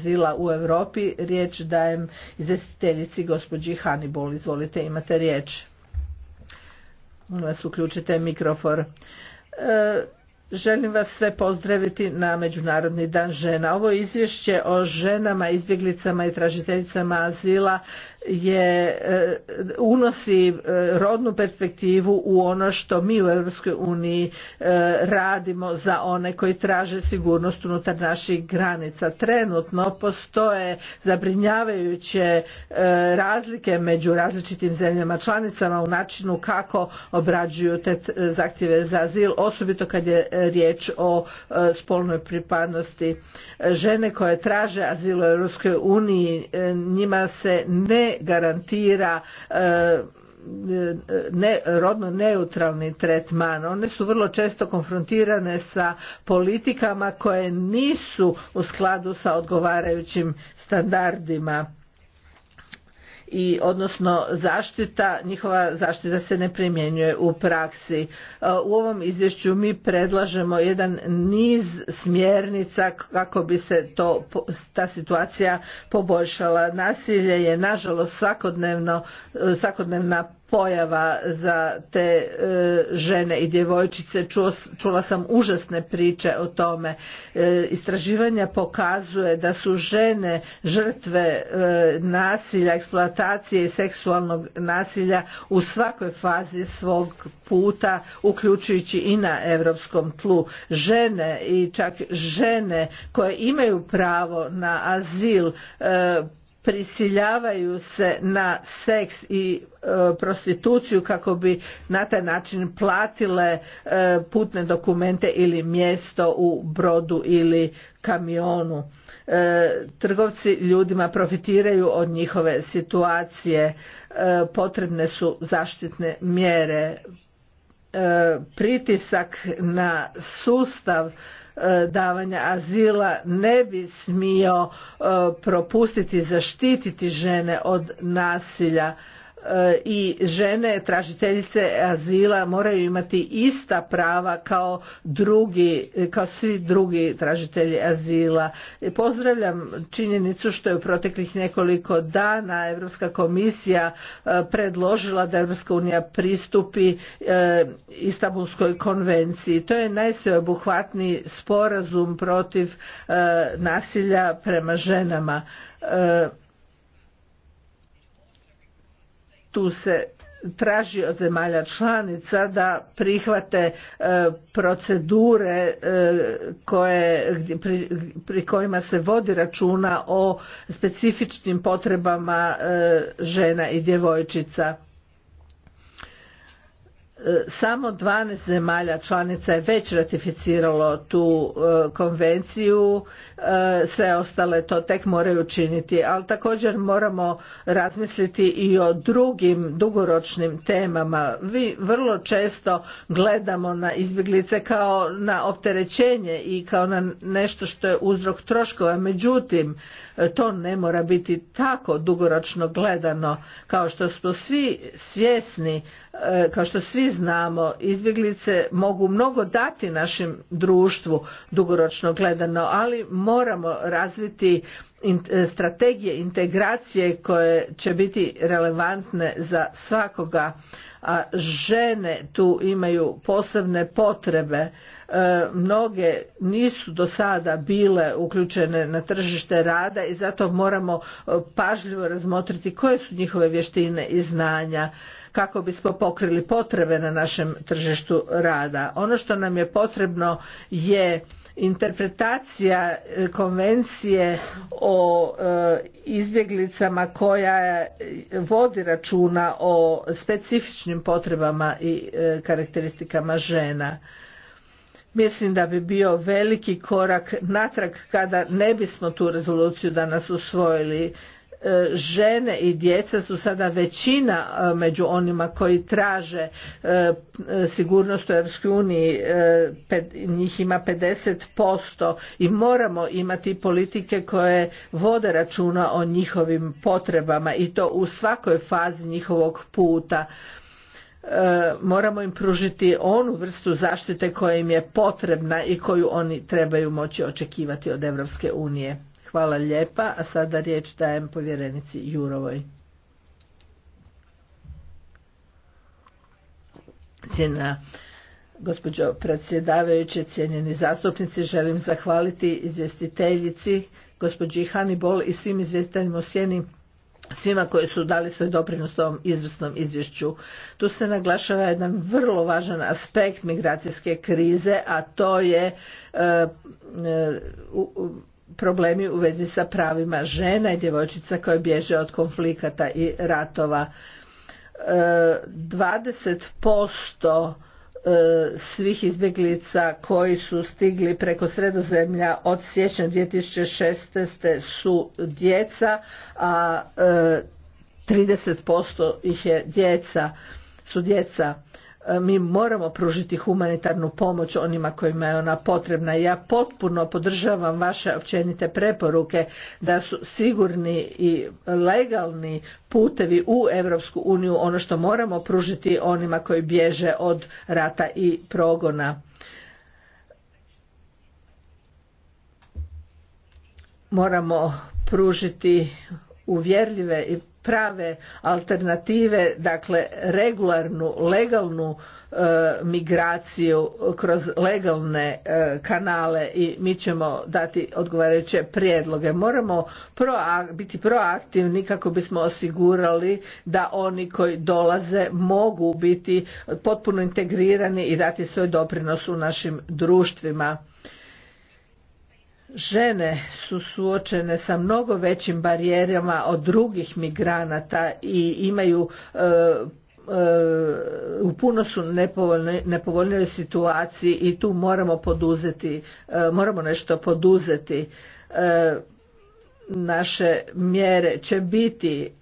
azila u Europi. Riječ dajem izvestiteljici gospođi Hannibal. Izvolite, imate riječ. Molim vas uključite mikrofor. E, želim vas sve pozdraviti na Međunarodni dan žena. Ovo izvješće o ženama, izbjeglicama i tražiteljicama azila je e, unosi e, rodnu perspektivu u ono što mi u Europskoj uniji e, radimo za one koji traže sigurnost unutar naših granica. Trenutno postoje zabrinjavajuće razlike među različitim zemljama članicama u načinu kako obrađuju te zahtjeve za azil, osobito kad je riječ o spolnoj pripadnosti. Žene koje traže azil u Europskoj uniji njima se ne garantira e, ne, rodno neutralni tretman. One su vrlo često konfrontirane sa politikama koje nisu u skladu sa odgovarajućim standardima i odnosno zaštita, njihova zaštita se ne primjenjuje u praksi. E, u ovom izvješću mi predlažemo jedan niz smjernica kako bi se to, ta situacija poboljšala. Nasilje je nažalost svakodnevno, e, svakodnevna pojava za te e, žene i djevojčice čula sam užasne priče o tome e, istraživanja pokazuje da su žene žrtve e, nasilja eksploatacije i seksualnog nasilja u svakoj fazi svog puta uključujući i na europskom tlu žene i čak žene koje imaju pravo na azil prisiljavaju se na seks i e, prostituciju kako bi na taj način platile e, putne dokumente ili mjesto u brodu ili kamionu e, trgovci ljudima profitiraju od njihove situacije potrebne su zaštitne mjere pritisak na sustav E, davanja azila ne bi smio e, propustiti zaštititi žene od nasilja i žene tražiteljice azila moraju imati ista prava kao drugi kao svi drugi tražitelji azila pozdravljam činjenicu što je u proteklih nekoliko dana europska komisija e, predložila da europska unija pristupi e, Istanbulskoj konvenciji to je najsveobuhvatniji sporazum protiv e, nasilja prema ženama tu se traži od zemalja članica da prihvate e, procedure e, koje, pri, pri kojima se vodi računa o specifičnim potrebama e, žena i djevojčica E, samo 12 zemalja članica je već ratificiralo tu e, konvenciju, e, sve ostale to tek moraju učiniti. ali također moramo razmisliti i o drugim dugoročnim temama. Vi vrlo često gledamo na izbjeglice kao na opterećenje i kao na nešto što je uzrok troškova, međutim to ne mora biti tako dugoročno gledano kao što smo svi svjesni E, kao što svi znamo izbjeglice mogu mnogo dati našem društvu dugoročno gledano ali moramo razviti e, strategije integracije koje će biti relevantne za svakoga a žene tu imaju posebne potrebe e, mnoge nisu do sada bile uključene na tržište rada i zato moramo pažljivo razmotriti koje su njihove vještine i znanja kako bismo pokrili potrebe na našem tržištu rada. Ono što nam je potrebno je interpretacija e, konvencije o e, izbjeglicama koja vodi računa o specifičnim potrebama i e, karakteristikama žena mislim da bi bio veliki korak natrag kada ne bismo tu rezoluciju danas usvojili E, žene i djeca su sada većina e, među onima koji traže e, sigurnost u EU. njih ima 50% i moramo imati politike koje vode računa o njihovim potrebama i to u svakoj fazi njihovog puta moramo im pružiti onu vrstu zaštite koja im je potrebna i koju oni trebaju moći očekivati od Europske unije. Hvala lijepa, a sada riječ dajem povjerenici Jurovoj. Cijena gospođo predsjedavajuće, cijenjeni zastupnici, želim zahvaliti izvjestiteljici, gospođi Hannibal i svim izvjestiteljima u svima koji su dali svoj doprinos ovom izvrsnom izvješću. Tu se naglašava jedan vrlo važan aspekt migracijske krize, a to je e, e, u, problemi u vezi sa pravima žena i djevojčica koje bježe od konflikata i ratova. 20% e, e, svih izbjeglica koji su stigli preko sredozemlja od siječnja 2016. su djeca, a 30% e, ih je djeca, su djeca. E, mi moramo pružiti humanitarnu pomoć onima kojima je ona potrebna. Ja potpuno podržavam vaše općenite preporuke da su sigurni i legalni putevi u Europsku uniju ono što moramo pružiti onima koji bježe od rata i progona. Moramo pružiti uvjerljive i prave alternative, dakle regularnu, legalnu e, migraciju kroz legalne e, kanale i mi ćemo dati odgovarajuće prijedloge. Moramo biti proaktivni kako bismo osigurali da oni koji dolaze mogu biti potpuno integrirani i dati svoj doprinos u našim društvima žene su suočene sa mnogo većim barijerama od drugih migranata i imaju e, e, u puno su nepovoljnoj, situaciji i tu moramo poduzeti e, moramo nešto poduzeti naše mjere će biti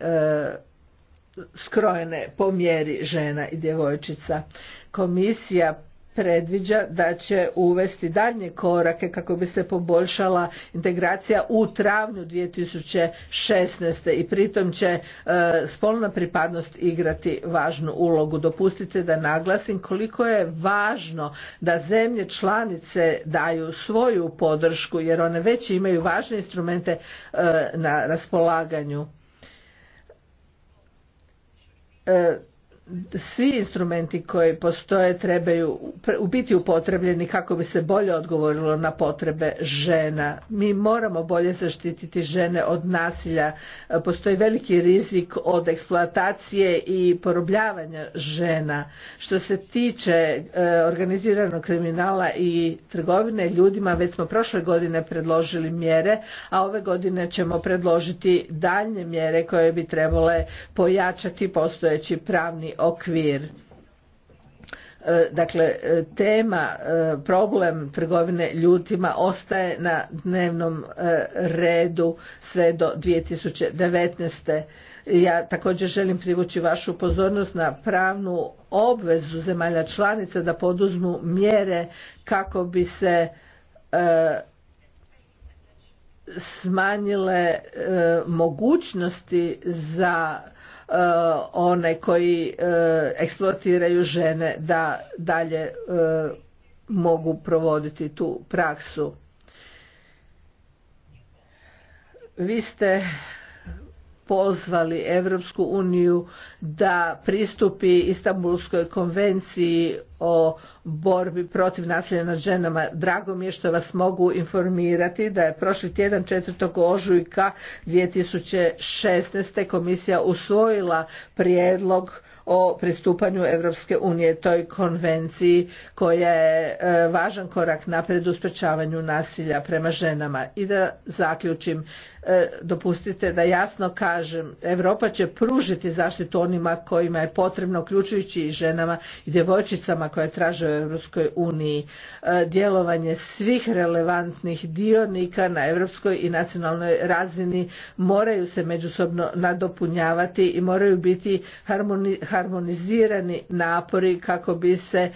skrojene po mjeri žena i djevojčica komisija predviđa da će uvesti daljnje korake kako bi se poboljšala integracija u travnju 2016. i pritom će e, spolna pripadnost igrati važnu ulogu. Dopustite da naglasim koliko je važno da zemlje članice daju svoju podršku jer one već imaju važne instrumente e, na raspolaganju e, svi instrumenti koji postoje trebaju biti upotrebljeni kako bi se bolje odgovorilo na potrebe žena. Mi moramo bolje zaštititi žene od nasilja. Postoji veliki rizik od eksploatacije i porobljavanja žena. Što se tiče e, organiziranog kriminala i trgovine ljudima, već smo prošle godine predložili mjere, a ove godine ćemo predložiti daljnje mjere koje bi trebale pojačati postojeći pravni okvir. E, dakle, e, tema, e, problem trgovine ljutima ostaje na dnevnom redu sve do 2019. Ja također želim privući vašu pozornost na pravnu obvezu zemalja članica da poduzmu mjere kako bi se smanjile mogućnosti za E, one koji e, eksploatiraju žene da dalje e, mogu provoditi tu praksu. Vi ste pozvali Europsku uniju da pristupi Istanbulskoj konvenciji o borbi protiv nasilja nad ženama. Drago mi je što vas mogu informirati da je prošli tjedan 4. ožujka 2016. komisija usvojila prijedlog o pristupanju Europske unije toj konvenciji koja je e, važan korak naprijed u sprečavanju nasilja prema ženama. I da zaključim, e, dopustite da jasno kažem, Europa će pružiti zaštitu onima kojima je potrebno, uključujući i ženama i djevojčicama koje traže u Europskoj uniji, e, djelovanje svih relevantnih dionika na europskoj i nacionalnoj razini moraju se međusobno nadopunjavati i moraju biti harmonizirani napori kako bi se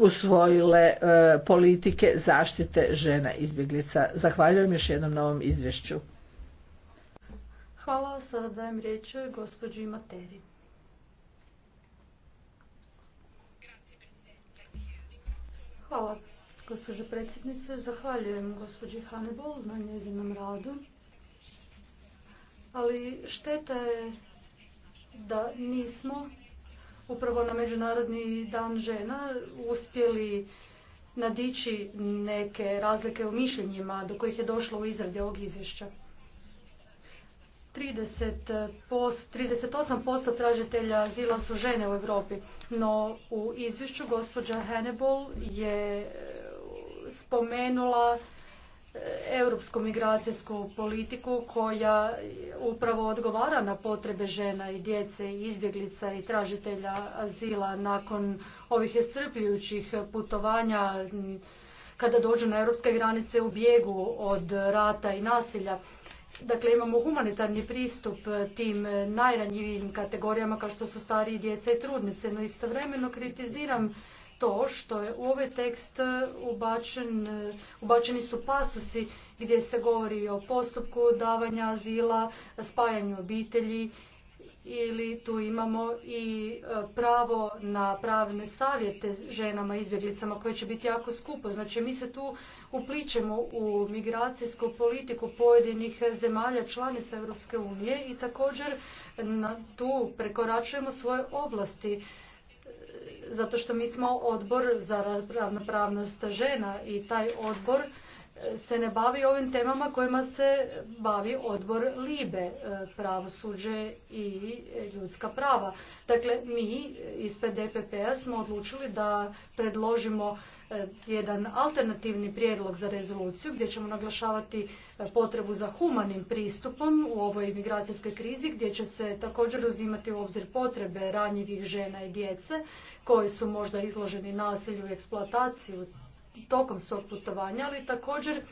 usvojile e, politike zaštite žena izbjeglica. Zahvaljujem još jednom na ovom izvješću. Hvala, sada dajem riječ gospođi Materi. Hvala, gospođo predsjednice. Zahvaljujem gospođi Hannibal na njezinom radu. Ali šteta je da nismo upravo na Međunarodni dan žena uspjeli nadići neke razlike u mišljenjima do kojih je došlo u izradi ovog izvješća. 30 38% tražitelja azila su žene u Europi, no u izvješću gospođa Hannibal je eh, spomenula eh, europsku migracijsku politiku koja upravo odgovara na potrebe žena i djece i izbjeglica i tražitelja azila nakon ovih iscrpljujućih putovanja kada dođu na europske granice u bijegu od rata i nasilja Dakle, imamo humanitarni pristup eh, tim eh, najranjivijim kategorijama kao što su stariji djeca i trudnice, no istovremeno kritiziram to što je u ovaj tekst eh, ubačen, ubačeni su pasusi gdje se govori o postupku davanja azila, spajanju obitelji ili tu imamo i e, pravo na pravne savjete ženama izbjeglicama koje će biti jako skupo. Znači mi se tu upličemo u migracijsku politiku pojedinih zemalja članica Europske unije i također na, tu prekoračujemo svoje oblasti e, zato što mi smo odbor za ravnopravnost žena i taj odbor se ne bavi ovim temama kojima se bavi odbor Libe, e, pravosuđe i e, ljudska prava. Dakle, mi ispred DPP-a e smo odlučili da predložimo jedan alternativni prijedlog za rezoluciju gdje ćemo naglašavati potrebu za humanim pristupom u ovoj imigracijskoj krizi gdje će se također uzimati u obzir potrebe ranjivih žena i djece koji su možda izloženi nasilju i eksploataciju tokom svog putovanja, ali također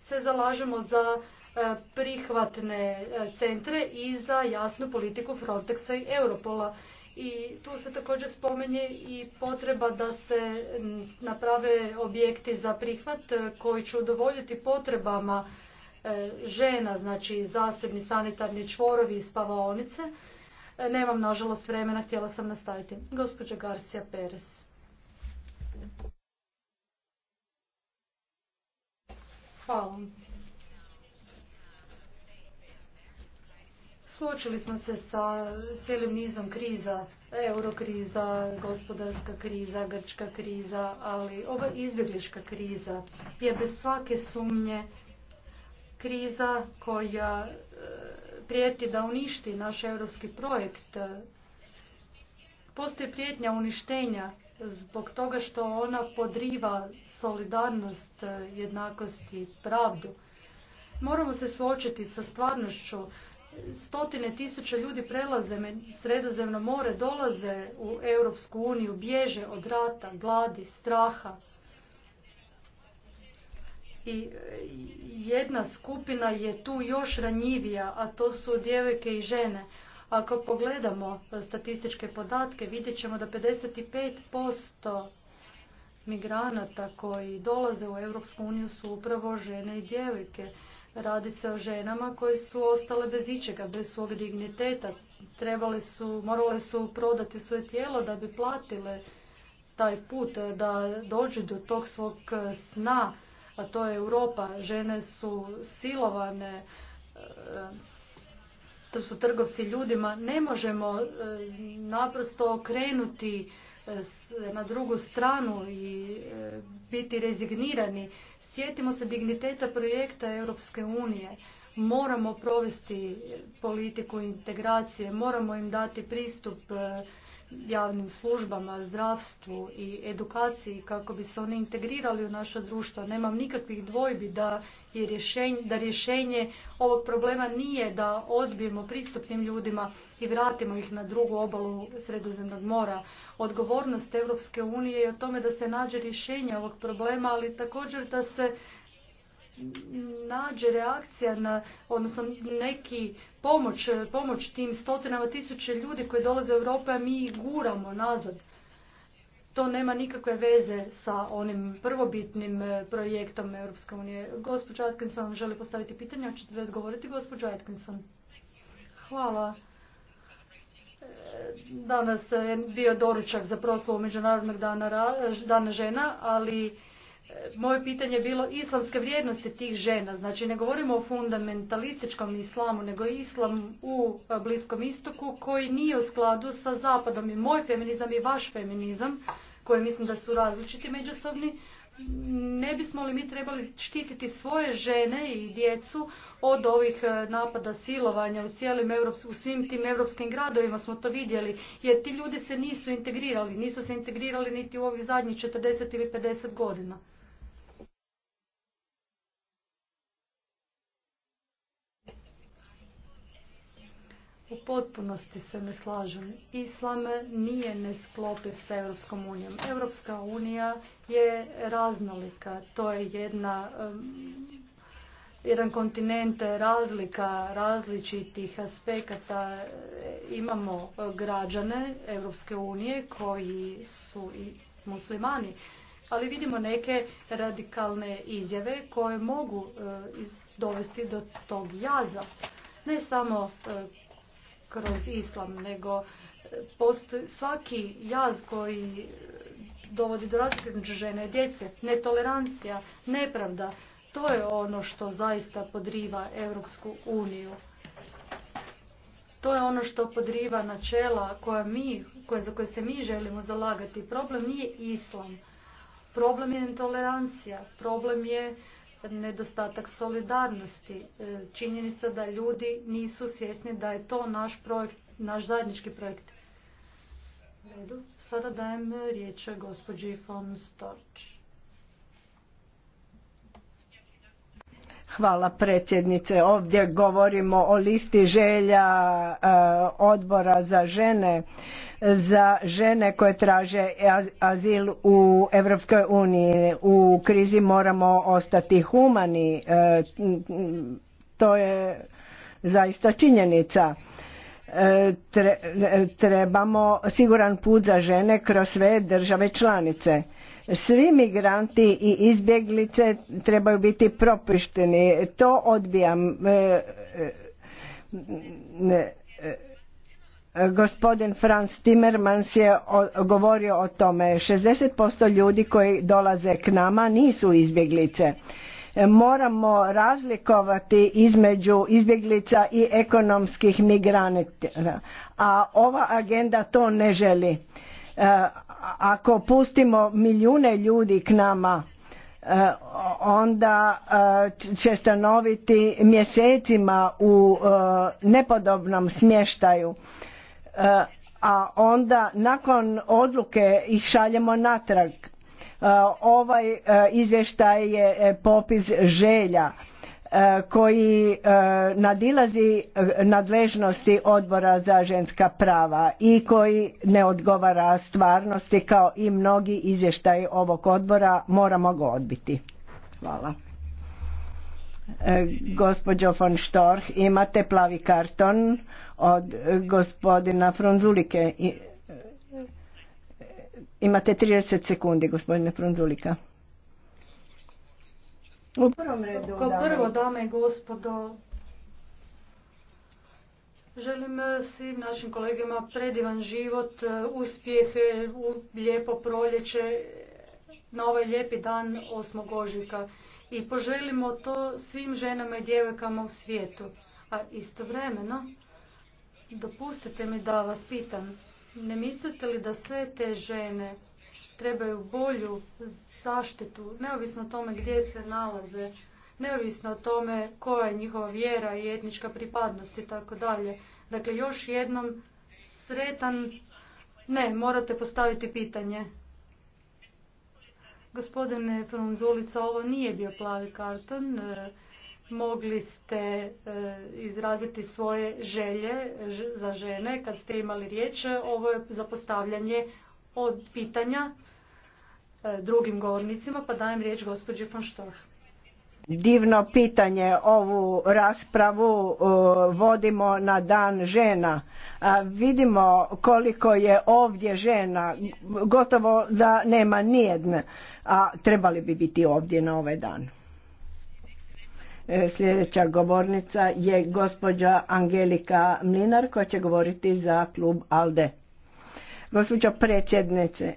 se zalažemo za e, prihvatne e, centre i za jasnu politiku Frontexa i Europola. I tu se također spomenje i potreba da se naprave objekti za prihvat e, koji će udovoljiti potrebama žena, znači zasebni sanitarni čvorovi i spavaonice. Nemam, nažalost, vremena, htjela sam nastaviti. Gospođa Garcia Perez. Hvala. Suočili smo se sa cijelim nizom kriza, eurokriza, gospodarska kriza, grčka kriza, ali ova izbjeglička kriza je bez svake sumnje kriza koja e, prijeti da uništi naš europski projekt. Postoji prijetnja uništenja zbog toga što ona podriva solidarnost, e, jednakost i pravdu. Moramo se suočiti sa stvarnošću. Stotine tisuća ljudi prelaze sredozemno more, dolaze u Europsku uniju, bježe od rata, gladi, straha. I e, jedna skupina je tu još ranjivija, a to su djevojke i žene. Ako pogledamo statističke podatke, vidjet ćemo da 55% migranata koji dolaze u Europsku uniju su upravo žene i djevojke. Radi se o ženama koje su ostale bez ičega, bez svog digniteta. Trebali su, morale su prodati svoje tijelo da bi platile taj put, da dođu do tog svog sna, a to je Europa. Žene su silovane, to su trgovci ljudima, ne možemo e, naprosto okrenuti e, na drugu stranu i e, biti rezignirani. Sjetimo se digniteta projekta Europske unije. Moramo provesti politiku integracije, moramo im dati pristup javnim službama, zdravstvu i edukaciji kako bi se oni integrirali u naša društva. Nemam nikakvih dvojbi da, je rješenje, da rješenje ovog problema nije da odbijemo pristupnim ljudima i vratimo ih na drugu obalu Sredozemnog mora. Odgovornost Europske unije je o tome da se nađe rješenje ovog problema, ali također da se nađe reakcija na, odnosno neki pomoć, pomoć tim stotinama tisuće ljudi koji dolaze u Europu, a mi ih guramo nazad. To nema nikakve veze sa onim prvobitnim e, projektom Europske unije. Gospođa Atkinson želi postaviti pitanje, hoćete li odgovoriti Gospođa Atkinson? Hvala. E, danas je bio doručak za proslavu Međunarodnog dana, dana žena, ali moje pitanje je bilo islamske vrijednosti tih žena. Znači ne govorimo o fundamentalističkom islamu, nego islam u e, Bliskom istoku koji nije u skladu sa zapadom. I moj feminizam i vaš feminizam, koji mislim da su različiti međusobni, ne bismo li mi trebali štititi svoje žene i djecu od ovih e, napada silovanja u cijelim u svim tim europskim gradovima smo to vidjeli jer ti ljudi se nisu integrirali, nisu se integrirali niti u ovih zadnjih 40 ili 50 godina. U potpunosti se ne slažem. Islam nije nesklopiv sa Europskom unijom. Europska unija je raznolika. To je jedna, jedan kontinent razlika različitih aspekata. Imamo građane Europske unije koji su i muslimani. Ali vidimo neke radikalne izjave koje mogu eh, dovesti do tog jaza. Ne samo eh, kroz islam, nego e, postoji svaki jaz koji dovodi do razlike između žene i djece, netolerancija, nepravda. To je ono što zaista podriva Europsku uniju. To je ono što podriva načela koja mi, koje, za koje se mi želimo zalagati. Problem nije islam. Problem je netolerancija. Problem je nedostatak solidarnosti, e, činjenica da ljudi nisu svjesni da je to naš projekt, naš zajednički projekt. Sada dajem riječ gospođi von Storch. Hvala predsjednice. Ovdje govorimo o listi želja e, odbora za žene za žene koje traže azil u Europskoj uniji. U krizi moramo ostati humani. E, to je zaista činjenica. E, trebamo siguran put za žene kroz sve države članice svi migranti i izbjeglice trebaju biti propušteni. To odbijam. E, e, e, gospodin Franz Timmermans je govorio o tome. 60% ljudi koji dolaze k nama nisu izbjeglice moramo razlikovati između izbjeglica i ekonomskih migranata a ova agenda to ne želi ako pustimo milijune ljudi k nama e, onda e, će stanoviti mjesecima u e, nepodobnom smještaju a onda nakon odluke ih šaljemo natrag ovaj izvještaj je popis želja E, koji e, nadilazi e, nadležnosti odbora za ženska prava i koji ne odgovara stvarnosti kao i mnogi izvještaji ovog odbora moramo ga odbiti. Hvala. gospođo von Storch, imate plavi karton od gospodina Frunzulike. Imate 30 sekundi, gospodine Frunzulika. U prvom redu, Kao prvo, dame i gospodo, želim eh, svim našim kolegama predivan život, eh, uspjehe, eh, lijepo proljeće na ovaj lijepi dan 8. ožujka. I poželimo to svim ženama i djevojkama u svijetu. A istovremeno, dopustite mi da vas pitam, ne mislite li da sve te žene trebaju bolju zaštitu, neovisno o tome gdje se nalaze, neovisno o tome koja je njihova vjera i etnička pripadnost i tako dalje. Dakle, još jednom sretan... Ne, morate postaviti pitanje. Gospodine Frunzulica, ovo nije bio plavi karton. E, mogli ste e, izraziti svoje želje za žene kad ste imali riječ. Ovo je za postavljanje od pitanja. E, drugim govornicima, pa dajem riječ gospođi von Divno pitanje, ovu raspravu e, vodimo na dan žena. E, vidimo koliko je ovdje žena, gotovo da nema nijedne, a trebali bi biti ovdje na ovaj dan. Sljedeća govornica je gospođa Angelika Mlinar koja će govoriti za klub ALDE. Gospođo predsjednice,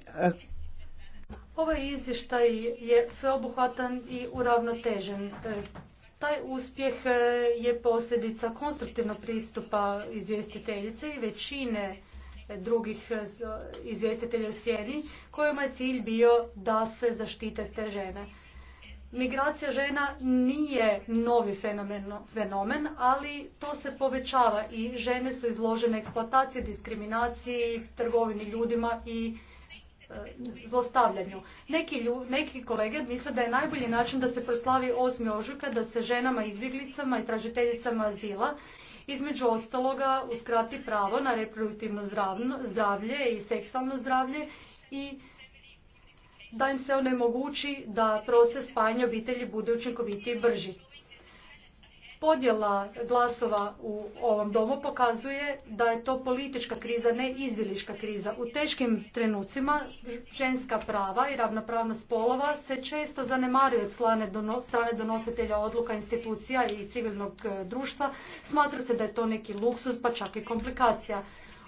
Ovaj izvještaj je sveobuhvatan i uravnotežen. E, taj uspjeh e, je posljedica konstruktivnog pristupa izvjestiteljice i većine e, drugih izvjestitelja u sjeni kojima je cilj bio da se zaštite te žene. Migracija žena nije novi fenomen, fenomen, ali to se povećava i žene su izložene eksploataciji, diskriminaciji, trgovini ljudima i zlostavljanju. Neki, kolege misle da je najbolji način da se proslavi 8. ožujka, da se ženama izbjeglicama i tražiteljicama azila između ostaloga uskrati pravo na reproduktivno zdravlje i seksualno zdravlje i da im se onemogući da proces spajanja obitelji bude učinkovitiji i brži podjela glasova u ovom domu pokazuje da je to politička kriza, ne izviliška kriza. U teškim trenucima ženska prava i ravnopravnost spolova se često zanemaruju od strane donositelja odluka institucija i civilnog e, društva. Smatra se da je to neki luksus, pa čak i komplikacija.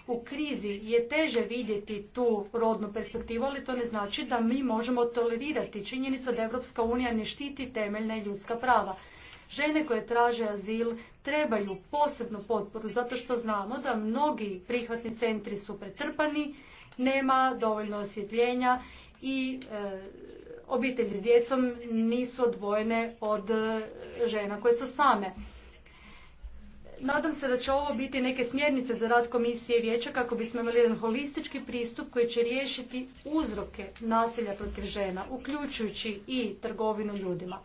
U krizi je teže vidjeti tu rodnu perspektivu, ali to ne znači da mi možemo tolerirati činjenicu da Evropska unija ne štiti temeljna ljudska prava. Žene koje traže azil trebaju posebnu potporu zato što znamo da mnogi prihvatni centri su pretrpani, nema dovoljno osjetljenja i e, obitelji s djecom nisu odvojene od e, žena koje su same. Nadam se da će ovo biti neke smjernice za rad komisije vijeća kako bismo imali jedan holistički pristup koji će riješiti uzroke nasilja protiv žena, uključujući i trgovinu ljudima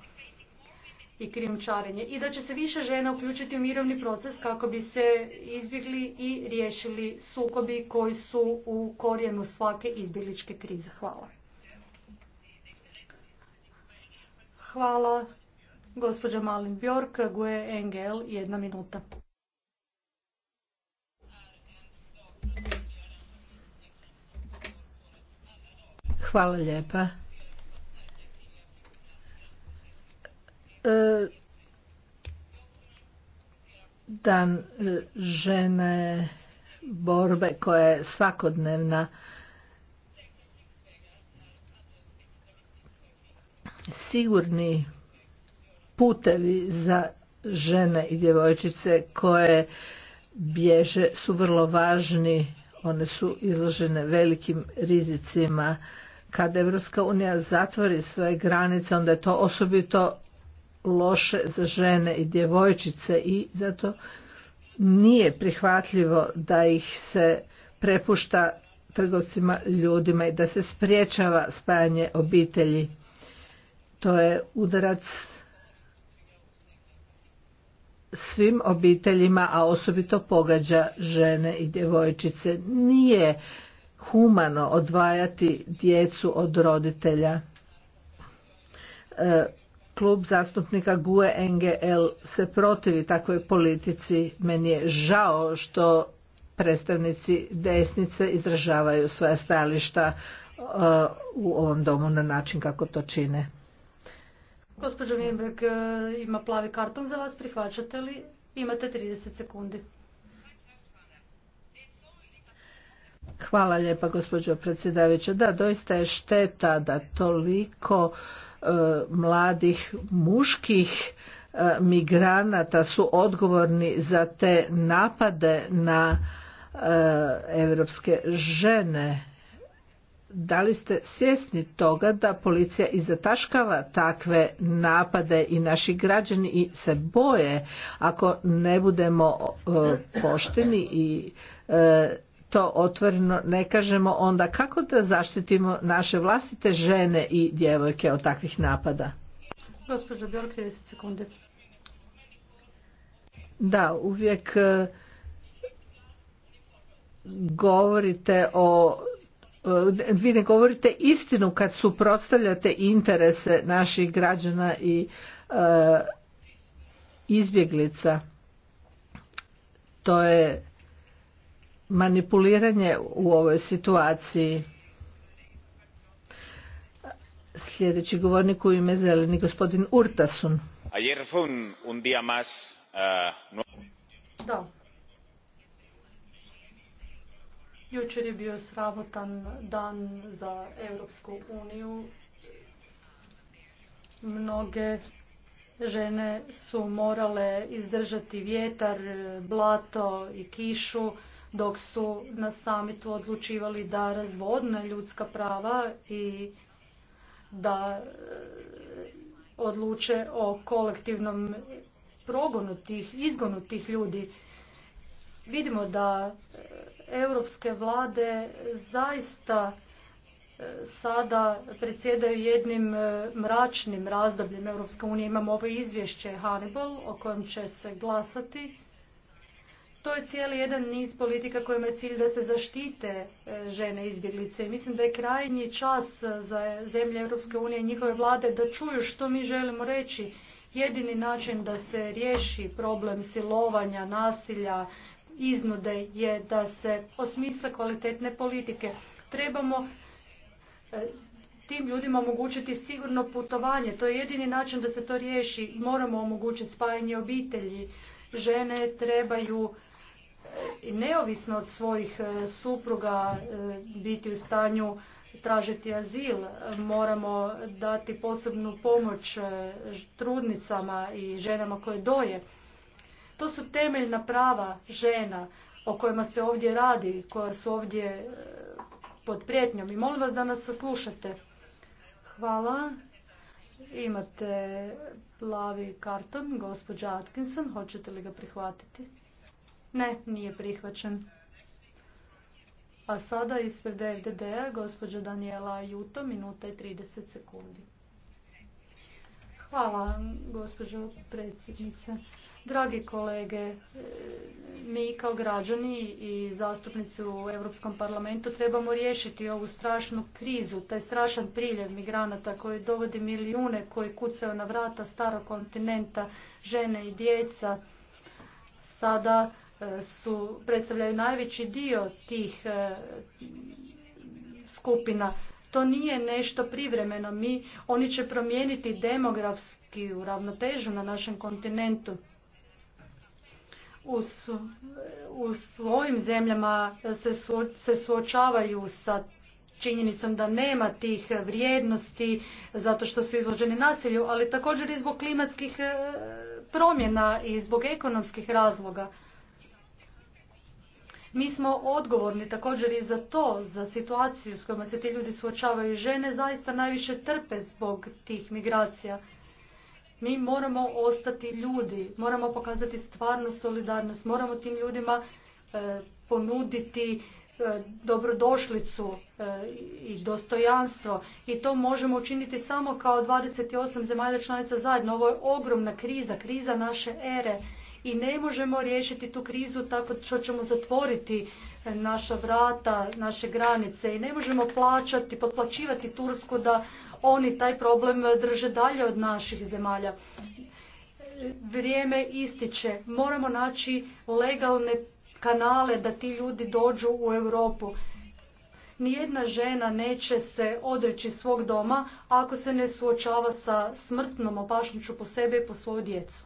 i krijumčarenje i da će se više žena uključiti u mirovni proces kako bi se izbjegli i riješili sukobi koji su u korijenu svake izbjegličke krize. Hvala. Hvala. Gospođa Malin Bjork, GUE NGL, jedna minuta. Hvala lijepa. E, dan e, žene borbe koja je svakodnevna sigurni putevi za žene i djevojčice koje bježe su vrlo važni one su izložene velikim rizicima kad Evropska unija zatvori svoje granice onda je to osobito loše za žene i djevojčice i zato nije prihvatljivo da ih se prepušta trgovcima ljudima i da se spriječava spajanje obitelji. To je udarac svim obiteljima, a osobito pogađa žene i djevojčice. Nije humano odvajati djecu od roditelja. E, klub zastupnika GUE NGL se protivi takvoj politici. Meni je žao što predstavnici desnice izražavaju svoja stajališta uh, u ovom domu na način kako to čine. Gospođo Vimberg, uh, ima plavi karton za vas, prihvaćate li? Imate 30 sekundi. Hvala lijepa gospođo predsjedavajuća. Da, doista je šteta da toliko E, mladih muških e, migranata su odgovorni za te napade na europske žene da li ste svjesni toga da policija izataškava takve napade i naši građani i se boje ako ne budemo e, pošteni i to otvoreno ne kažemo onda kako da zaštitimo naše vlastite žene i djevojke od takvih napada. Gospođo Bjork, 30 sekunde. Da, uvijek e, govorite o e, vi ne govorite istinu kad suprotstavljate interese naših građana i e, izbjeglica. To je manipuliranje u ovoj situaciji. Sljedeći govornik u ime zeleni gospodin Urtasun. Ayer fue un, día más, uh, da. Jučer je bio sramotan dan za Europsku uniju. Mnoge žene su morale izdržati vjetar, blato i kišu dok su na samitu odlučivali da razvodne ljudska prava i da e, odluče o kolektivnom progonu tih, izgonu tih ljudi. Vidimo da e, europske vlade zaista e, sada predsjedaju jednim mračnim razdobljem Europske unije. Imamo ovo izvješće Hannibal o kojem će se glasati to je cijeli jedan niz politika kojima je cilj da se zaštite e, žene izbjeglice. I mislim da je krajnji čas e, za zemlje Europske unije i njihove vlade da čuju što mi želimo reći. Jedini način da se riješi problem silovanja, nasilja, iznude je da se osmisle kvalitetne politike. Trebamo e, tim ljudima omogućiti sigurno putovanje. To je jedini način da se to riješi. Moramo omogućiti spajanje obitelji žene trebaju neovisno od svojih e, supruga e, biti u stanju tražiti azil. Moramo dati posebnu pomoć e, trudnicama i ženama koje doje. To su temeljna prava žena o kojima se ovdje radi, koja su ovdje pod prijetnjom. I molim vas da nas saslušate. Hvala. Imate plavi karton, gospođa Atkinson. Hoćete li ga prihvatiti? Ne, nije prihvaćen. A sada ispred FDD-a gospođa Daniela Juto, minuta i 30 sekundi. Hvala, gospođo predsjednice. Dragi kolege, e, mi kao građani i zastupnici u Europskom parlamentu trebamo riješiti ovu strašnu krizu, taj strašan priljev migranata koji dovodi milijune koji kucaju na vrata starog kontinenta, žene i djeca. Sada su, predstavljaju najveći dio tih e, skupina. To nije nešto privremeno. Mi, oni će promijeniti demografski ravnotežu na našem kontinentu. U, svojim zemljama se, se suočavaju sa činjenicom da nema tih vrijednosti zato što su izloženi nasilju, ali također i zbog klimatskih e, promjena i zbog ekonomskih razloga. Mi smo odgovorni također i za to, za situaciju s kojima se ti ljudi suočavaju. Žene zaista najviše trpe zbog tih migracija. Mi moramo ostati ljudi, moramo pokazati stvarnu solidarnost, moramo tim ljudima e, ponuditi e, dobrodošlicu e, i dostojanstvo. I to možemo učiniti samo kao 28 zemalja članica zajedno. Ovo je ogromna kriza, kriza naše ere i ne možemo riješiti tu krizu tako što ćemo zatvoriti e, naša vrata, naše granice i ne možemo plaćati, potplaćivati Tursku da oni taj problem drže dalje od naših zemalja. Vrijeme ističe. Moramo naći legalne kanale da ti ljudi dođu u Europu. Nijedna žena neće se odreći svog doma ako se ne suočava sa smrtnom opašniču po sebe i po svoju djecu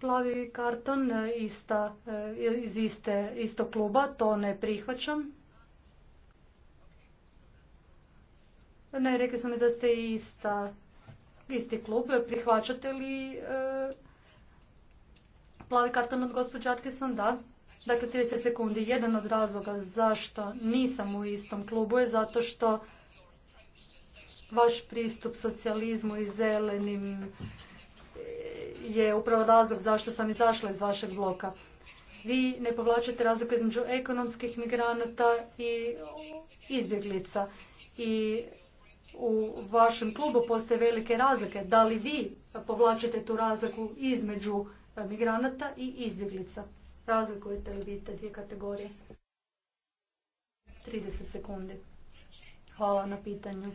plavi karton e, ista, e, iz iste, istog kluba, to ne prihvaćam. Ne, rekli su mi da ste ista, isti klub. Prihvaćate li e, plavi karton od gospođe Atkinson? Da. Dakle, 30 sekundi. Jedan od razloga zašto nisam u istom klubu je zato što vaš pristup socijalizmu i zelenim je upravo razlog zašto sam izašla iz vašeg bloka. Vi ne povlačite razliku između ekonomskih migranata i izbjeglica. I u vašem klubu postoje velike razlike. Da li vi povlačite tu razliku između e, migranata i izbjeglica? Razlikujete li vi te dvije kategorije? 30 sekundi. Hvala na pitanju.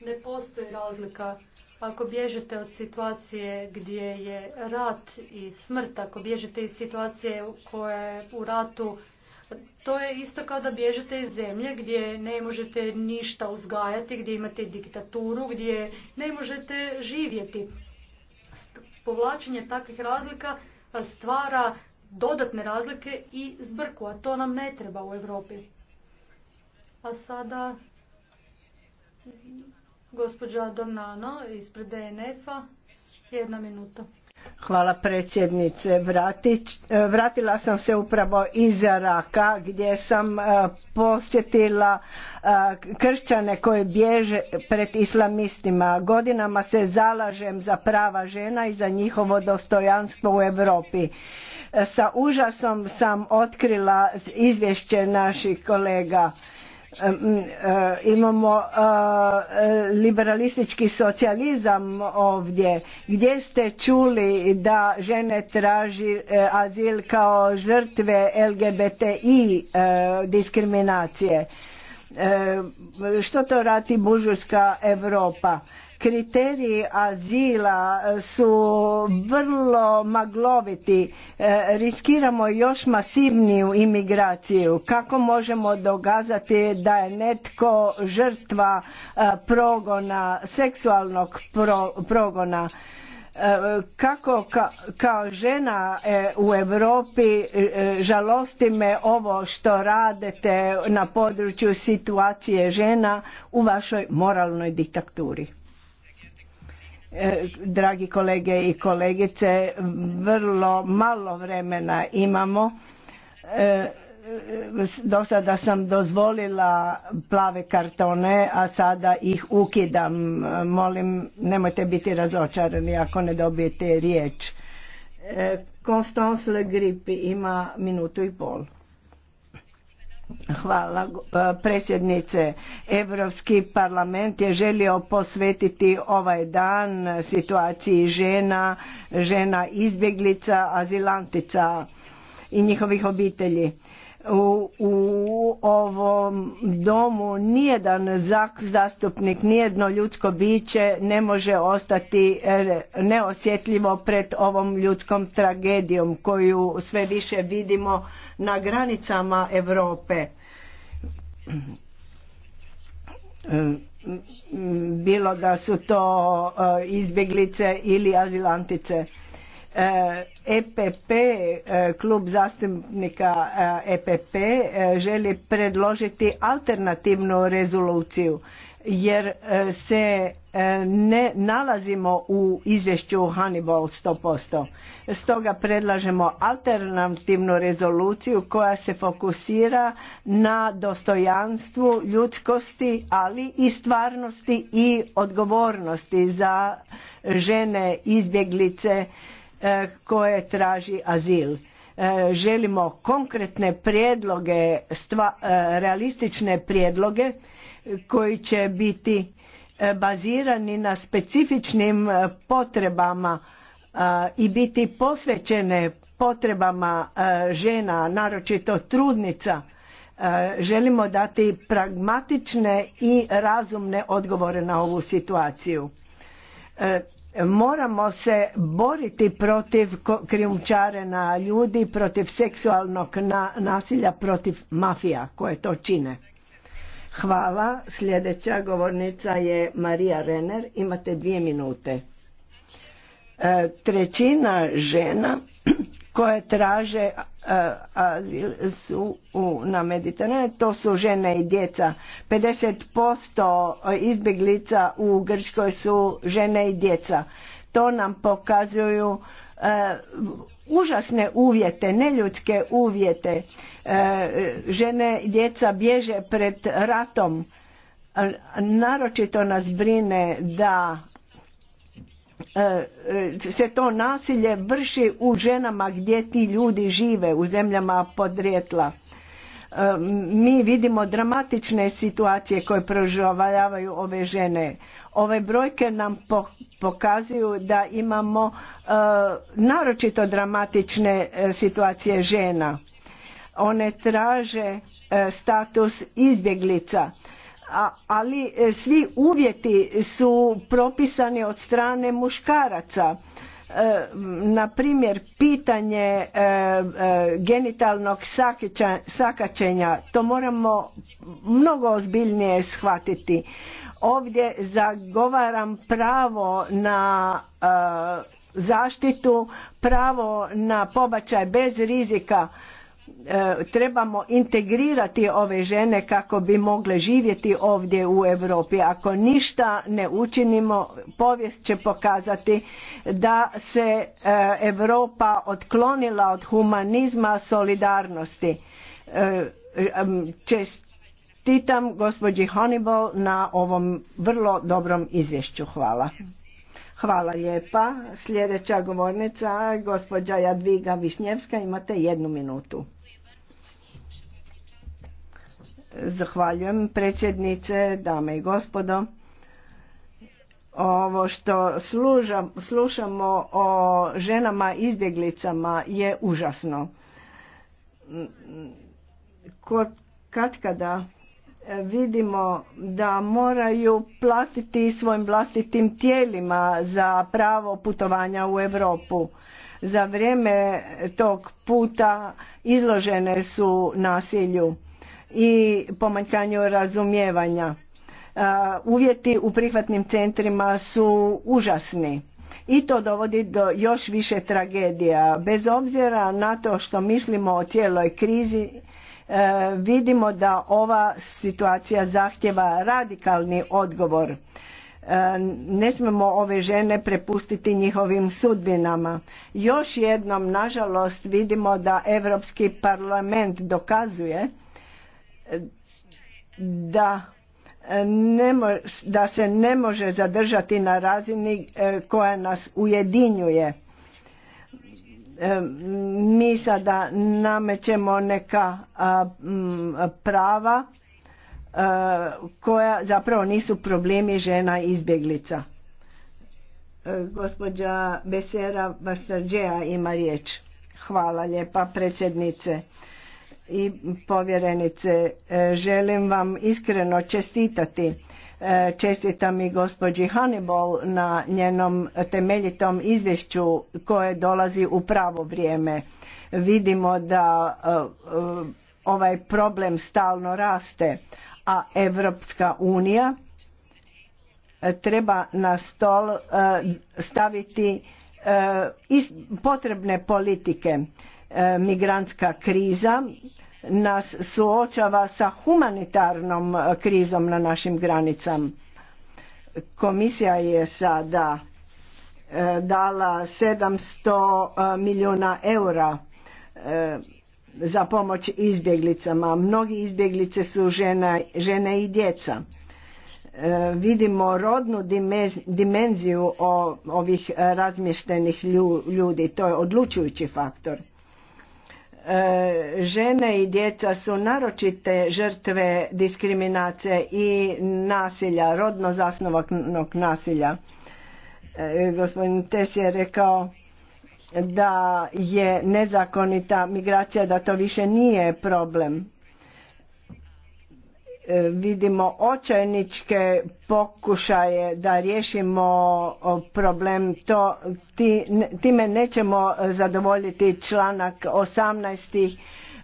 Ne postoji razlika ako bježete od situacije gdje je rat i smrt, ako bježite iz situacije koja je u ratu, to je isto kao da bježete iz zemlje gdje ne možete ništa uzgajati, gdje imate diktaturu, gdje ne možete živjeti. Povlačenje takvih razlika stvara dodatne razlike i zbrku, a to nam ne treba u Europi. A sada Gospođa ispred jedna minuta. Hvala predsjednice. E, vratila sam se upravo iz Raka gdje sam e, posjetila e, kršćane koji bježe pred islamistima. Godinama se zalažem za prava žena i za njihovo dostojanstvo u Europi. Sa užasom sam otkrila izvješće naših kolega E, imamo e, liberalistički socijalizam ovdje gdje ste čuli da žene traži e, azil kao žrtve LGBTI diskriminacije što to radi bužurska Europa Kriteriji azila e, su vrlo magloviti. E, riskiramo još masivniju imigraciju. Kako možemo dogazati da je netko žrtva e, progona, seksualnog progona? kako kao žena u Europi žalosti me ovo što radite na području situacije žena u vašoj moralnoj diktaturi. E, dragi kolege i kolegice, vrlo malo vremena imamo. E, do sada sam dozvolila plave kartone, a sada ih ukidam. Molim, nemojte biti razočarani ako ne dobijete riječ. E, Constance Le ima minutu i pol. Hvala pa, predsjednice. Europski parlament je želio posvetiti ovaj dan situaciji žena, žena izbjeglica, azilantica i njihovih obitelji. U, u ovom domu nijedan zastupnik, nijedno ljudsko biće ne može ostati neosjetljivo pred ovom ljudskom tragedijom koju sve više vidimo na granicama Europe bilo da su to e, izbjeglice ili azilantice. EPP, e e, klub zastupnika EPP želi predložiti alternativnu rezoluciju jer e, se e, ne nalazimo u izvješću Hannibal 100%. Stoga predlažemo alternativnu rezoluciju koja se fokusira na dostojanstvu, ljudskosti, ali i stvarnosti i odgovornosti za žene izbjeglice e, koje traži azil želimo konkretne prijedloge, realistične prijedloge koji će biti e, bazirani na specifičnim e, potrebama e, i biti posvećene potrebama žena, naročito trudnica, želimo dati pragmatične i razumne odgovore na ovu situaciju. Moramo se boriti protiv na ljudi, protiv seksualnog nasilja, protiv mafija koje to čine. Hvala. Sljedeća govornica je Marija Renner. Imate dvije minute. E, trećina žena koje traže e, azil su na Mediteranu, to su žene i djeca. 50% izbjeglica u Grčkoj su žene i djeca. To nam pokazuju e, užasne uvjete, neljudske uvjete E, žene, djeca bježe pred ratom. Naročito nas brine da e, se to nasilje vrši u ženama gdje ti ljudi žive, u zemljama podrijetla. E, mi vidimo dramatične situacije koje proživljavaju ove žene. Ove brojke nam pokazuju da imamo naročito dramatične situacije žena one traže e, status izbjeglica ali e, svi uvjeti su propisani od strane muškaraca e, na primjer pitanje genitalnog sakaćenja to moramo mnogo ozbiljnije shvatiti ovdje zagovaram pravo na zaštitu pravo na pobačaj bez rizika E, trebamo integrirati ove žene kako bi mogle živjeti ovdje u Europi. Ako ništa ne učinimo, povijest će pokazati da se e, Europa otklonila od humanizma solidarnosti. E, čestitam gospođi Honeyball na ovom vrlo dobrom izvješću. Hvala. Hvala lijepa. Sljedeća govornica, gospođa Jadviga Višnjevska, imate jednu minutu. Zahvaljujem predsjednice, dame i gospodo. Ovo što slušamo o ženama izbjeglicama je užasno. Kod katkada vidimo da moraju platiti svojim vlastitim tijelima za pravo putovanja u Europu. Za vrijeme tog puta izložene su nasilju i pomanjkanju razumijevanja. E, uvjeti u prihvatnim centrima su užasni i to dovodi do još više tragedija. Bez obzira na to što mislimo o cijeloj krizi, e, vidimo da ova situacija zahtjeva radikalni odgovor. E, ne smemo ove žene prepustiti njihovim sudbinama. Još jednom, nažalost, vidimo da Europski parlament dokazuje da da se ne može zadržati na razini e, koja nas ujedinjuje. E, mi sada namećemo neka prava e, koja zapravo nisu problemi žena izbjeglica. Gospođa Besera Bastarđeja ima riječ. Hvala lijepa predsjednice i povjerenice. E, želim vam iskreno čestitati. E, čestitam i gospođi Hannibal na njenom temeljitom izvješću koje dolazi u pravo vrijeme. Vidimo da e, ovaj problem stalno raste, a Evropska unija treba na stol staviti potrebne politike E, migrantska kriza nas suočava sa humanitarnom e, krizom na našim granicama. Komisija je sada e, dala 700 milijuna eura za pomoć izbjeglicama. Mnogi izbjeglice su žene i djeca. Vidimo rodnu dimenziju ovih razmještenih ljudi. To je odlučujući faktor E, žene i djeca su naročite žrtve diskriminacije i nasilja, rodno zasnovanog nasilja. E, gospodin Tes je rekao da je nezakonita migracija, da to više nije problem. E, vidimo očajničke pokušaje da riješimo problem to ti, time nećemo zadovoljiti članak 18.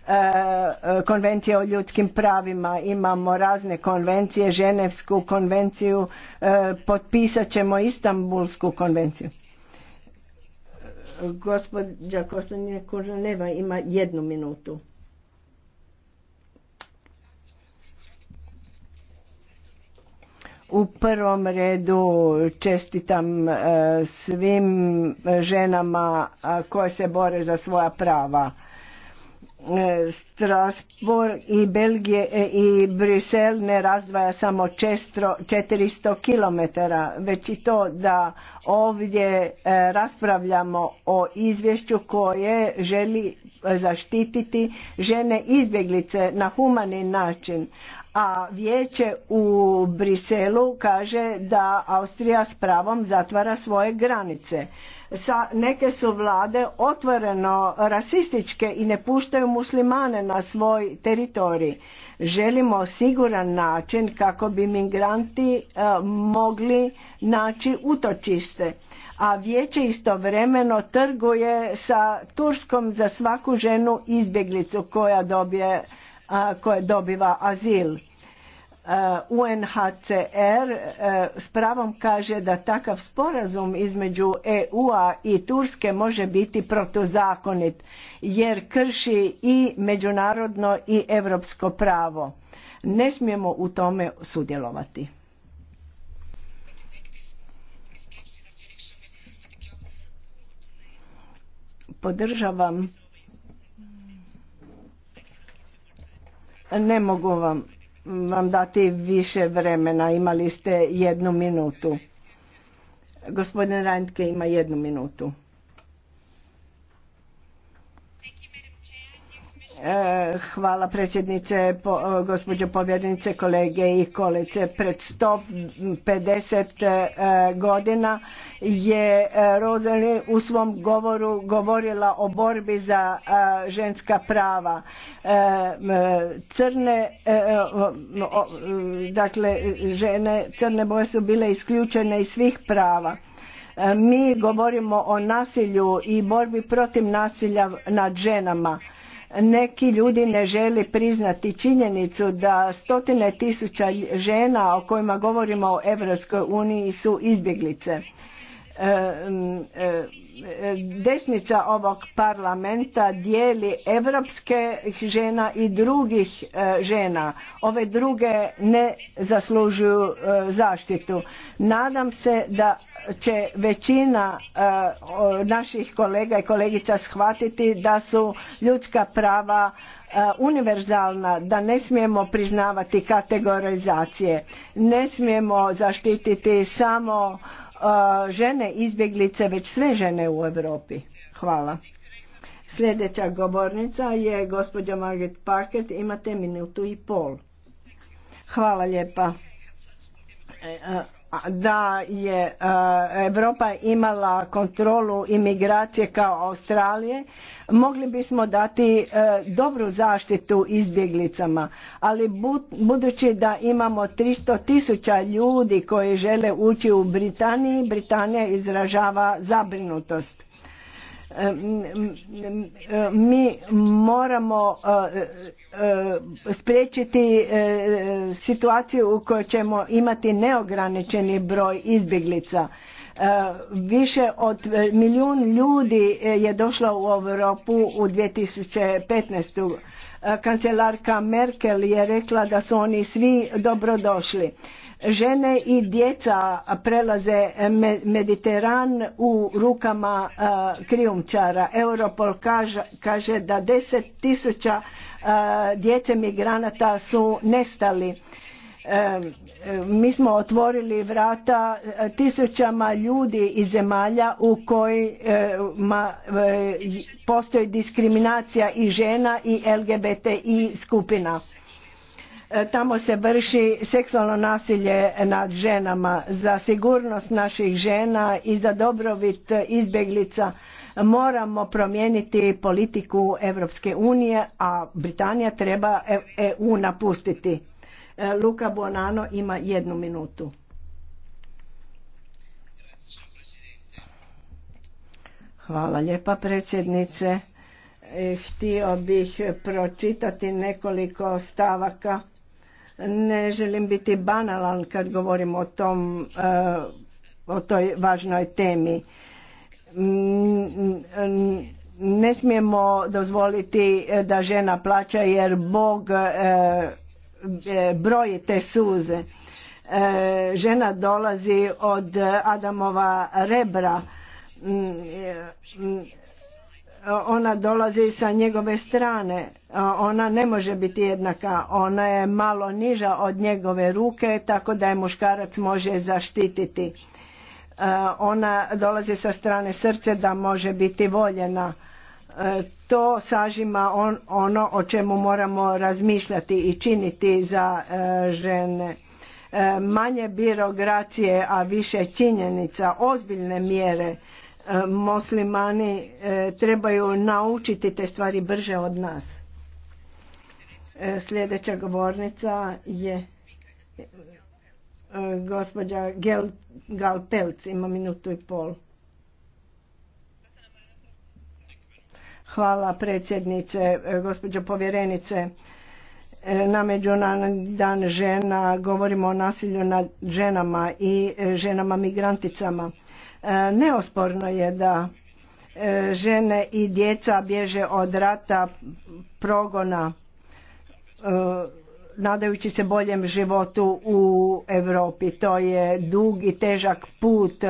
E, konvencije o ljudskim pravima, imamo razne konvencije, Ženevsku konvenciju, e, potpisat ćemo istambulsku konvenciju. Gospođa Kostanjina Kurneva ima jednu minutu. U prvom redu čestitam e, svim ženama koje se bore za svoja prava. E, Strasbourg i Belgije e, i Brisel ne razdvaja samo 400 km, već i to da ovdje raspravljamo o izvješću koje želi zaštititi žene izbjeglice na humani način, a vijeće u Briselu kaže da Austrija s pravom zatvara svoje granice. Sa, neke su vlade otvoreno rasističke i ne puštaju muslimane na svoj teritorij. Želimo siguran način kako bi migranti e, mogli naći utočiste. A vijeće istovremeno trguje sa Turskom za svaku ženu izbjeglicu koja dobije koje dobiva azil. E, UNHCR e, s pravom kaže da takav sporazum između EU-a i Turske može biti protuzakonit jer krši i međunarodno i europsko pravo. Ne smijemo u tome sudjelovati. Podržavam Ne mogu vam, vam dati više vremena, imali ste jednu minutu. Gospodin Reintke ima jednu minutu. Hvala predsjednice, e, gospođo povjerenice, kolege i kolice. Pred 150 e, godina je e, Rozali u svom govoru govorila o borbi za ženska prava. Crne, dakle, žene crne boje su bile isključene iz svih prava mi govorimo o nasilju i borbi protiv nasilja nad ženama neki ljudi ne žele priznati činjenicu da stotine tisuća žena o kojima govorimo u Europskoj uniji su izbjeglice E, e, desnica ovog parlamenta dijeli evropske žena i drugih e, žena. Ove druge ne zaslužuju zaštitu. Nadam se da će većina naših kolega i kolegica shvatiti da su ljudska prava univerzalna, da ne smijemo priznavati kategorizacije, ne smijemo zaštititi samo žene izbjeglice, već sve žene u Europi. Hvala. Sljedeća govornica je gospođa Margaret Parket, imate minutu i pol. Hvala lijepa. E, da je e, Europa imala kontrolu imigracije kao Australije, mogli bismo dati e, dobru zaštitu izbjeglicama, ali budući da imamo 300 tisuća ljudi koji žele ući u Britaniji, Britanija izražava zabrinutost. E, mi moramo e, spriječiti situaciju u kojoj ćemo imati neograničeni broj izbjeglica E, više od e, milijun ljudi e, je došlo u Europu u 2015. Kancelarka Merkel je rekla da su oni svi dobrodošli. Žene i djeca prelaze Mediteran u rukama krijumčara. Europol kaže da deset tisuća djece migranata su nestali mi smo otvorili vrata e, tisućama ljudi iz zemalja u kojima e, e, postoji diskriminacija i žena i LGBTI skupina. Tamo se vrši seksualno nasilje nad ženama. Za sigurnost naših žena i za dobrobit izbjeglica moramo promijeniti politiku Europske unije, a Britanija treba EU napustiti E, Luka Bonano ima jednu minutu. Hvala lijepa predsjednice. E, htio bih pročitati nekoliko stavaka. Ne želim biti banalan kad govorim o tom, e, o toj važnoj temi. Mm, ne smijemo dozvoliti da žena plaća jer Bog E, broji te suze. E, žena dolazi od Adamova rebra, mm, e, mm, ona dolazi sa njegove strane, ona ne može biti jednaka, ona je malo niža od njegove ruke, tako da je muškarac može zaštititi. Ona dolazi sa strane srce da može biti voljena to sažima ono o čemu moramo razmišljati i činiti za e, žene e, manje birokracije a više činjenica ozbiljne mjere e, muslimani trebaju naučiti te stvari brže od nas sljedeća govornica je gospođa Gal Pelc ima minutu i pol Hvala predsjednice, e, gospođo povjerenice. E, na Međunarodni dan žena govorimo o nasilju nad ženama i e, ženama migranticama. Neosporno je da žene i djeca bježe od rata progona nadajući se boljem životu u Europi. To je dug i težak put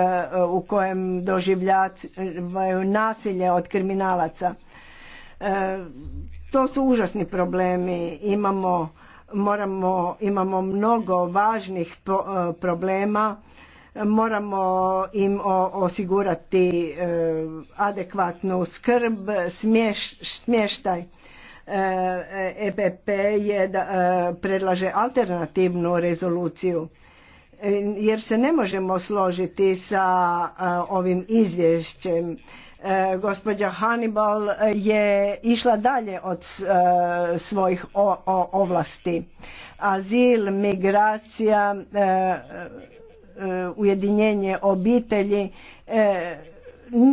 u kojem doživljavaju nasilje od kriminalaca E, to su užasni problemi. Imamo, moramo, imamo mnogo važnih e, problema. Moramo im osigurati e, adekvatnu skrb, smještaj. EPP je da predlaže alternativnu rezoluciju jer se ne možemo složiti sa ovim izvješćem E, gospođa Hannibal e, je išla dalje od e, svojih ovlasti. Azil, migracija, ujedinjenje obitelji,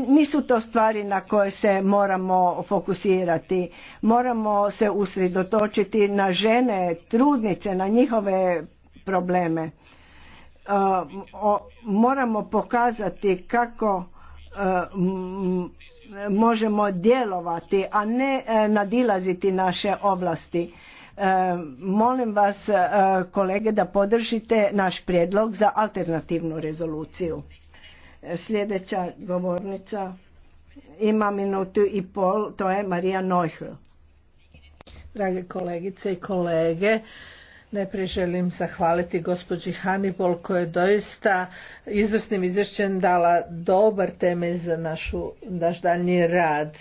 nisu to stvari na koje se moramo fokusirati. Moramo se usredotočiti na žene, trudnice, na njihove probleme. Moramo pokazati kako možemo djelovati, a ne e, nadilaziti naše oblasti. E, molim vas, e, kolege, da podržite naš prijedlog za alternativnu rezoluciju. Sljedeća govornica ima minutu i pol, to je Marija Neuhl. Drage kolegice i kolege, Najprije želim zahvaliti gospođi Hannibal koja je doista izvrsnim izvješćem dala dobar temelj za našu, naš daljnji rad.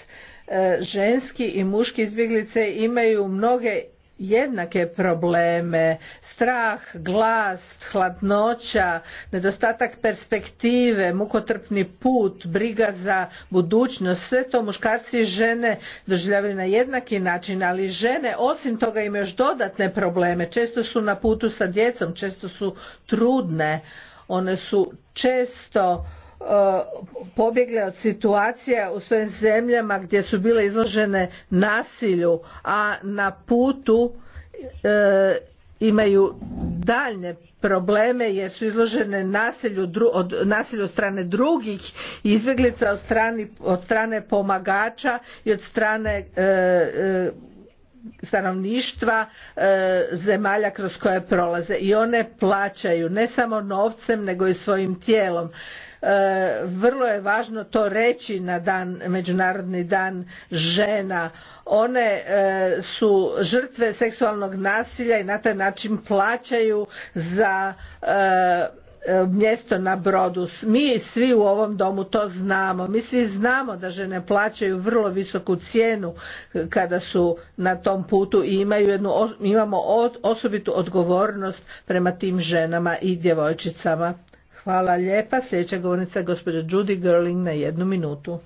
E, ženski i muški izbjeglice imaju mnoge jednake probleme strah, glas, hladnoća, nedostatak perspektive, mukotrpni put, briga za budućnost, sve to muškarci i žene doživljavaju na jednaki način, ali žene osim toga imaju još dodatne probleme, često su na putu sa djecom, često su trudne, one su često pobjegle od situacija u svojim zemljama gdje su bile izložene nasilju, a na putu e, imaju daljne probleme jer su izložene nasilju od, strane drugih izbjeglica od, od strane pomagača i od strane e, e, stanovništva zemalja kroz koje prolaze i one plaćaju ne samo novcem nego i svojim tijelom E, vrlo je važno to reći na dan međunarodni dan žena one e, su žrtve seksualnog nasilja i na taj način plaćaju za e, mjesto na brodu. Mi svi u ovom domu to znamo. Mi svi znamo da žene plaćaju vrlo visoku cijenu kada su na tom putu i imaju jednu, imamo osobitu odgovornost prema tim ženama i djevojčicama. Hvala lijepa. Sljedeća govornica gospođa Judy Gerling na jednu minutu.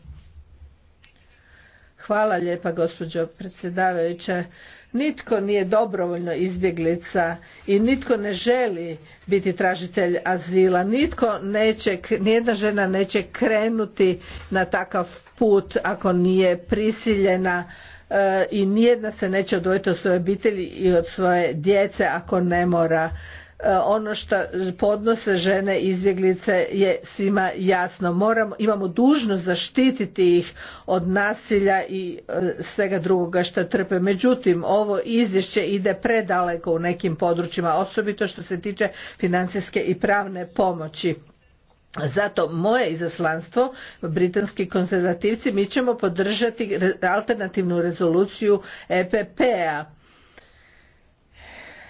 Hvala lijepa gospođo predsjedavajuća. Nitko nije dobrovoljno izbjeglica i nitko ne želi biti tražitelj azila. Nitko neće, nijedna žena neće krenuti na takav put ako nije prisiljena e, i nijedna se neće odvojiti od svoje obitelji i od svoje djece ako ne mora ono što podnose žene izbjeglice je svima jasno. Moramo, imamo dužnost zaštititi ih od nasilja i e, svega drugoga što trpe. Međutim, ovo izvješće ide predaleko u nekim područjima, osobito što se tiče financijske i pravne pomoći. Zato moje izaslanstvo, britanski konzervativci, mi ćemo podržati alternativnu rezoluciju EPP-a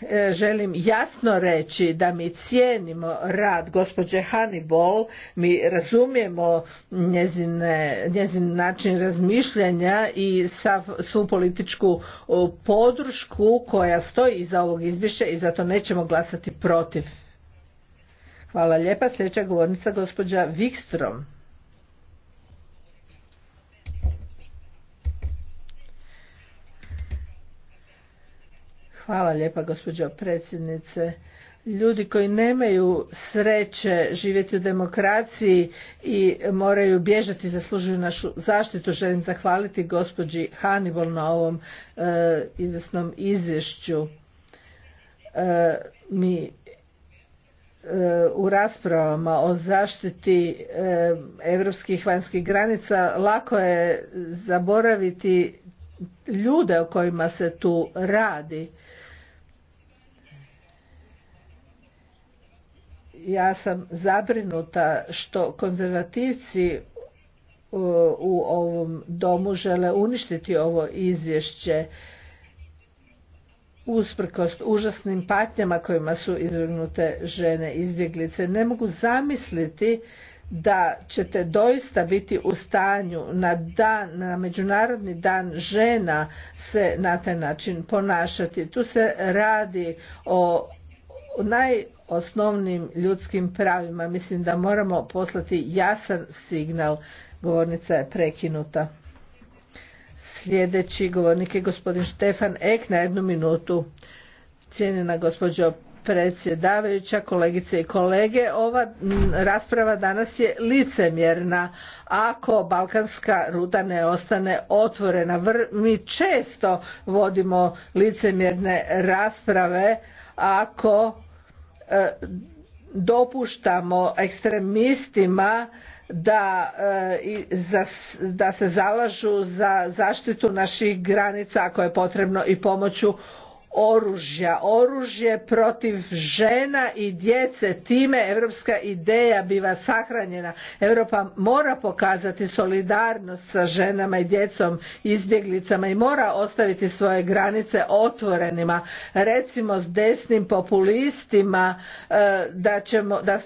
E, želim jasno reći da mi cijenimo rad gospođe Hannibal, mi razumijemo njezin način razmišljanja i svu političku podršku koja stoji iza ovog izvješća i zato nećemo glasati protiv. Hvala lijepa. Sljedeća govornica gospođa Wikstrom. Hvala lijepa gospođo predsjednice. Ljudi koji nemaju sreće živjeti u demokraciji i moraju bježati zaslužuju našu zaštitu. Želim zahvaliti gospođi Hannibal na ovom e, izvjesnom izvješću. E, mi e, u raspravama o zaštiti europskih vanjskih granica lako je zaboraviti ljude o kojima se tu radi ja sam zabrinuta što konzervativci e, u ovom domu žele uništiti ovo izvješće usprkos užasnim patnjama kojima su izvrgnute žene izbjeglice. Ne mogu zamisliti da ćete doista biti u stanju na dan, na međunarodni dan žena se na taj način ponašati. Tu se radi o naj osnovnim ljudskim pravima. Mislim da moramo poslati jasan signal. Govornica je prekinuta. Sljedeći govornik je gospodin Štefan Ek na jednu minutu. Cijenjena gospođo predsjedavajuća, kolegice i kolege, ova rasprava danas je licemjerna ako balkanska ruta ne ostane otvorena. Mi često vodimo licemjerne rasprave ako E, dopuštamo ekstremistima e, da, se zalažu za zaštitu naših granica ako je potrebno i pomoću oružja, oružje protiv žena i djece, time europska ideja biva sahranjena. Europa mora pokazati solidarnost sa ženama i djecom, izbjeglicama i mora ostaviti svoje granice otvorenima. Recimo s desnim populistima e, da ćemo da e,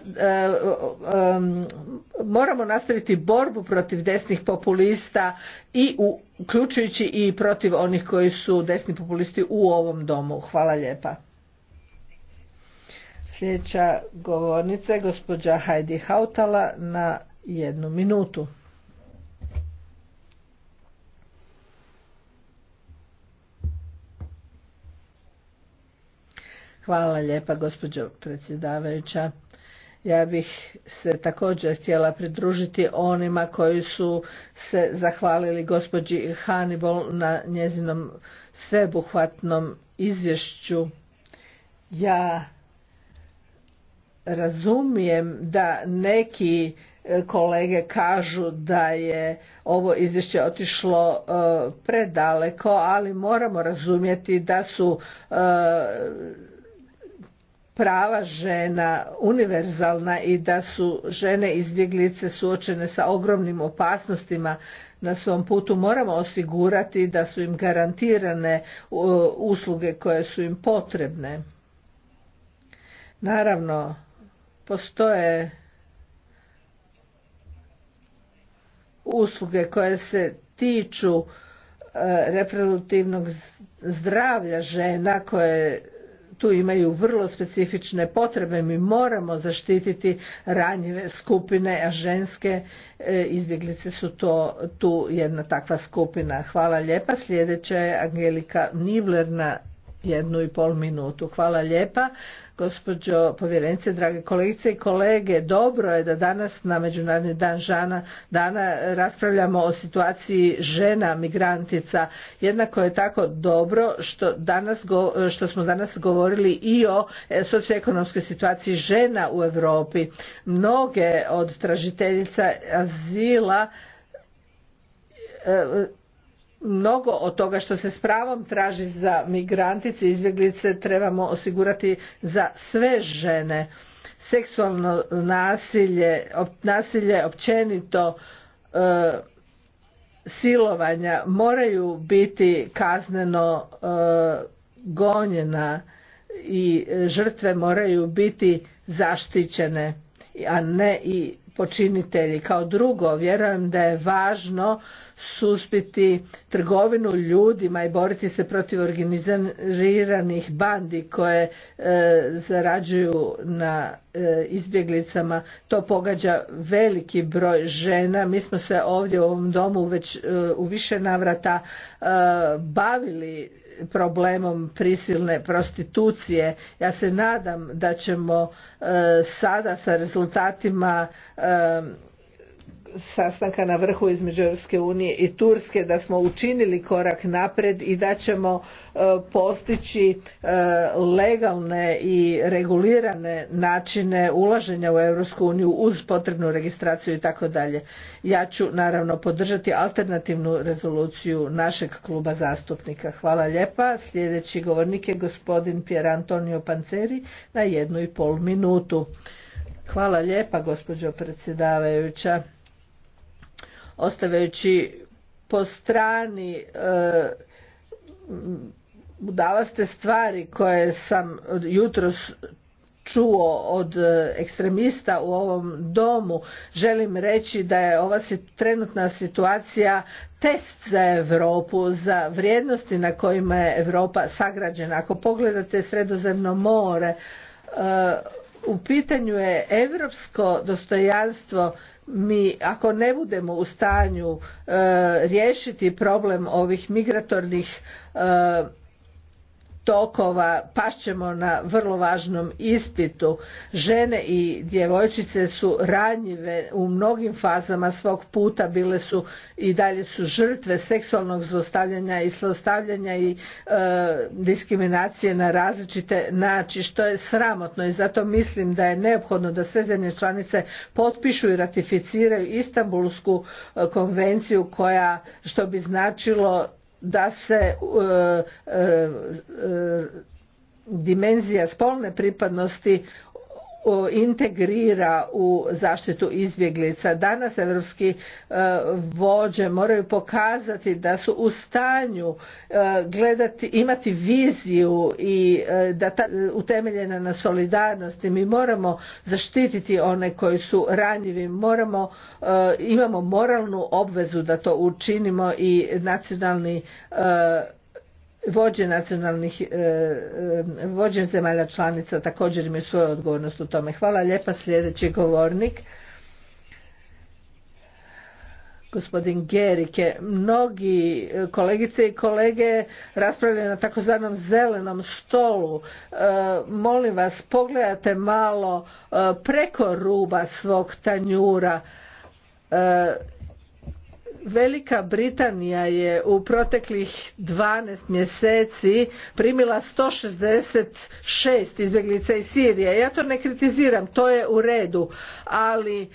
moramo nastaviti borbu protiv desnih populista i u uključujući i protiv onih koji su desni populisti u ovom domu. Hvala lijepa. Sljedeća govornica je gospođa Heidi Hautala na jednu minutu. Hvala lijepa gospođo predsjedavajuća. Ja bih se također htjela pridružiti onima koji su se zahvalili gospođi Hannibal na njezinom sveobuhvatnom izvješću. Ja razumijem da neki e, kolege kažu da je ovo izvješće otišlo e, predaleko, ali moramo razumjeti da su e, prava žena univerzalna i da su žene izbjeglice suočene sa ogromnim opasnostima na svom putu moramo osigurati da su im garantirane uh, usluge koje su im potrebne naravno postoje usluge koje se tiču uh, reproduktivnog zdravlja žena koje tu imaju vrlo specifične potrebe. Mi moramo zaštititi ranjive skupine, a ženske e, izbjeglice su to tu jedna takva skupina. Hvala lijepa. Sljedeća je Angelika Nibler na jednu i pol minutu. Hvala lijepa gospođo povjerenice, drage kolegice i kolege. Dobro je da danas na Međunarodni dan žana dana raspravljamo o situaciji žena migrantica. Jednako je tako dobro što, što smo danas govorili i o e, socioekonomskoj situaciji žena u Europi. Mnoge od tražiteljica azila e, mnogo od toga što se s pravom traži za migrantice i izbjeglice trebamo osigurati za sve žene. Seksualno nasilje, nasilje općenito e, silovanja moraju biti kazneno e, gonjena i žrtve moraju biti zaštićene, a ne i počinitelji. Kao drugo, vjerujem da je važno suzbiti trgovinu ljudima i boriti se protiv organiziranih bandi koje e, zarađuju na e, izbjeglicama to pogađa veliki broj žena mi smo se ovdje u ovom domu već e, u više navrata bavili problemom prisilne prostitucije ja se nadam da ćemo sada sa rezultatima sastanka na vrhu između Europske unije i Turske da smo učinili korak napred i da ćemo e, postići e, legalne i regulirane načine ulaženja u Europsku uniju uz potrebnu registraciju i tako dalje. Ja ću naravno podržati alternativnu rezoluciju našeg kluba zastupnika. Hvala lijepa. Sljedeći govornik je gospodin Pier Antonio Panceri na jednu i pol minutu. Hvala lijepa gospođo predsjedavajuća ostavljajući po strani e, budalaste stvari koje sam jutros čuo od ekstremista u ovom domu želim reći da je ova trenutna situacija test za Europu za vrijednosti na kojima je Europa sagrađena ako pogledate sredozemno more e, u pitanju je europsko dostojanstvo mi ako ne budemo u stanju e, riješiti problem ovih migratornih e, tokova pašćemo na vrlo važnom ispitu. Žene i djevojčice su ranjive u mnogim fazama svog puta bile su i dalje su žrtve seksualnog zlostavljanja i zlostavljanja i e, diskriminacije na različite načine što je sramotno i zato mislim da je neophodno da sve zemlje članice potpišu i ratificiraju Istanbulsku e, konvenciju koja što bi značilo da se e, e, e, dimenzija spolne pripadnosti integrira u zaštitu izbjeglica. Danas evropski e, vođe moraju pokazati da su u stanju e, gledati, imati viziju i e, da ta, utemeljena na solidarnosti. Mi moramo zaštititi one koji su ranjivi, moramo, imamo moralnu obvezu da to učinimo i nacionalni vođe nacionalnih e, e, vođe zemalja članica također imaju svoju odgovornost u tome. Hvala lijepa sljedeći govornik. Gospodin Gerike, mnogi kolegice i kolege raspravljaju na takozvanom zelenom stolu. E, molim vas, pogledajte malo preko ruba svog tanjura Velika Britanija je u proteklih 12 mjeseci primila 166 izbjeglica iz Sirije. Ja to ne kritiziram, to je u redu, ali e,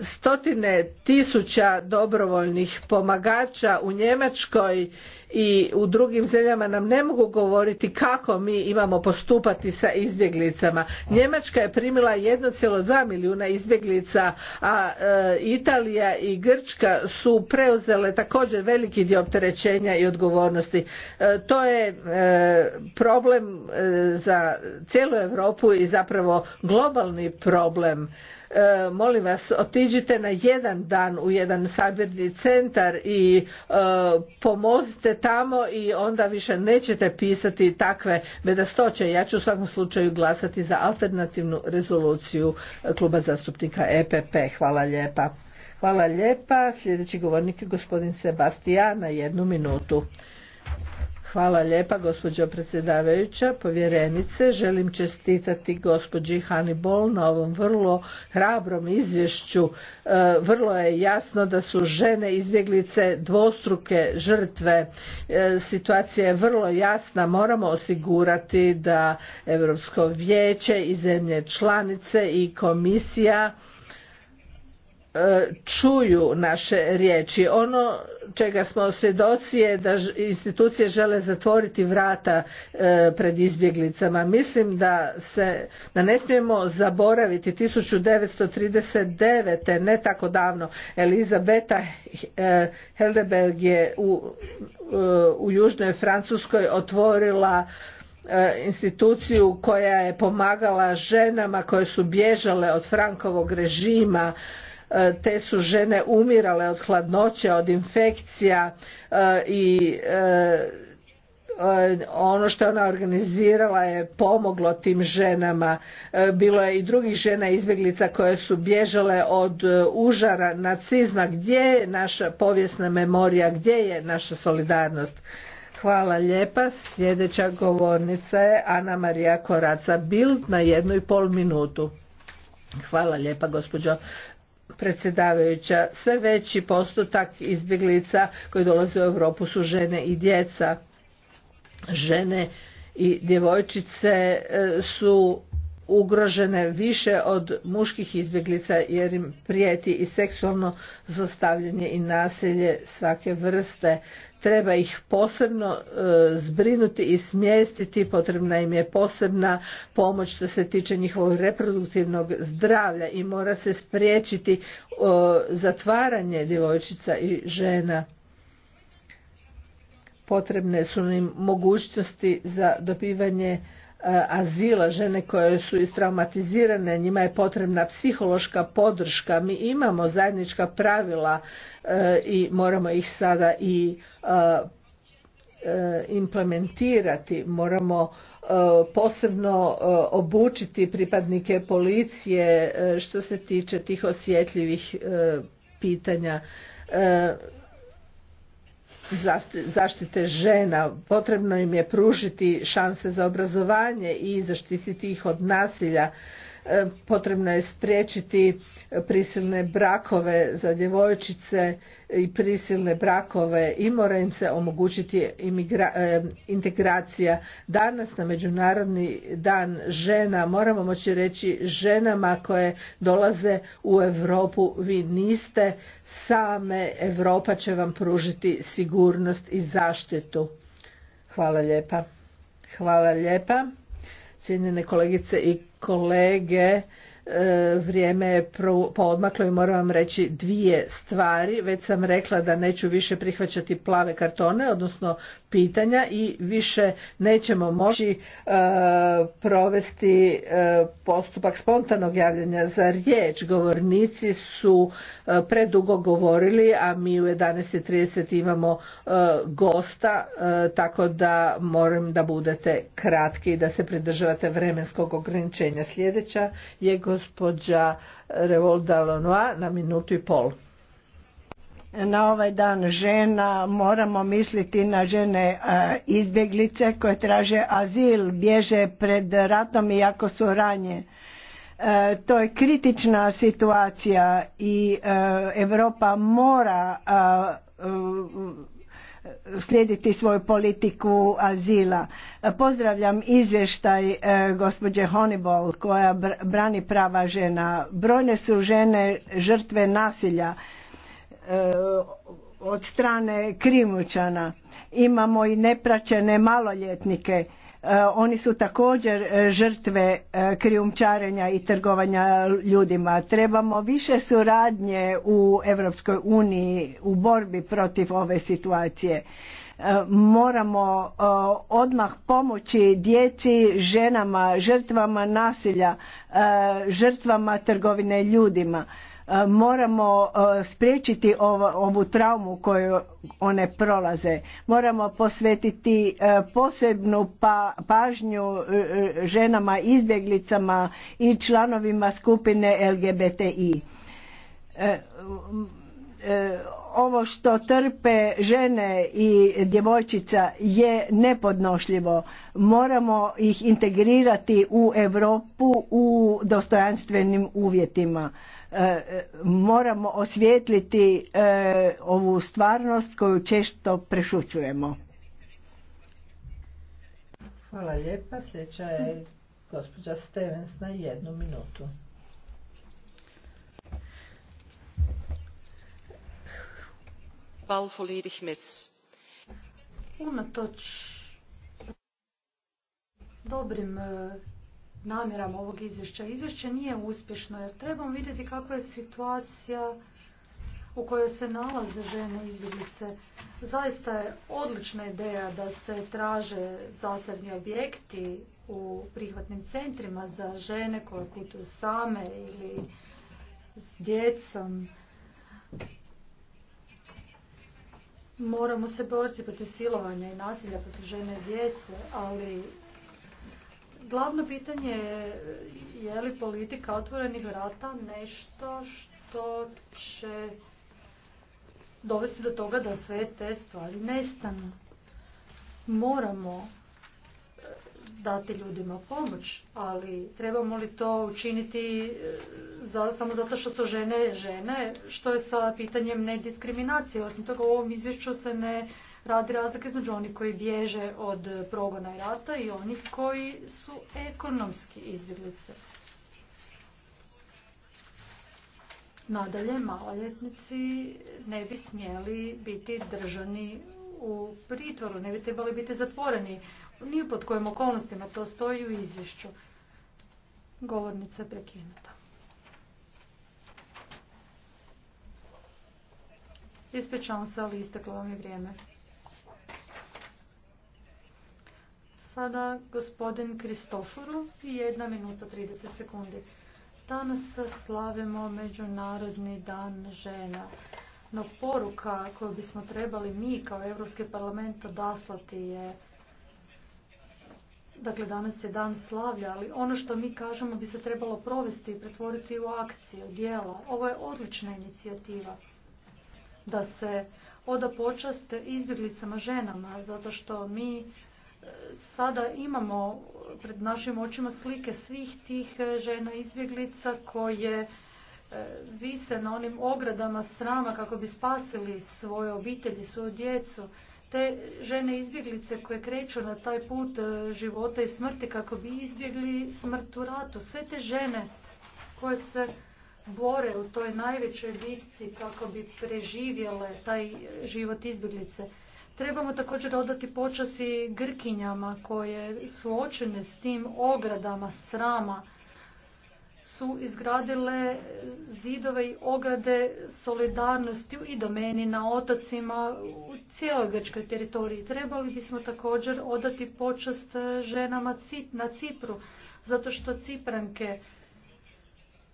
stotine tisuća dobrovoljnih pomagača u Njemačkoj i u drugim zemljama nam ne mogu govoriti kako mi imamo postupati sa izbjeglicama. Njemačka je primila 1,2 milijuna izbjeglica, a e, Italija i Grčka su preuzele također veliki dio opterećenja i odgovornosti. E, to je e, problem za cijelu Europu i zapravo globalni problem E, molim vas otiđite na jedan dan u jedan sabirni centar i e, pomozite tamo i onda više nećete pisati takve bedastoće. Ja ću u svakom slučaju glasati za alternativnu rezoluciju kluba zastupnika EPP. Hvala lijepa. Hvala lijepa. Sljedeći govornik je gospodin Sebastijan na jednu minutu. Hvala lijepa gospođo predsjedavajuća, povjerenice. Želim čestitati gospođi Hannibal na ovom vrlo hrabrom izvješću. E, vrlo je jasno da su žene izbjeglice dvostruke žrtve. E, situacija je vrlo jasna. Moramo osigurati da Europsko vijeće i zemlje članice i komisija E, čuju naše riječi. Ono čega smo svjedoci je da institucije žele zatvoriti vrata e, pred izbjeglicama. Mislim da se da ne smijemo zaboraviti 1939. ne tako davno Elizabeta e, Heldeberg je u, u južnoj Francuskoj otvorila instituciju koja je pomagala ženama koje su bježale od Frankovog režima te su žene umirale od hladnoće, od infekcija e, i e, e, ono što je ona organizirala je pomoglo tim ženama. Bilo je i drugih žena izbjeglica koje su bježale od užara nacizma. Gdje je naša povijesna memorija, gdje je naša solidarnost? Hvala lijepa. Sljedeća govornica je Ana Marija Koraca Bild na jednu i pol minutu. Hvala lijepa gospođo predsjedavajuća sve veći postotak izbjeglica koji dolaze u Europu su žene i djeca žene i djevojčice e, su ugrožene više od muških izbjeglica jer im prijeti i seksualno zlostavljanje i nasilje svake vrste. Treba ih posebno e, zbrinuti i smjestiti, potrebna im je posebna pomoć što se tiče njihovog reproduktivnog zdravlja i mora se spriječiti e, zatvaranje djevojčica i žena potrebne su im mogućnosti za dobivanje Eh, azila, žene koje su istraumatizirane, njima je potrebna psihološka podrška. Mi imamo zajednička pravila eh, i moramo ih sada i eh, implementirati, moramo posebno obučiti pripadnike policije što se tiče tih osjetljivih pitanja zaštite žena. Potrebno im je pružiti šanse za obrazovanje i zaštititi ih od nasilja. E, potrebno je spriječiti prisilne brakove za djevojčice i prisilne brakove i mora im se omogućiti e, integracija. Danas na Međunarodni dan žena moramo moći reći ženama koje dolaze u Europu vi niste same, Europa će vam pružiti sigurnost i zaštitu. Hvala lijepa. Hvala lijepa. Cijenjene kolegice i kolege, E, vrijeme je poodmaklo i moram vam reći dvije stvari. Već sam rekla da neću više prihvaćati plave kartone, odnosno pitanja i više nećemo moći e, provesti e, postupak spontanog javljanja za riječ. Govornici su e, predugo govorili, a mi u 11.30 imamo gosta, tako da moram da budete kratki i da se pridržavate vremenskog ograničenja. Sljedeća je gospođa Revolda Lanois na minutu i pol na ovaj dan žena moramo misliti na žene e, izbjeglice koje traže azil, bježe pred ratom i jako su ranje. E, to je kritična situacija i e, Europa mora slijediti svoju politiku azila. Pozdravljam izvještaj gospođe Honibol koja brani prava žena. Brojne su žene žrtve nasilja E, od strane krimućana. Imamo i nepraćene maloljetnike. E, oni su također e, žrtve krijumčarenja i trgovanja ljudima. Trebamo više suradnje u Europskoj uniji u borbi protiv ove situacije. Moramo odmah pomoći djeci, ženama, žrtvama nasilja, žrtvama trgovine ljudima E, moramo e, spriječiti ovu traumu koju one prolaze. Moramo posvetiti e, posebnu pa, pažnju ženama, izbjeglicama i članovima skupine LGBTI. Ovo što trpe žene i djevojčica je nepodnošljivo. Moramo ih integrirati u Europu u dostojanstvenim uvjetima moramo osvijetliti e, ovu stvarnost koju često prešućujemo. Hvala lijepa. Sljedeća je gospođa Stevens na jednu minutu. Bal volledig Unatoč dobrim e, namjerama ovog izvješća. Izvješće nije uspješno jer trebamo vidjeti kakva je situacija u kojoj se nalaze žene izbjeglice. Zaista je odlična ideja da se traže zasebni objekti u prihvatnim centrima za žene koje putuju same ili s djecom. Moramo se boriti protiv silovanja i nasilja protiv žene i djece, ali Glavno pitanje je je li politika otvorenih vrata nešto što će dovesti do toga da sve te stvari nestanu. Moramo e, dati ljudima pomoć, ali trebamo li to učiniti e, za, samo zato što su žene žene, što je sa pitanjem nediskriminacije. Osim toga u ovom izvješću se ne radi razlika između onih koji bježe od progona i rata i onih koji su ekonomski izbjeglice. Nadalje, maloljetnici ne bi smjeli biti držani u pritvoru, ne bi trebali biti zatvoreni. Nije pod kojim okolnostima, to stoji u izvješću. Govornica je prekinuta. Ispričavam se, ali isteklo vam je vrijeme. Sada gospodin Kristoforu, jedna minuta 30 sekundi. Danas slavimo Međunarodni dan žena. No poruka koju bismo trebali mi kao Europski parlament odaslati je Dakle, danas je dan slavlja, ali ono što mi kažemo bi se trebalo provesti i pretvoriti u akcije, u dijela. Ovo je odlična inicijativa da se oda počast izbjeglicama ženama, zato što mi sada imamo pred našim očima slike svih tih e, žena izbjeglica koje e, vise na onim ogradama srama kako bi spasili svoje obitelji, svoju djecu. Te žene izbjeglice koje kreću na taj put e, života i smrti kako bi izbjegli smrt u ratu. Sve te žene koje se bore u toj najvećoj bitci kako bi preživjele taj život izbjeglice. Trebamo također odati počas i Grkinjama koje su suočene s tim ogradama srama su izgradile zidove i ograde solidarnosti i domeni na otocima u cijeloj grčkoj teritoriji. Trebali bismo također odati počast ženama na Cipru, zato što Cipranke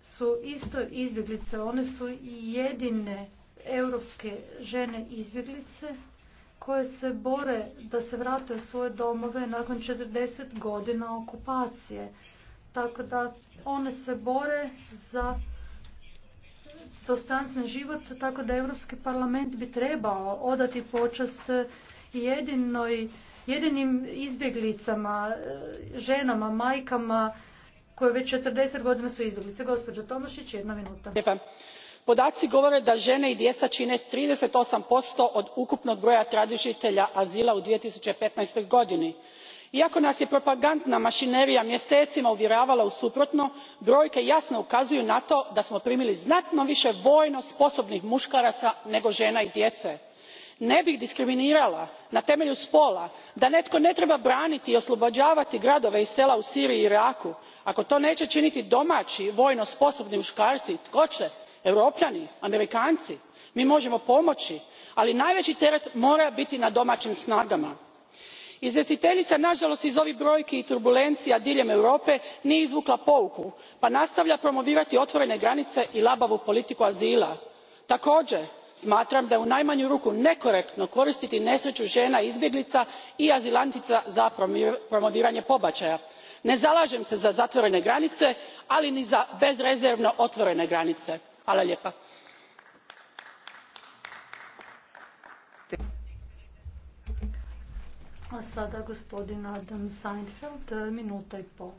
su isto izbjeglice, one su jedine europske žene izbjeglice koje se bore da se vrate u svoje domove nakon 40 godina okupacije. Tako da one se bore za dostanstven život, tako da Europski parlament bi trebao odati počast jedinoj, jedinim izbjeglicama, ženama, majkama koje već 40 godina su izbjeglice. Gospođo Tomašić, jedna minuta podaci govore da ene i djeca ine thirty eight od ukupnog broja traitelja azila u. two thousand and fifteen godini. iako nas je propagandna mašinerija mjesecima uvjeravala u suprotno brojke jasno ukazuju na to da smo primili znatno vie vojno sposobnih mukaraca nego ena i djece. ne bih diskriminirala na temelju spola da netko ne treba braniti i oslobađavati gradove i sela u siriji i iraku. ako to nee initi domai vojno sposobni mukarci tko će europljani amerikanci mi možemo pomoći ali najveći teret mora biti na domaćim snagama. izvjestiteljica nažalost iz ovih brojki i turbulencija diljem europe nije izvukla pouku pa nastavlja promovirati otvorene granice i labavu politiku azila. također smatram da je u najmanju ruku nekorektno koristiti nesreću žena izbjeglica i azilantica za promoviranje pobačaja. ne zalažem se za zatvorene granice ali ni za bezrezervno otvorene granice gospodine predsjedniče sada gospodin adam seinfeld minuta i pol.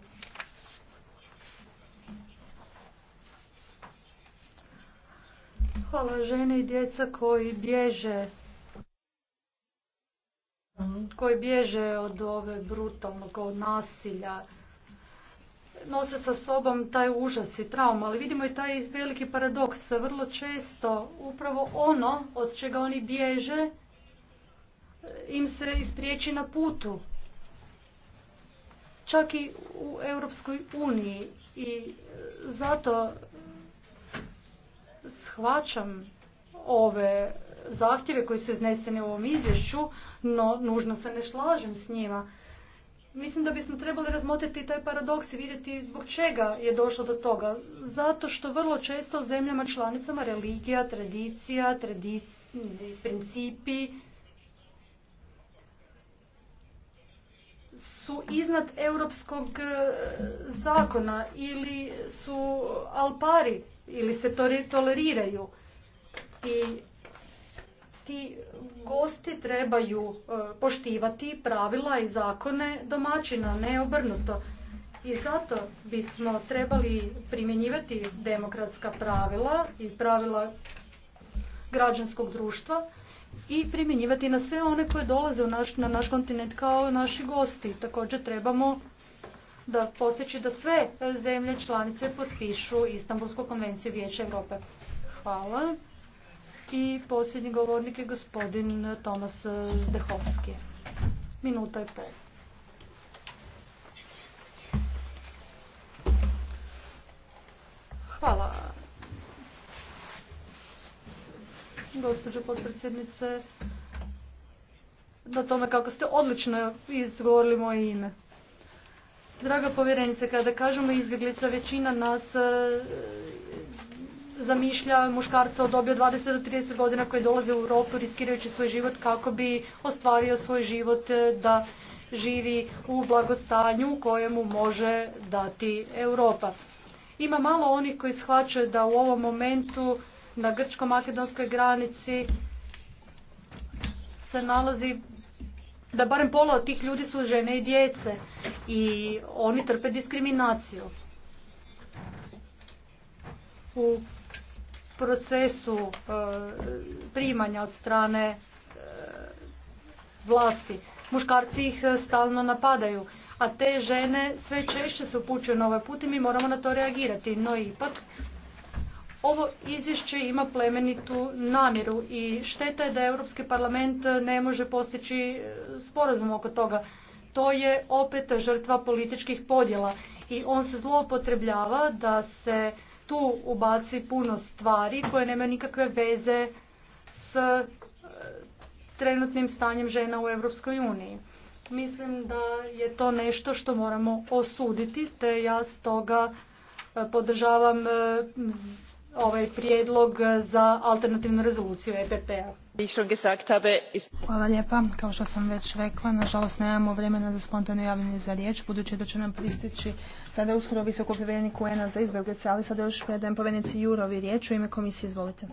Hvala žene i djeca koji bježe koji bježe od ove brutalnog nasilja nose sa sobom taj užas i trauma, ali vidimo i taj veliki paradoks. Vrlo često upravo ono od čega oni bježe e, im se ispriječi na putu. Čak i u Europskoj uniji i e, zato shvaćam ove zahtjeve koji su izneseni u ovom izvješću, no nužno se ne slažem s njima. Mislim da bismo trebali razmotriti taj paradoks i vidjeti zbog čega je došlo do toga. Zato što vrlo često u zemljama članicama religija, tradicija, principi su iznad europskog e, zakona ili su alpari ili se toleriraju. I i gosti trebaju e, poštivati pravila i zakone domaćina, ne obrnuto. I zato bismo trebali primjenjivati demokratska pravila i pravila građanskog društva i primjenjivati na sve one koje dolaze na naš kontinent kao naši gosti. Također trebamo da posjeći da sve zemlje članice potpišu Istanbulsku konvenciju Vijeća Europe. Hvala. I posljednji govornik je gospodin Tomas Zdehovski. Minuta i pol. Hvala. Gospođo potpredsjednice, na tome kako ste odlično izgovorili moje ime. Draga povjerenice, kada kažemo izbjeglica, većina nas zamišlja muškarca od dobi od 20 do 30 godina koji dolaze u Europu riskirajući svoj život kako bi ostvario svoj život e, da živi u blagostanju kojemu može dati Europa. Ima malo onih koji shvaćaju da u ovom momentu na grčko-makedonskoj granici se nalazi da barem pola od tih ljudi su žene i djece i oni trpe diskriminaciju. U procesu e, primanja od strane e, vlasti. Muškarci ih e, stalno napadaju, a te žene sve češće se upućuju na ovaj put i mi moramo na to reagirati. No ipak, ovo izvješće ima plemenitu namjeru i šteta je da Europski parlament ne može postići sporazum oko toga. To je opet žrtva političkih podjela i on se zloupotrebljava da se tu ubaci puno stvari koje nemaju nikakve veze s e, trenutnim stanjem žena u Europskoj uniji. Mislim da je to nešto što moramo osuditi, te ja stoga e, podržavam e, ovaj prijedlog e, za alternativnu rezoluciju EPP-a. Hvala lijepa. Kao što sam već rekla, nažalost nemamo vremena za spontano javljanje za riječ, budući da će nam pristići sada uskoro visoko povjerenik un za izbjeglice, ali sada još predajem povjerenici Jurovi riječ u ime komisije. Izvolite.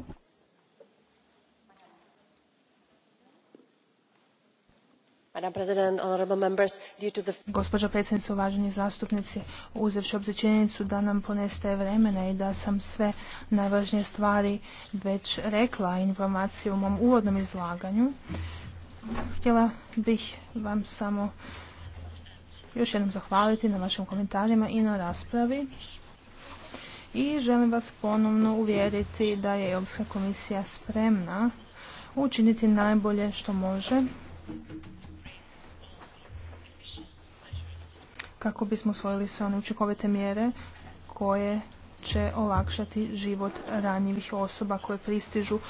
gospođo predsjednice uvaženi zastupnici uzevši u obzir činjenicu da nam ponestaje vremena i da sam sve najvažnije stvari već rekla informacije u mom uvodnom izlaganju htjela bih vam samo još jednom zahvaliti na vašim komentarima i na raspravi i želim vas ponovno uvjeriti da je europska komisija spremna učiniti najbolje što može kako bismo usvojili sve one učinkovite mjere koje će olakšati život ranjivih osoba koje pristižu e,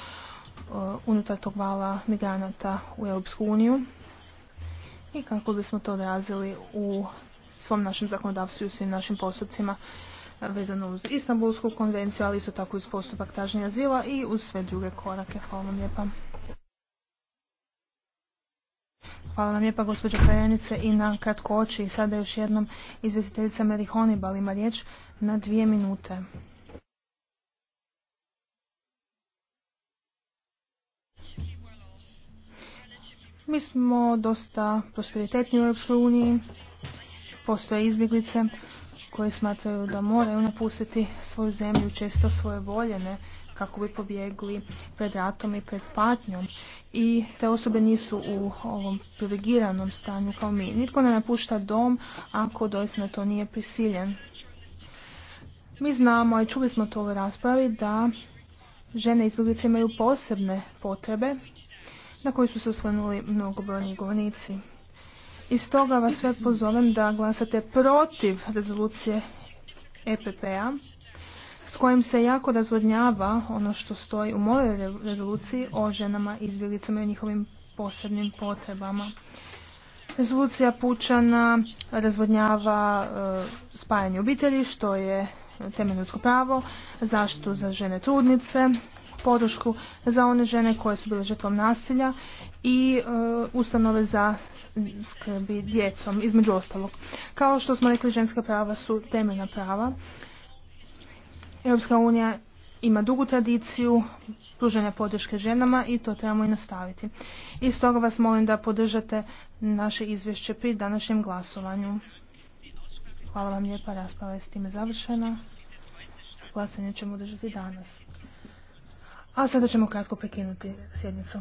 unutar tog vala migranata u Europsku uniju i kako bismo to odrazili u svom našem zakonodavstvu i u svim našim postupcima vezano uz Istanbulsku konvenciju, ali isto tako uz postupak traženja azila i uz sve druge korake. Hvala vam lijepa. Hvala vam lijepa gospođo Krajenice i na kratkoći. I sada još jednom izvjestiteljica Mary Honibal ima riječ na dvije minute. Mi smo dosta prosperitetni u Europskoj uniji, postoje izbjeglice koje smatraju da moraju napustiti svoju zemlju, često svoje voljene kako bi pobjegli pred ratom i pred patnjom i te osobe nisu u ovom privilegiranom stanju kao mi. Nitko ne napušta dom ako doista na to nije prisiljen. Mi znamo i čuli smo to u raspravi da žene izbjeglice imaju posebne potrebe na koje su se osvrnuli mnogobrojni govornici. I stoga vas sve pozovem da glasate protiv rezolucije EPP-a s kojim se jako razvodnjava ono što stoji u mojoj rezoluciji o ženama izbjeglicama i njihovim posebnim potrebama. Rezolucija pučana razvodnjava e, spajanje obitelji, što je temeljno ljudsko pravo, zaštitu za žene trudnice, podršku za one žene koje su bile žrtvom nasilja i e, ustanove za skrbi djecom, između ostalog. Kao što smo rekli, ženska prava su temeljna prava Europska unija ima dugu tradiciju pružanja podrške ženama i to trebamo i nastaviti. I stoga vas molim da podržate naše izvješće pri današnjem glasovanju. Hvala vam lijepa, rasprava je s time završena. Glasanje ćemo održati danas. A sada ćemo kratko prekinuti sjednicu.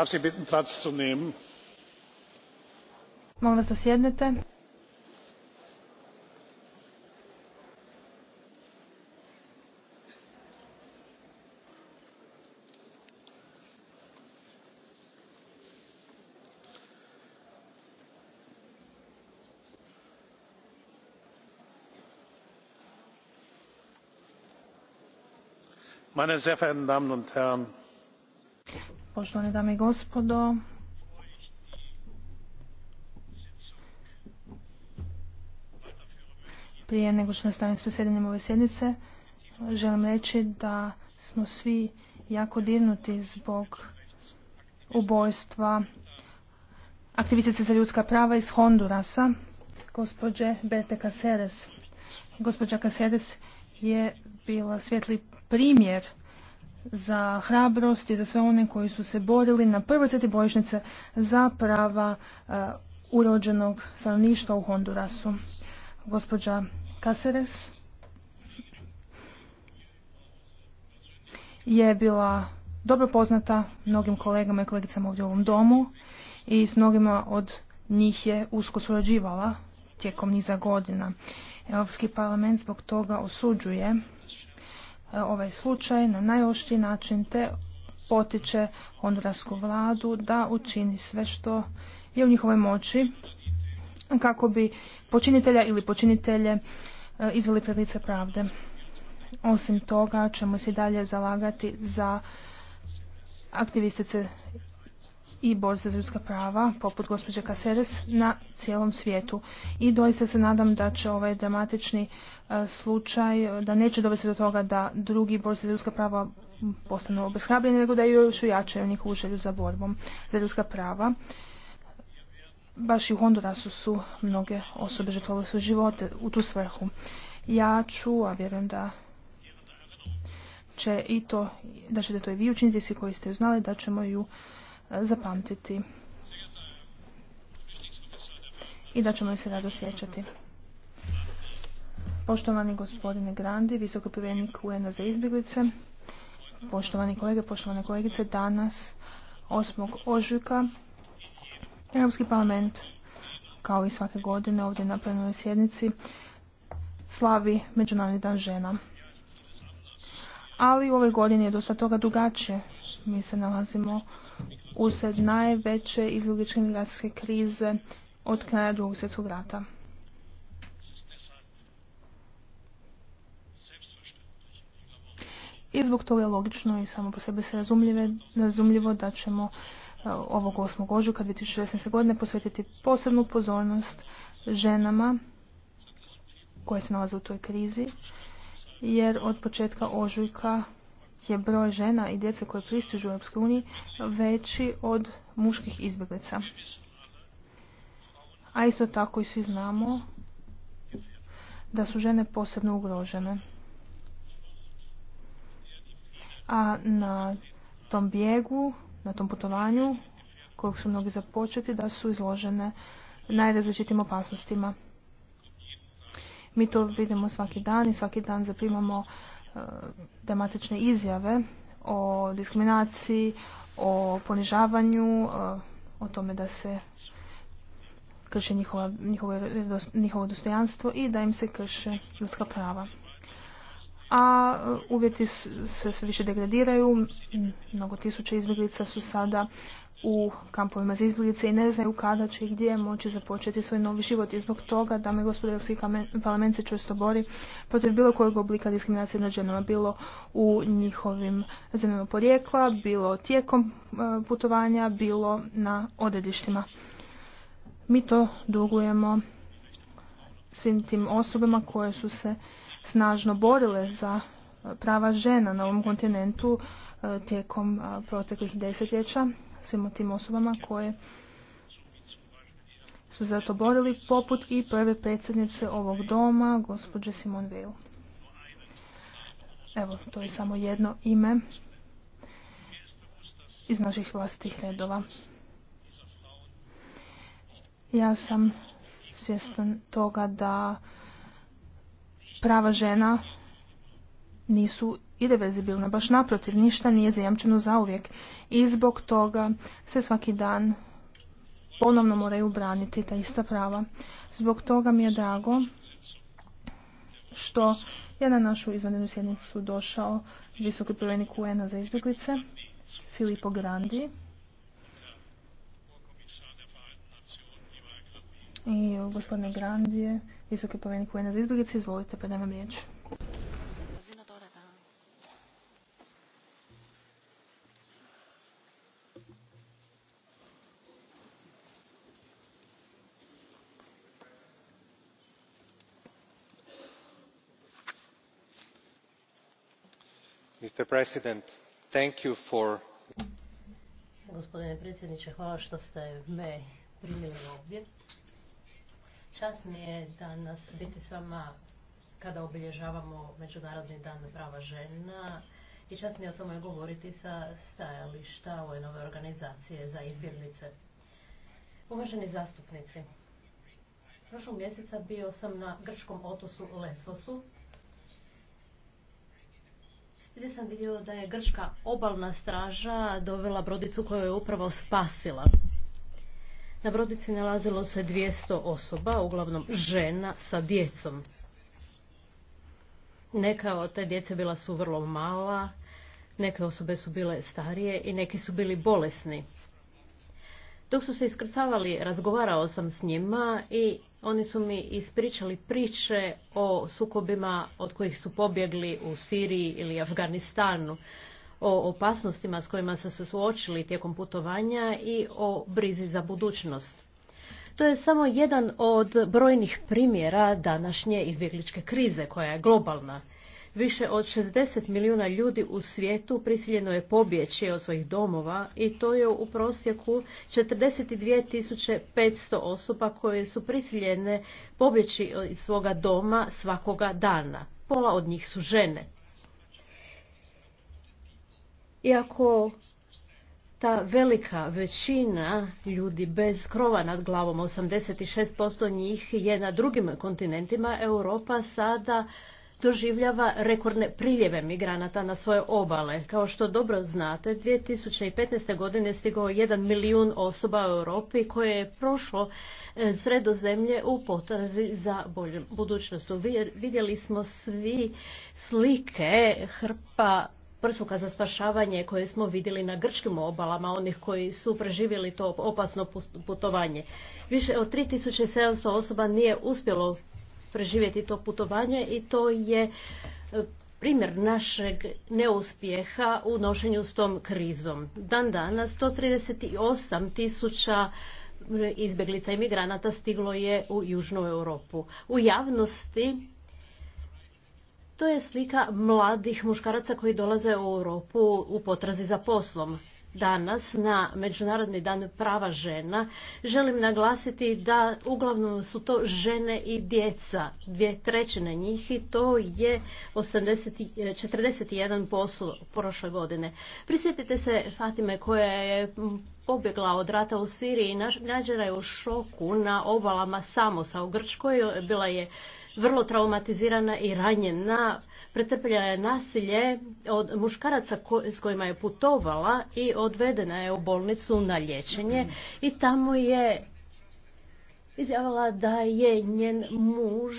darf sie bitten platz zu nehmen. sjednete. meine sehr verehrten damen und herren! poštovane dame i gospodo. Prije nego što nastavim s posjedinjem ove sjednice, želim reći da smo svi jako dirnuti zbog ubojstva aktivistice za ljudska prava iz Hondurasa, gospođe Bete Caceres. Gospođa Caceres je bila svjetli primjer za hrabrost i za sve one koji su se borili na prvoj crti bojišnice za prava e, urođenog stanovništva u Hondurasu. Gospođa Kaseres je bila dobro poznata mnogim kolegama i kolegicama ovdje u ovom domu i s mnogima od njih je usko surađivala tijekom niza godina. Europski parlament zbog toga osuđuje E, ovaj slučaj na najoštiji način te potiče hondurasku vladu da učini sve što je u njihovoj moći kako bi počinitelja ili počinitelje e, izveli pred lice pravde. Osim toga ćemo se i dalje zalagati za aktivistice i bor za ljudska prava, poput gospođe Kaseres, na cijelom svijetu. I doista se nadam da će ovaj dramatični e, slučaj, da neće dovesti do toga da drugi bor za ljudska prava postanu obeshrabljeni, nego da još ujačaju njihovu želju za borbom za ljudska prava. Baš i u Hondurasu su mnoge osobe žrtvovale svoje živote u tu svrhu. Ja ću, a vjerujem da će i to, da ćete to i vi učiniti, svi koji ste ju znali, da ćemo ju zapamtiti i da ćemo ju se rado sjećati. Poštovani gospodine Grandi, visoko povjerenik UN za izbjeglice, poštovani kolege, poštovane kolegice, danas 8. ožujka Europski parlament kao i svake godine ovdje na plenoj sjednici slavi Međunarodni dan žena. Ali u ovoj godini je dosta toga drugačije mi se nalazimo usred najveće izlogičke migracijske krize od kraja drugog svjetskog rata. I zbog toga je logično i samo po sebi se razumljivo da ćemo e, ovog 8. ožujka 2016. godine posvetiti posebnu pozornost ženama koje se nalaze u toj krizi, jer od početka ožujka je broj žena i djece koje pristižu u Europskoj veći od muških izbjeglica. A isto tako i svi znamo da su žene posebno ugrožene. A na tom bijegu, na tom putovanju kojeg su mnogi započeti, da su izložene najrazličitim opasnostima. Mi to vidimo svaki dan i svaki dan zaprimamo tematične izjave o diskriminaciji, o ponižavanju, o tome da se krše njihovo dostojanstvo i da im se krše ljudska prava a e, uvjeti se sve više degradiraju. Mnogo tisuća izbjeglica su sada u kampovima za izbjeglice i ne znaju kada će i gdje moći započeti svoj novi život. I zbog toga, dame i gospode, Europski parlament se često bori protiv bilo kojeg oblika diskriminacije nad ženama, bilo u njihovim zemljama porijekla, bilo tijekom e, putovanja, bilo na odredištima. Mi to dugujemo svim tim osobama koje su se snažno borile za e, prava žena na ovom kontinentu e, tijekom e, proteklih desetljeća svim tim osobama koje su za to borili, poput i prve predsjednice ovog doma, gospođe Simon Veil. Evo, to je samo jedno ime iz naših vlastitih redova. Ja sam svjestan toga da prava žena nisu irreverzibilna, baš naprotiv, ništa nije zajamčeno zauvijek i zbog toga se svaki dan ponovno moraju braniti ta ista prava. Zbog toga mi je drago što je na našu izvanrednu sjednicu došao visoki prvenik UN-a za izbjeglice, Filippo Grandi. I gospodine Grandi je visoki povjerenik UN za izbjeglice. Izvolite, predajem vam riječ. Mr. President, thank you for... Gospodine predsjedniče, hvala što ste me primili ovdje. Čas mi je danas biti s vama kada obilježavamo Međunarodni dan prava žena i čast mi je o tome govoriti sa stajališta ove nove organizacije za izbjeglice. Uvaženi zastupnici, prošlog mjeseca bio sam na grčkom otosu Lesosu gdje sam vidio da je grčka obalna straža dovela brodicu koju je upravo spasila. Na brodici nalazilo se 200 osoba, uglavnom žena sa djecom. Neka od te djece bila su vrlo mala, neke osobe su bile starije i neki su bili bolesni. Dok su se iskrcavali, razgovarao sam s njima i oni su mi ispričali priče o sukobima od kojih su pobjegli u Siriji ili Afganistanu o opasnostima s kojima se su suočili tijekom putovanja i o brizi za budućnost. To je samo jedan od brojnih primjera današnje izbjegličke krize koja je globalna. Više od 60 milijuna ljudi u svijetu prisiljeno je pobjeći od svojih domova i to je u prosjeku 42.500 osoba koje su prisiljene pobjeći iz svoga doma svakoga dana. Pola od njih su žene. Iako ta velika većina ljudi bez krova nad glavom, 86% njih je na drugim kontinentima, Europa sada doživljava rekordne priljeve migranata na svoje obale. Kao što dobro znate, 2015. godine stigao 1 milijun osoba u Europi koje je prošlo e, sredozemlje u potrazi za bolju budućnost. Vidjeli smo svi slike hrpa prsuka za spašavanje koje smo vidjeli na grčkim obalama, onih koji su preživjeli to opasno putovanje. Više od 3700 osoba nije uspjelo preživjeti to putovanje i to je e, primjer našeg neuspjeha u nošenju s tom krizom. Dan danas 138 tisuća e, izbjeglica i migranata stiglo je u Južnu Europu. U javnosti to je slika mladih muškaraca koji dolaze u Europu u potrazi za poslom. Danas na Međunarodni dan prava žena želim naglasiti da uglavnom su to žene i djeca, dvije trećine njih i to je 80, 41% prošle godine. Prisjetite se Fatime koja je pobjegla od rata u Siriji i nađena je u šoku na obalama Samosa u Grčkoj. Bila je vrlo traumatizirana i ranjena. Pretrpjela je nasilje od muškaraca s kojima je putovala i odvedena je u bolnicu na liječenje i tamo je izjavila da je njen muž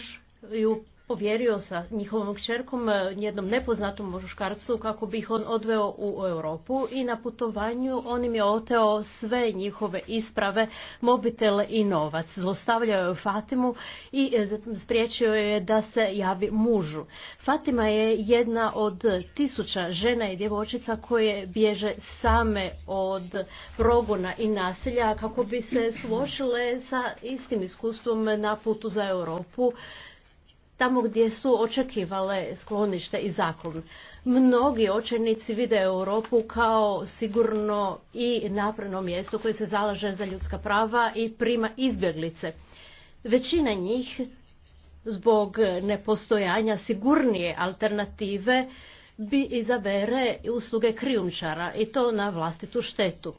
ju povjerio sa njihovom kćerkom e, jednom nepoznatom muškarcu kako bi ih on odveo u Europu i na putovanju on im je oteo sve njihove isprave, mobitele i novac. Zlostavljao je Fatimu i e, spriječio je da se javi mužu. Fatima je jedna od tisuća žena i djevojčica koje bježe same od progona i nasilja kako bi se suočile sa istim iskustvom na putu za Europu tamo gdje su očekivale sklonište i zakon. Mnogi očenici vide Europu kao sigurno i napredno mjesto koje se zalaže za ljudska prava i prima izbjeglice. Većina njih zbog nepostojanja sigurnije alternative bi izabere usluge krijumčara i to na vlastitu štetu.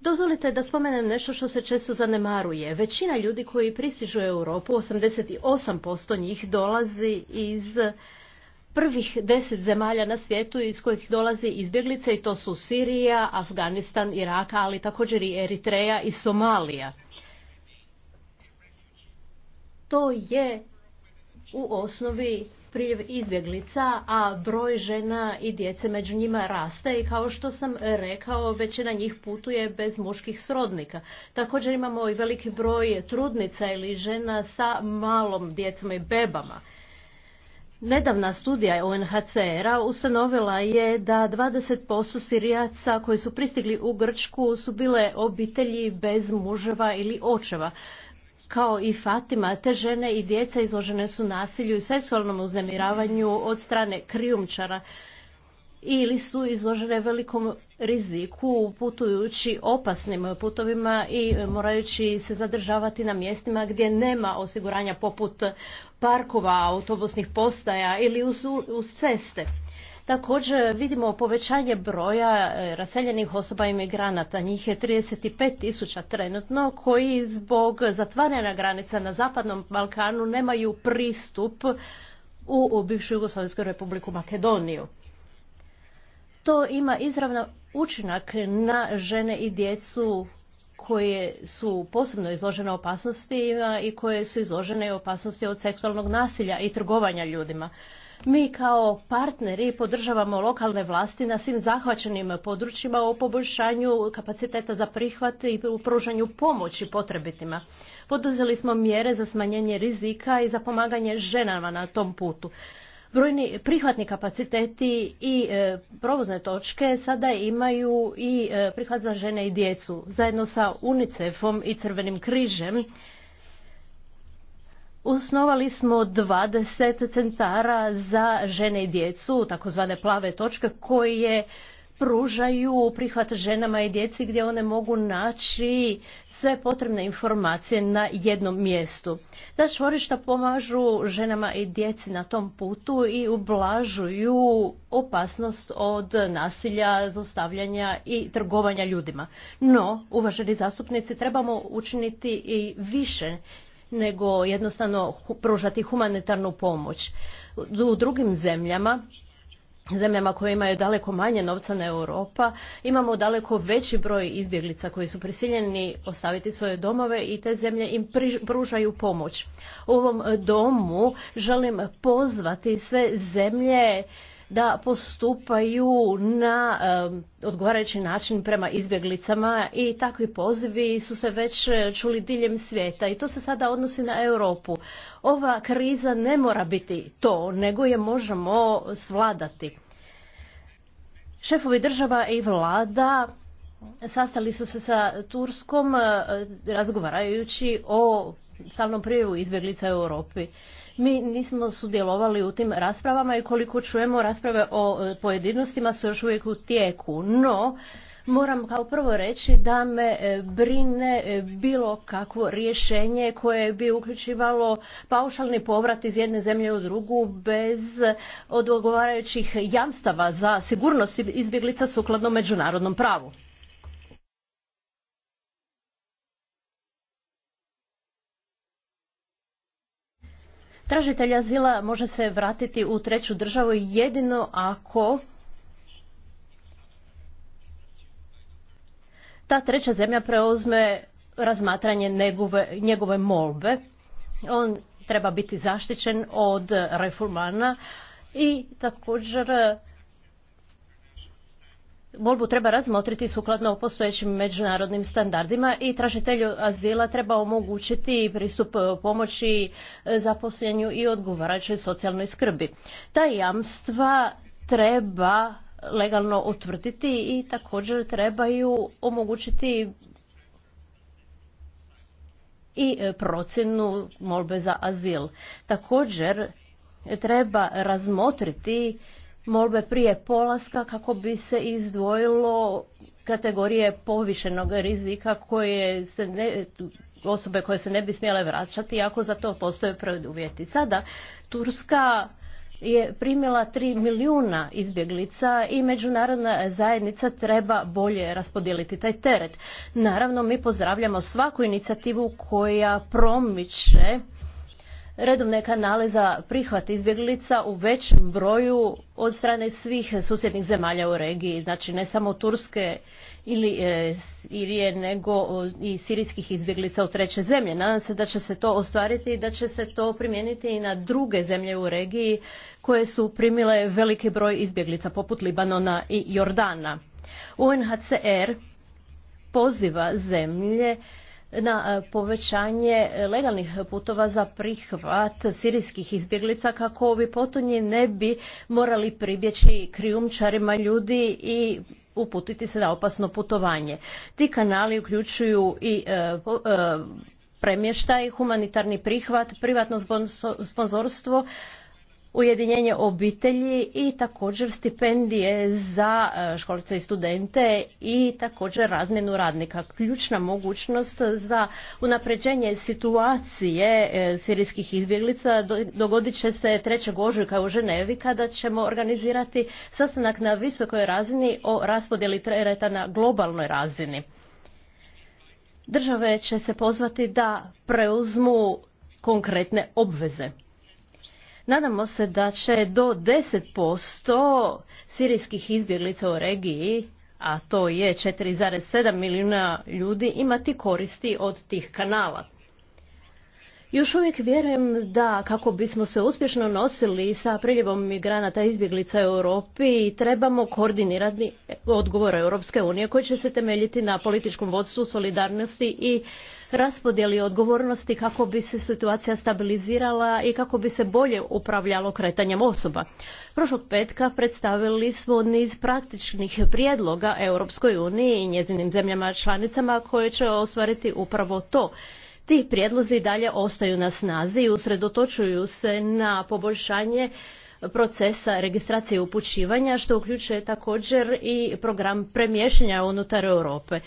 Dozvolite da spomenem nešto što se često zanemaruje. Većina ljudi koji pristižu u Europu, 88% njih dolazi iz prvih deset zemalja na svijetu iz kojih dolazi izbjeglice i to su Sirija, Afganistan, Iraka, ali također i Eritreja i Somalija. To je u osnovi priljev izbjeglica, a broj žena i djece među njima raste i kao što sam rekao, većina njih putuje bez muških srodnika. Također imamo i veliki broj trudnica ili žena sa malom djecom i bebama. Nedavna studija UNHCR-a ustanovila je da 20% Sirijaca koji su pristigli u Grčku su bile obitelji bez muževa ili očeva kao i Fatima, te žene i djeca izložene su nasilju i seksualnom uznemiravanju od strane krijumčara ili su izložene velikom riziku putujući opasnim putovima i morajući se zadržavati na mjestima gdje nema osiguranja poput parkova, autobusnih postaja ili uz, uz ceste. Također vidimo povećanje broja e, raseljenih osoba i migranata. Njih je 35 tisuća trenutno koji zbog zatvaranja granica na Zapadnom Balkanu nemaju pristup u, bivšu Jugoslavijsku republiku Makedoniju. To ima izravno učinak na žene i djecu koje su posebno izložene opasnostima i koje su izložene opasnosti od seksualnog nasilja i trgovanja ljudima. Mi kao partneri podržavamo lokalne vlasti na svim zahvaćenim područjima o poboljšanju kapaciteta za prihvat i u pružanju pomoći potrebitima. Poduzeli smo mjere za smanjenje rizika i za pomaganje ženama na tom putu. Brojni prihvatni kapaciteti i e, provozne točke sada imaju i e, prihvat za žene i djecu. Zajedno sa UNICEF-om i Crvenim križem Osnovali smo 20 centara za žene i djecu, takozvane plave točke, koje pružaju prihvat ženama i djeci gdje one mogu naći sve potrebne informacije na jednom mjestu. Ta čvorišta pomažu ženama i djeci na tom putu i ublažuju opasnost od nasilja, zostavljanja i trgovanja ljudima. No, uvaženi zastupnici, trebamo učiniti i više nego jednostavno pružati humanitarnu pomoć. U drugim zemljama zemljama koje imaju daleko manje novca na Europa, imamo daleko veći broj izbjeglica koji su prisiljeni ostaviti svoje domove i te zemlje im pružaju pomoć. U ovom domu želim pozvati sve zemlje da postupaju na odgovarajući način prema izbjeglicama i takvi pozivi su se već e, čuli diljem svijeta i to se sada odnosi na Europu. Ova kriza ne mora biti to, nego je možemo svladati. Šefovi država i vlada sastali su se sa Turskom e, razgovarajući o stalnom prijevu izbjeglica u Europi. Mi nismo sudjelovali u tim raspravama i koliko čujemo rasprave o e, pojedinostima su još uvijek u tijeku. No, moram kao prvo reći da me e, brine e, bilo kakvo rješenje koje bi uključivalo paušalni povrat iz jedne zemlje u drugu bez odgovarajućih jamstava za sigurnost izbjeglica sukladno međunarodnom pravu. Tražitelj azila može se vratiti u treću državu jedino ako ta treća zemlja preuzme razmatranje njegove, njegove molbe. On treba biti zaštićen od reformana i također molbu treba razmotriti sukladno postojećim međunarodnim standardima i tražitelju azila treba omogućiti pristup e, pomoći e, zaposlenju i odgovarajućoj socijalnoj skrbi. Ta jamstva treba legalno utvrditi i također trebaju omogućiti i e, procjenu molbe za azil. Također treba razmotriti molbe prije polaska kako bi se izdvojilo kategorije povišenog rizika koje se ne, osobe koje se ne bi smjele vraćati ako za to postoje preduvjeti. Sada Turska je primila 3 milijuna izbjeglica i međunarodna zajednica treba bolje raspodijeliti taj teret. Naravno, mi pozdravljamo svaku inicijativu koja promiče redovne kanale za prihvat izbjeglica u većem broju od strane svih susjednih zemalja u regiji, znači ne samo Turske ili e, Sirije, nego i sirijskih izbjeglica u treće zemlje. Nadam se da će se to ostvariti i da će se to primijeniti i na druge zemlje u regiji koje su primile veliki broj izbjeglica poput Libanona i Jordana. UNHCR poziva zemlje na e, povećanje e, legalnih putova za prihvat sirijskih izbjeglica kako ovi potonji ne bi morali pribjeći krijumčarima ljudi i uputiti se na opasno putovanje. Ti kanali uključuju i e, e premještaj, humanitarni prihvat, privatno sponzorstvo, ujedinjenje obitelji i također stipendije za e, školice i studente i također razmjenu radnika. Ključna mogućnost za unapređenje situacije e, sirijskih izbjeglica dogodit će se 3. ožujka u Ženevi kada ćemo organizirati sastanak na visokoj razini o raspodjeli tereta na globalnoj razini. Države će se pozvati da preuzmu konkretne obveze. Nadamo se da će do 10% sirijskih izbjeglica u regiji, a to je 4,7 milijuna ljudi, imati koristi od tih kanala. Još uvijek vjerujem da kako bismo se uspješno nosili sa priljevom migranata izbjeglica u Europi trebamo koordinirati odgovor Europske unije koji će se temeljiti na političkom vodstvu, solidarnosti i raspodjeli odgovornosti kako bi se situacija stabilizirala i kako bi se bolje upravljalo kretanjem osoba. Prošlog petka predstavili smo niz praktičnih prijedloga Europskoj uniji i njezinim zemljama članicama koje će ostvariti upravo to ti prijedlozi dalje ostaju na snazi i usredotočuju se na poboljšanje procesa registracije upućivanja što uključuje također i program premještanja unutar Europe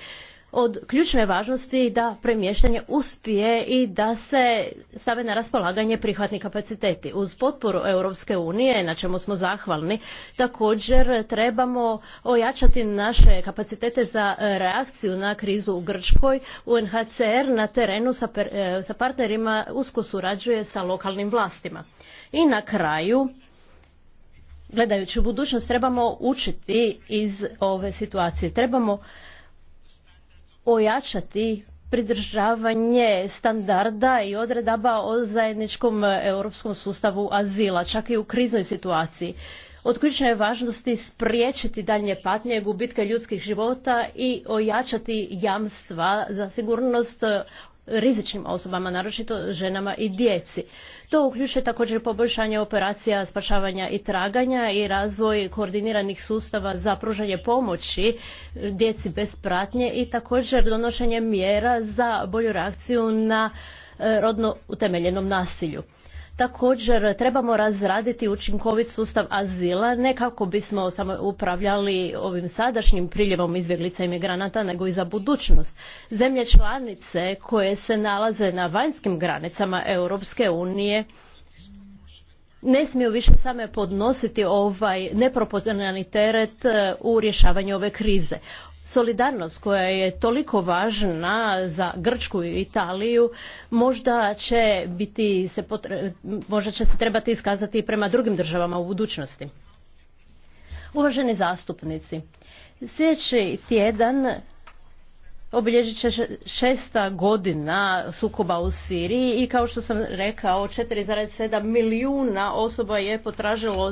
od ključne važnosti da premještanje uspije i da se stave na raspolaganje prihvatni kapaciteti. Uz potporu Europske unije, na čemu smo zahvalni, također trebamo ojačati naše kapacitete za reakciju na krizu u Grčkoj. UNHCR na terenu sa, e, sa partnerima usko surađuje sa lokalnim vlastima. I na kraju, gledajući u budućnost, trebamo učiti iz ove situacije. Trebamo ojačati pridržavanje standarda i odredaba o zajedničkom europskom sustavu azila, čak i u kriznoj situaciji. Od ključne je važnosti spriječiti daljnje patnje, gubitke ljudskih života i ojačati jamstva za sigurnost rizičnim osobama, naročito ženama i djeci. To uključuje također poboljšanje operacija spašavanja i traganja i razvoj koordiniranih sustava za pružanje pomoći djeci bez pratnje i također donošenje mjera za bolju reakciju na e, rodno utemeljenom nasilju. Također trebamo razraditi učinkovit sustav azila ne kako bismo samo upravljali ovim sadašnjim priljevom izbjeglica i migranata nego i za budućnost. Zemlje članice koje se nalaze na vanjskim granicama Europske unije ne smiju više same podnositi ovaj neproporcionalni teret e, u rješavanju ove krize solidarnost koja je toliko važna za Grčku i Italiju možda će biti se možda će se trebati iskazati i prema drugim državama u budućnosti. Uvaženi zastupnici, sljedeći tjedan obilježit će šesta godina sukoba u Siriji i kao što sam rekao 4,7 milijuna osoba je potražilo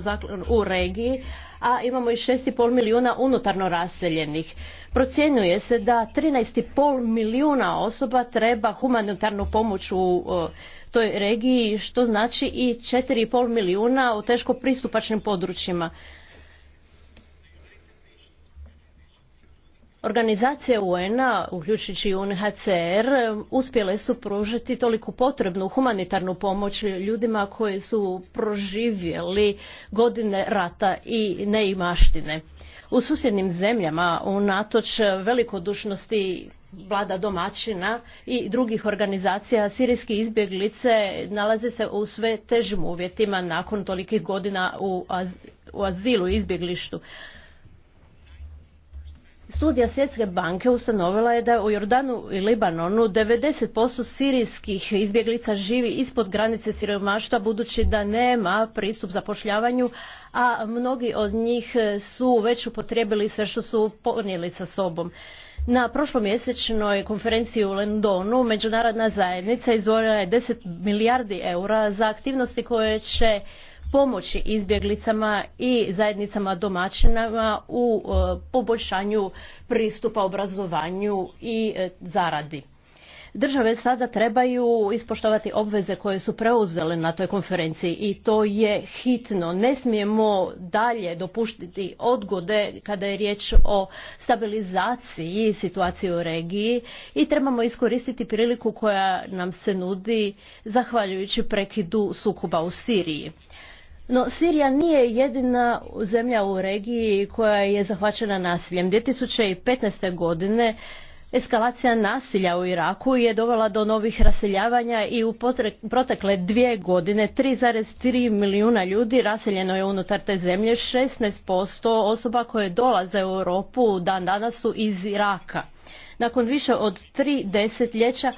u regiji, a imamo i 6,5 milijuna unutarno raseljenih. Procjenjuje se da 13,5 milijuna osoba treba humanitarnu pomoć u e, toj regiji, što znači i 4,5 milijuna u teško pristupačnim područjima. Organizacije UN-a, uključujući UNHCR, uspjele su pružiti toliko potrebnu humanitarnu pomoć ljudima koji su proživjeli godine rata i neimaštine u susjednim zemljama unatoč velikodušnosti vlada domaćina i drugih organizacija sirijski izbjeglice nalaze se u sve težim uvjetima nakon tolikih godina u azilu i izbjeglištu Studija Svjetske banke ustanovila je da u Jordanu i Libanonu 90% sirijskih izbjeglica živi ispod granice siromaštva budući da nema pristup zapošljavanju, a mnogi od njih su već upotrijebili sve što su ponijeli sa sobom. Na prošlomjesečnoj konferenciji u Londonu međunarodna zajednica izvorila je 10 milijardi eura za aktivnosti koje će pomoći izbjeglicama i zajednicama domaćinama u e, poboljšanju pristupa obrazovanju i e, zaradi. Države sada trebaju ispoštovati obveze koje su preuzele na toj konferenciji i to je hitno. Ne smijemo dalje dopuštiti odgode kada je riječ o stabilizaciji situacije u regiji i trebamo iskoristiti priliku koja nam se nudi zahvaljujući prekidu sukoba u Siriji. No, Sirija nije jedina zemlja u regiji koja je zahvaćena nasiljem. 2015. godine Eskalacija nasilja u Iraku je dovela do novih raseljavanja i u protekle dvije godine 3,3 milijuna ljudi raseljeno je unutar te zemlje, 16% osoba koje dolaze u Europu dan danas su iz Iraka. Nakon više od tri desetljeća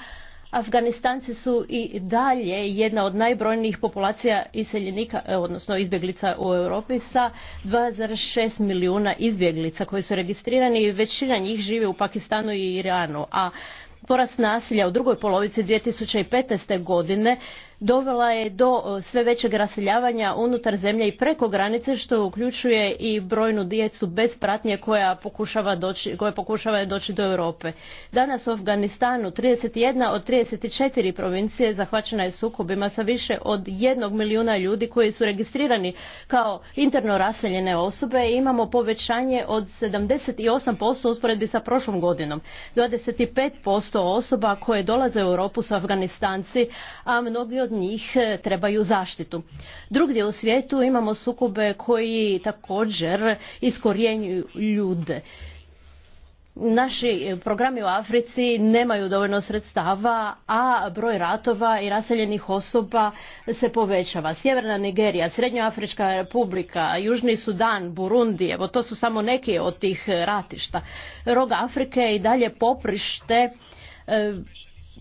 Afganistanci su i dalje jedna od najbrojnijih populacija iseljenika, e, odnosno izbjeglica u Europi sa 2,6 milijuna izbjeglica koji su registrirani i većina njih žive u Pakistanu i Iranu, a porast nasilja u drugoj polovici 2015. godine dovela je do e, sve većeg raseljavanja unutar zemlje i preko granice što uključuje i brojnu djecu bez pratnje koja pokušava doći, koja pokušava doći do Europe. Danas u Afganistanu 31 od 34 provincije zahvaćena je sukobima sa više od jednog milijuna ljudi koji su registrirani kao interno raseljene osobe i imamo povećanje od 78% usporedbi sa prošlom godinom. 25% osoba koje dolaze u Europu su Afganistanci, a mnogi od od njih e, trebaju zaštitu. Drugdje u svijetu imamo sukobe koji također iskorjenjuju ljude. Naši programi u Africi nemaju dovoljno sredstava, a broj ratova i raseljenih osoba se povećava. Sjeverna Nigerija, Srednjoafrička republika, Južni Sudan, Burundi, evo to su samo neki od tih ratišta. Rog Afrike i dalje poprište e,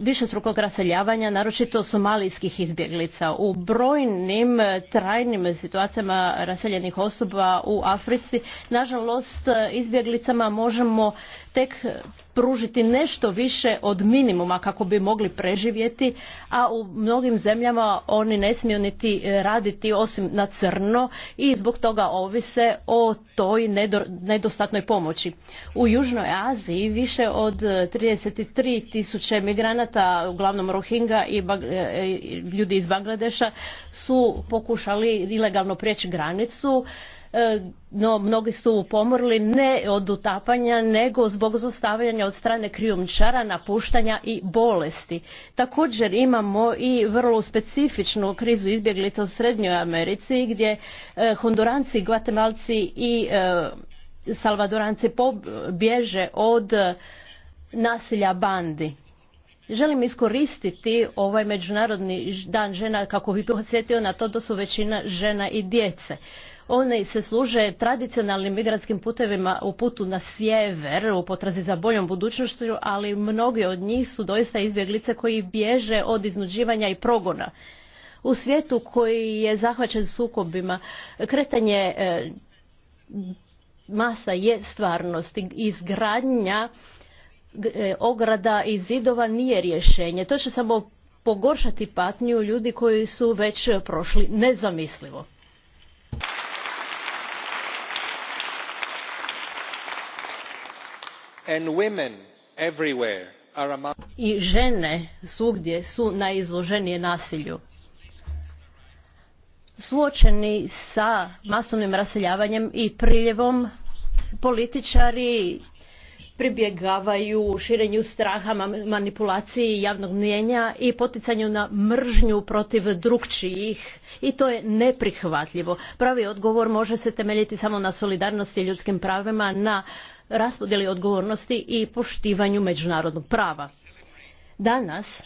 višestrukog raseljavanja, naročito somalijskih izbjeglica. U brojnim eh, trajnim situacijama raseljenih osoba u Africi, nažalost, eh, izbjeglicama možemo tek pružiti nešto više od minimuma kako bi mogli preživjeti, a u mnogim zemljama oni ne smiju niti e, raditi osim na crno i zbog toga ovise o toj nedostatnoj pomoći. U Južnoj Aziji više od 33 e, tisuće migranata, uglavnom Rohingya i e, ljudi iz Bangladeša, su pokušali ilegalno prijeći granicu E, no mnogi su pomrli ne od utapanja nego zbog zlostavljanja od strane krijumčara, napuštanja i bolesti. Također imamo i vrlo specifičnu krizu izbjeglica u Srednjoj Americi gdje e, Honduranci, Guatemalci i e, Salvadoranci bježe od nasilja bandi. Želim iskoristiti ovaj Međunarodni dan žena kako bi podsjetio na to da su većina žena i djece. One se služe tradicionalnim migratskim putevima u putu na sjever, u potrazi za boljom budućnošću, ali mnogi od njih su doista izbjeglice koji bježe od iznuđivanja i progona. U svijetu koji je zahvaćen sukobima, kretanje e, masa je stvarnost i izgradnja e, ograda i zidova nije rješenje. To će samo pogoršati patnju ljudi koji su već prošli nezamislivo. i žene svugdje su najizloženije nasilju suočeni sa masovnim raseljavanjem i priljevom političari pribjegavaju širenju straha, manipulaciji javnog mnijenja i poticanju na mržnju protiv drugčijih i to je neprihvatljivo. Pravi odgovor može se temeljiti samo na solidarnosti i ljudskim pravima, na raspodjeli odgovornosti i poštivanju međunarodnog prava. Danas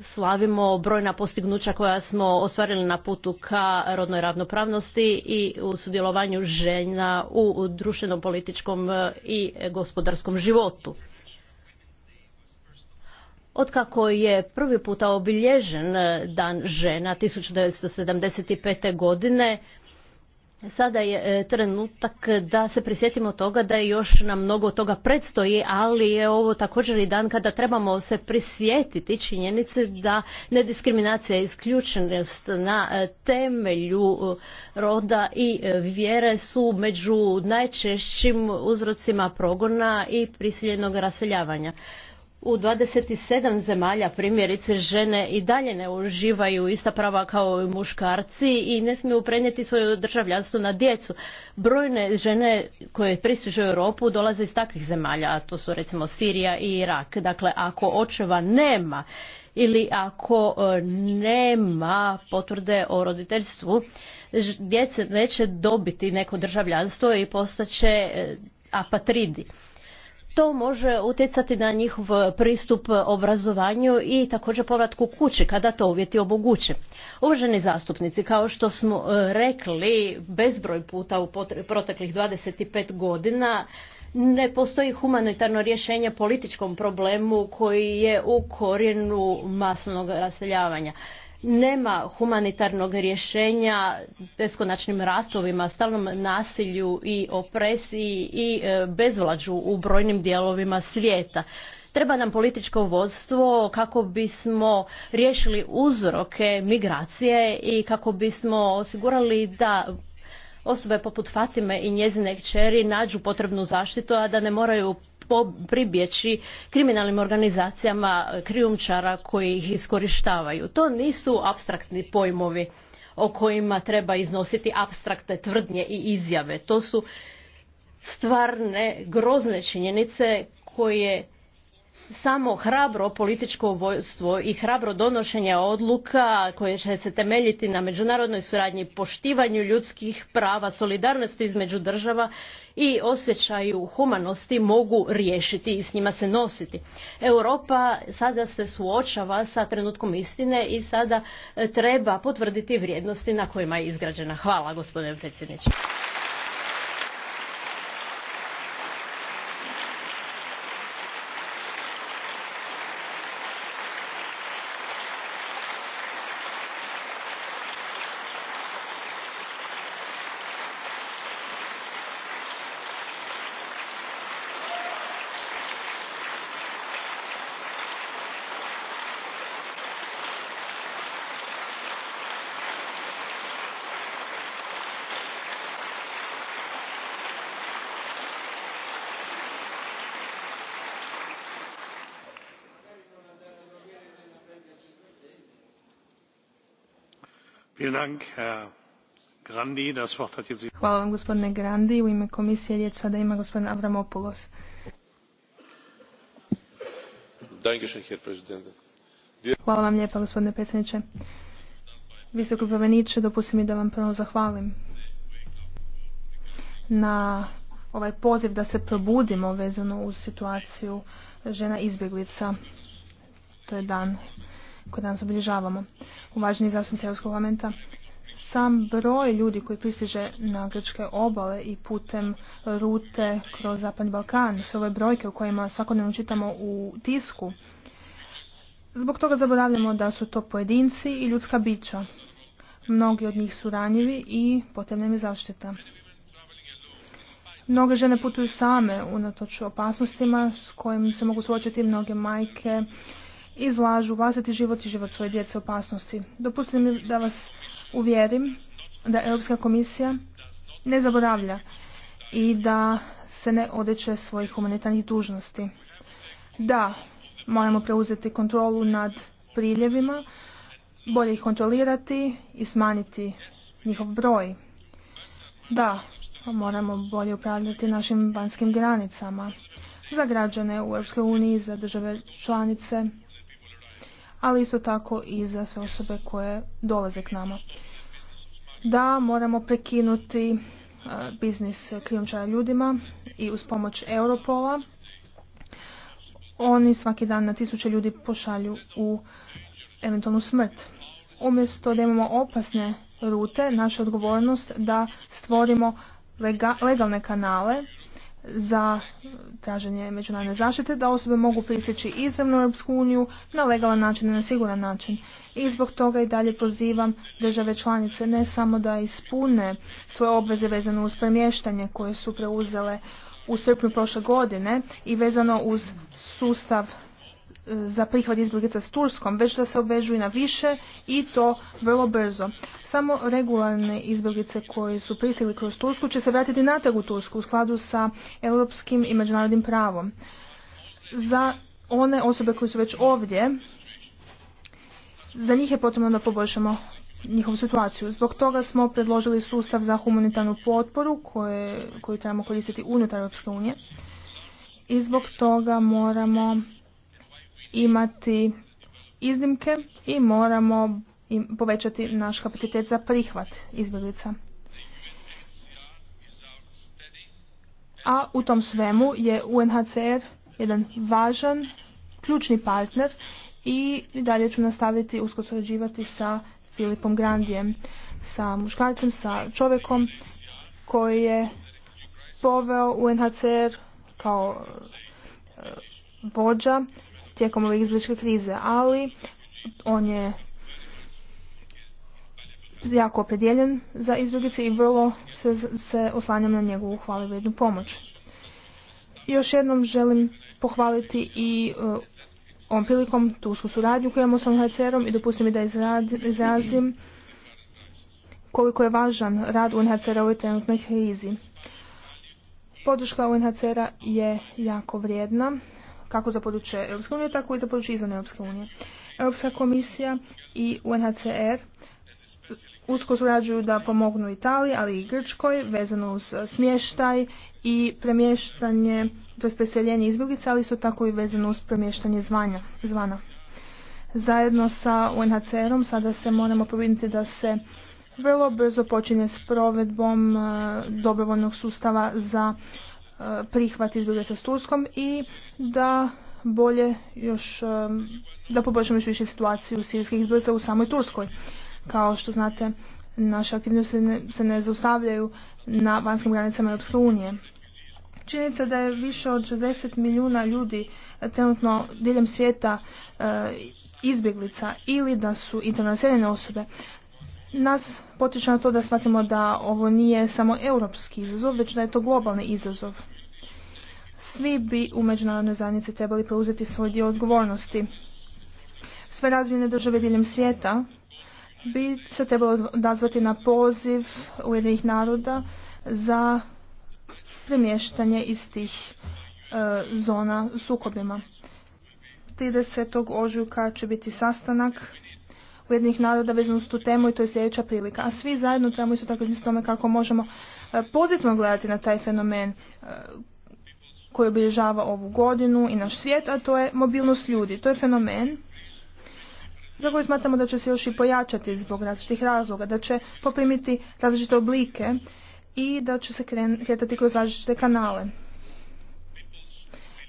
slavimo brojna postignuća koja smo ostvarili na putu ka rodnoj ravnopravnosti i u sudjelovanju žena u društvenom, političkom e, i gospodarskom životu. Otkako je prvi puta obilježen e, dan žena 1975. godine, Sada je e, trenutak da se prisjetimo toga da još nam mnogo toga predstoji, ali je ovo također i dan kada trebamo se prisjetiti činjenice da nediskriminacija i isključenost na e, temelju e, roda i vjere su među najčešćim uzrocima progona i prisiljenog raseljavanja u 27 zemalja primjerice žene i dalje ne uživaju ista prava kao i muškarci i ne smiju prenijeti svoje državljanstvo na djecu. Brojne žene koje pristižu Europu dolaze iz takvih zemalja, a to su recimo Sirija i Irak. Dakle, ako očeva nema ili ako e, nema potvrde o roditeljstvu, djece neće dobiti neko državljanstvo i postaće e, apatridi to može utjecati na njihov pristup obrazovanju i također povratku kući kada to uvjeti omoguće. Uvaženi zastupnici, kao što smo e, rekli bezbroj puta u proteklih 25 godina, ne postoji humanitarno rješenje političkom problemu koji je u korijenu masnog raseljavanja. Nema humanitarnog rješenja beskonačnim ratovima, stalnom nasilju i opresiji i e, bezvlađu u brojnim dijelovima svijeta. Treba nam političko vodstvo kako bismo riješili uzroke migracije i kako bismo osigurali da osobe poput Fatime i njezine kćeri nađu potrebnu zaštitu, a da ne moraju pribjeći kriminalnim organizacijama e, krijumčara koji ih iskorištavaju. To nisu abstraktni pojmovi o kojima treba iznositi apstraktne tvrdnje i izjave. To su stvarne, grozne činjenice koje samo hrabro političko vojstvo i hrabro donošenje odluka koje će se temeljiti na međunarodnoj suradnji, poštivanju ljudskih prava, solidarnosti između država i osjećaju humanosti mogu riješiti i s njima se nositi. Europa sada se suočava sa trenutkom istine i sada e, treba potvrditi vrijednosti na kojima je izgrađena. Hvala gospodine predsjedniče. Hvala vam gospodine Grandi. U ime komisije riječ sada ima gospodin Avramopoulos. Hvala vam lijepa gospodine predsjedniče. Visoko povjereniče, dopustite mi da vam prvo zahvalim na ovaj poziv da se probudimo vezano uz situaciju žena izbjeglica. To je dan koje danas obilježavamo. Uvaženi zastupnici Europskog parlamenta, sam broj ljudi koji pristiže na grčke obale i putem rute kroz Zapadni Balkan, sve ove brojke u kojima svakodnevno čitamo u tisku, zbog toga zaboravljamo da su to pojedinci i ljudska bića. Mnogi od njih su ranjivi i potrebna im je zaštita. Mnoge žene putuju same unatoč opasnostima s kojim se mogu suočiti mnoge majke, izlažu vlastiti život i život svoje djece opasnosti. Dopustite mi da vas uvjerim da Europska komisija ne zaboravlja i da se ne odeće svojih humanitarnih dužnosti. Da, moramo preuzeti kontrolu nad priljevima, bolje ih kontrolirati i smanjiti njihov broj. Da, moramo bolje upravljati našim vanjskim granicama za građane u EU, za države članice ali isto tako i za sve osobe koje dolaze k nama. Da, moramo prekinuti e, biznis krijumčara ljudima i uz pomoć Europola oni svaki dan na tisuće ljudi pošalju u eventualnu smrt. Umjesto da imamo opasne rute, naša odgovornost da stvorimo legalne kanale za traženje međunarodne zaštite, da osobe mogu pristići izravno u Europsku uniju na legalan način i na siguran način. I zbog toga i dalje pozivam države članice ne samo da ispune svoje obveze vezano uz premještanje koje su preuzele u srpnju prošle godine i vezano uz sustav za prihvat izbjeglica s Turskom, već da se i na više i to vrlo brzo. Samo regularne izbjeglice koje su pristigli kroz Tursku će se vratiti natrag u Tursku u skladu sa europskim i međunarodnim pravom. Za one osobe koje su već ovdje, za njih je potrebno da poboljšamo njihovu situaciju. Zbog toga smo predložili sustav za humanitarnu potporu koji koju trebamo koristiti unutar Europske unije i zbog toga moramo imati iznimke i moramo povećati naš kapacitet za prihvat izbjeglica. A u tom svemu je UNHCR jedan važan, ključni partner i dalje ću nastaviti usko surađivati sa Filipom Grandijem, sa muškarcem, sa čovjekom koji je poveo UNHCR kao eh, vođa tijekom ove izbličke krize, ali on je jako opredjeljen za izbjeglice i vrlo se, se oslanjam na njegovu vrednu pomoć. Još jednom želim pohvaliti i uh, ovom prilikom tušku suradnju koju imamo sa UNHCR-om i dopustim mi da izrazim koliko je važan rad UNHCR-a u ovoj trenutnoj krizi. Podrška UNHCR-a je jako vrijedna kako za područje Europske unije, tako i za područje izvan Europske unije. Europska komisija i UNHCR usko surađuju da pomognu Italiji, ali i Grčkoj, vezano uz e, smještaj i premještanje, to je preseljenje izbjeglica, ali su tako i vezano uz premještanje zvanja, zvana. Zajedno sa UNHCR-om sada se moramo probiniti da se vrlo brzo počinje s provedbom e, dobrovoljnog sustava za Eh, prihvati s Turskom i da bolje još, eh, da poboljšamo još više situaciju sirijskih izbjeglica u samoj Turskoj. Kao što znate, naše aktivnosti se ne, zaustavljaju na vanjskim granicama Europske unije. Činjenica da je više od 60 milijuna ljudi eh, trenutno diljem svijeta izbjeglica ili da su internacionalne osobe nas potiče na to da shvatimo da ovo nije samo europski izazov, već da je to globalni izazov. Svi bi u međunarodnoj zajednici trebali preuzeti svoj dio odgovornosti. Sve razvijene države diljem svijeta bi se trebalo odazvati na poziv ujednih naroda za premještanje iz tih e, zona sukobima. 30. ožujka će biti sastanak ujednih naroda vezano s tu temu i to je sljedeća prilika. A svi zajedno trebamo isto tako s tome kako možemo e, pozitivno gledati na taj fenomen e, koji obilježava ovu godinu i naš svijet, a to je mobilnost ljudi. To je fenomen za koji smatramo da će se još i pojačati zbog različitih razloga, da će poprimiti različite oblike i da će se kretati kroz različite kanale.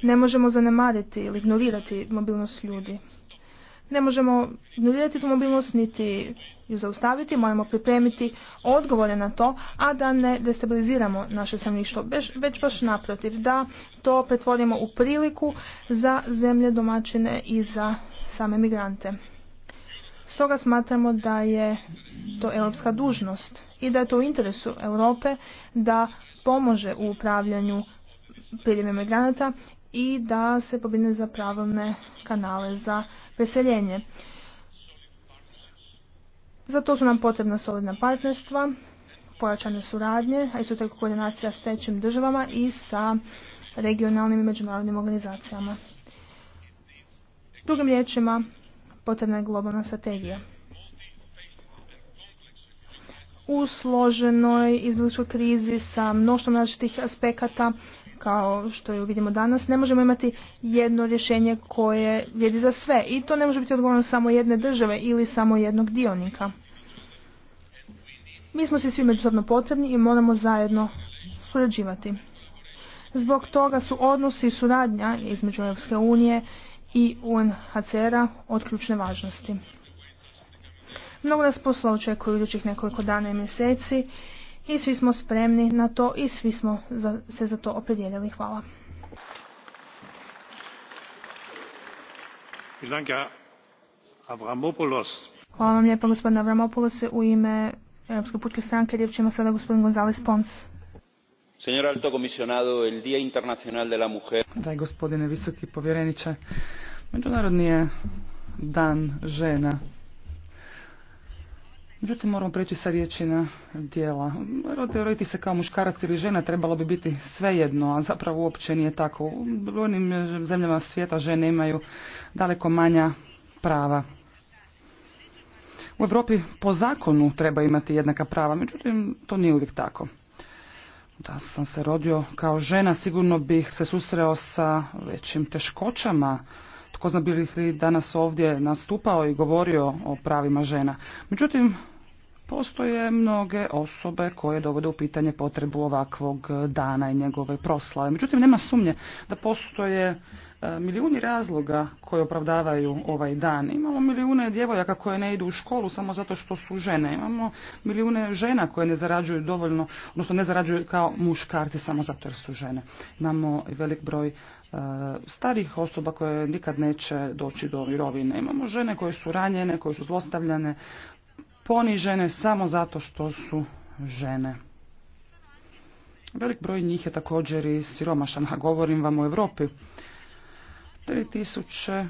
Ne možemo zanemariti ili ignorirati mobilnost ljudi. Ne možemo ignorirati tu mobilnost niti ju zaustaviti, moramo pripremiti odgovore na to, a da ne destabiliziramo naše stanovništvo, već baš naprotiv, da to pretvorimo u priliku za zemlje domaćine i za same migrante. Stoga smatramo da je to europska dužnost i da je to u interesu Europe da pomože u upravljanju priljeve migranata i da se pobine za pravilne kanale za preseljenje. Zato su nam potrebna solidna partnerstva, pojačane suradnje, a isto tako koordinacija s trećim državama i sa regionalnim i međunarodnim organizacijama. Drugim riječima, potrebna je globalna strategija. U složenoj izbiličkoj krizi sa mnoštom različitih aspekata kao što ju vidimo danas, ne možemo imati jedno rješenje koje vrijedi za sve. I to ne može biti odgovorno samo jedne države ili samo jednog dionika. Mi smo svi svi međusobno potrebni i moramo zajedno surađivati. Zbog toga su odnosi i suradnja između Europske unije i UNHCR-a od ključne važnosti. Mnogo nas posla očekuju u idućih nekoliko dana i mjeseci i svi smo spremni na to i svi smo za, se za to opredijelili Hvala. Hvala vam lijepa gospodine Avramopoulos. U ime Europske pučke stranke riječ ima sada gospodin Gonzales Pons. Señor alto comisionado, el Día Internacional de la Mujer. Da, gospodine visoki povjereniče, Međunarodni je dan žena. Međutim, moramo preći sa riječi na dijela. Roditi se kao muškarac ili žena trebalo bi biti svejedno, a zapravo uopće nije tako. U brojnim zemljama svijeta žene imaju daleko manja prava. U Europi po zakonu treba imati jednaka prava, međutim, to nije uvijek tako. Da sam se rodio kao žena, sigurno bih se susreo sa većim teškoćama tko zna bili li danas ovdje nastupao i govorio o pravima žena. Međutim, postoje mnoge osobe koje dovode u pitanje potrebu ovakvog dana i njegove proslave. Međutim, nema sumnje da postoje e, milijuni razloga koji opravdavaju ovaj dan. Imamo milijune djevojaka koje ne idu u školu samo zato što su žene. Imamo milijune žena koje ne zarađuju dovoljno, odnosno ne zarađuju kao muškarci samo zato jer su žene. Imamo velik broj E, starih osoba koje nikad neće doći do mirovine. Imamo žene koje su ranjene, koje su zlostavljane, ponižene samo zato što su žene. Velik broj njih je također i siromašan, a govorim vam u Europi. 3500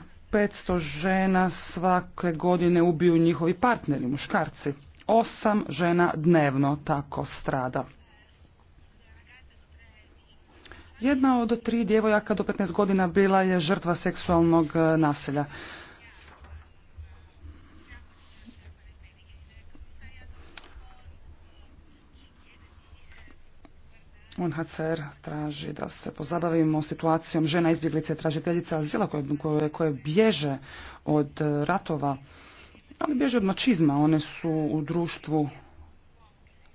žena svake godine ubiju njihovi partneri, muškarci. Osam žena dnevno tako strada. Jedna od tri djevojaka do 15 godina bila je žrtva seksualnog e, nasilja. UNHCR traži da se pozabavimo situacijom žena izbjeglice tražiteljica azila koje, koje, koje bježe od e, ratova, ali bježe od mačizma. One su u društvu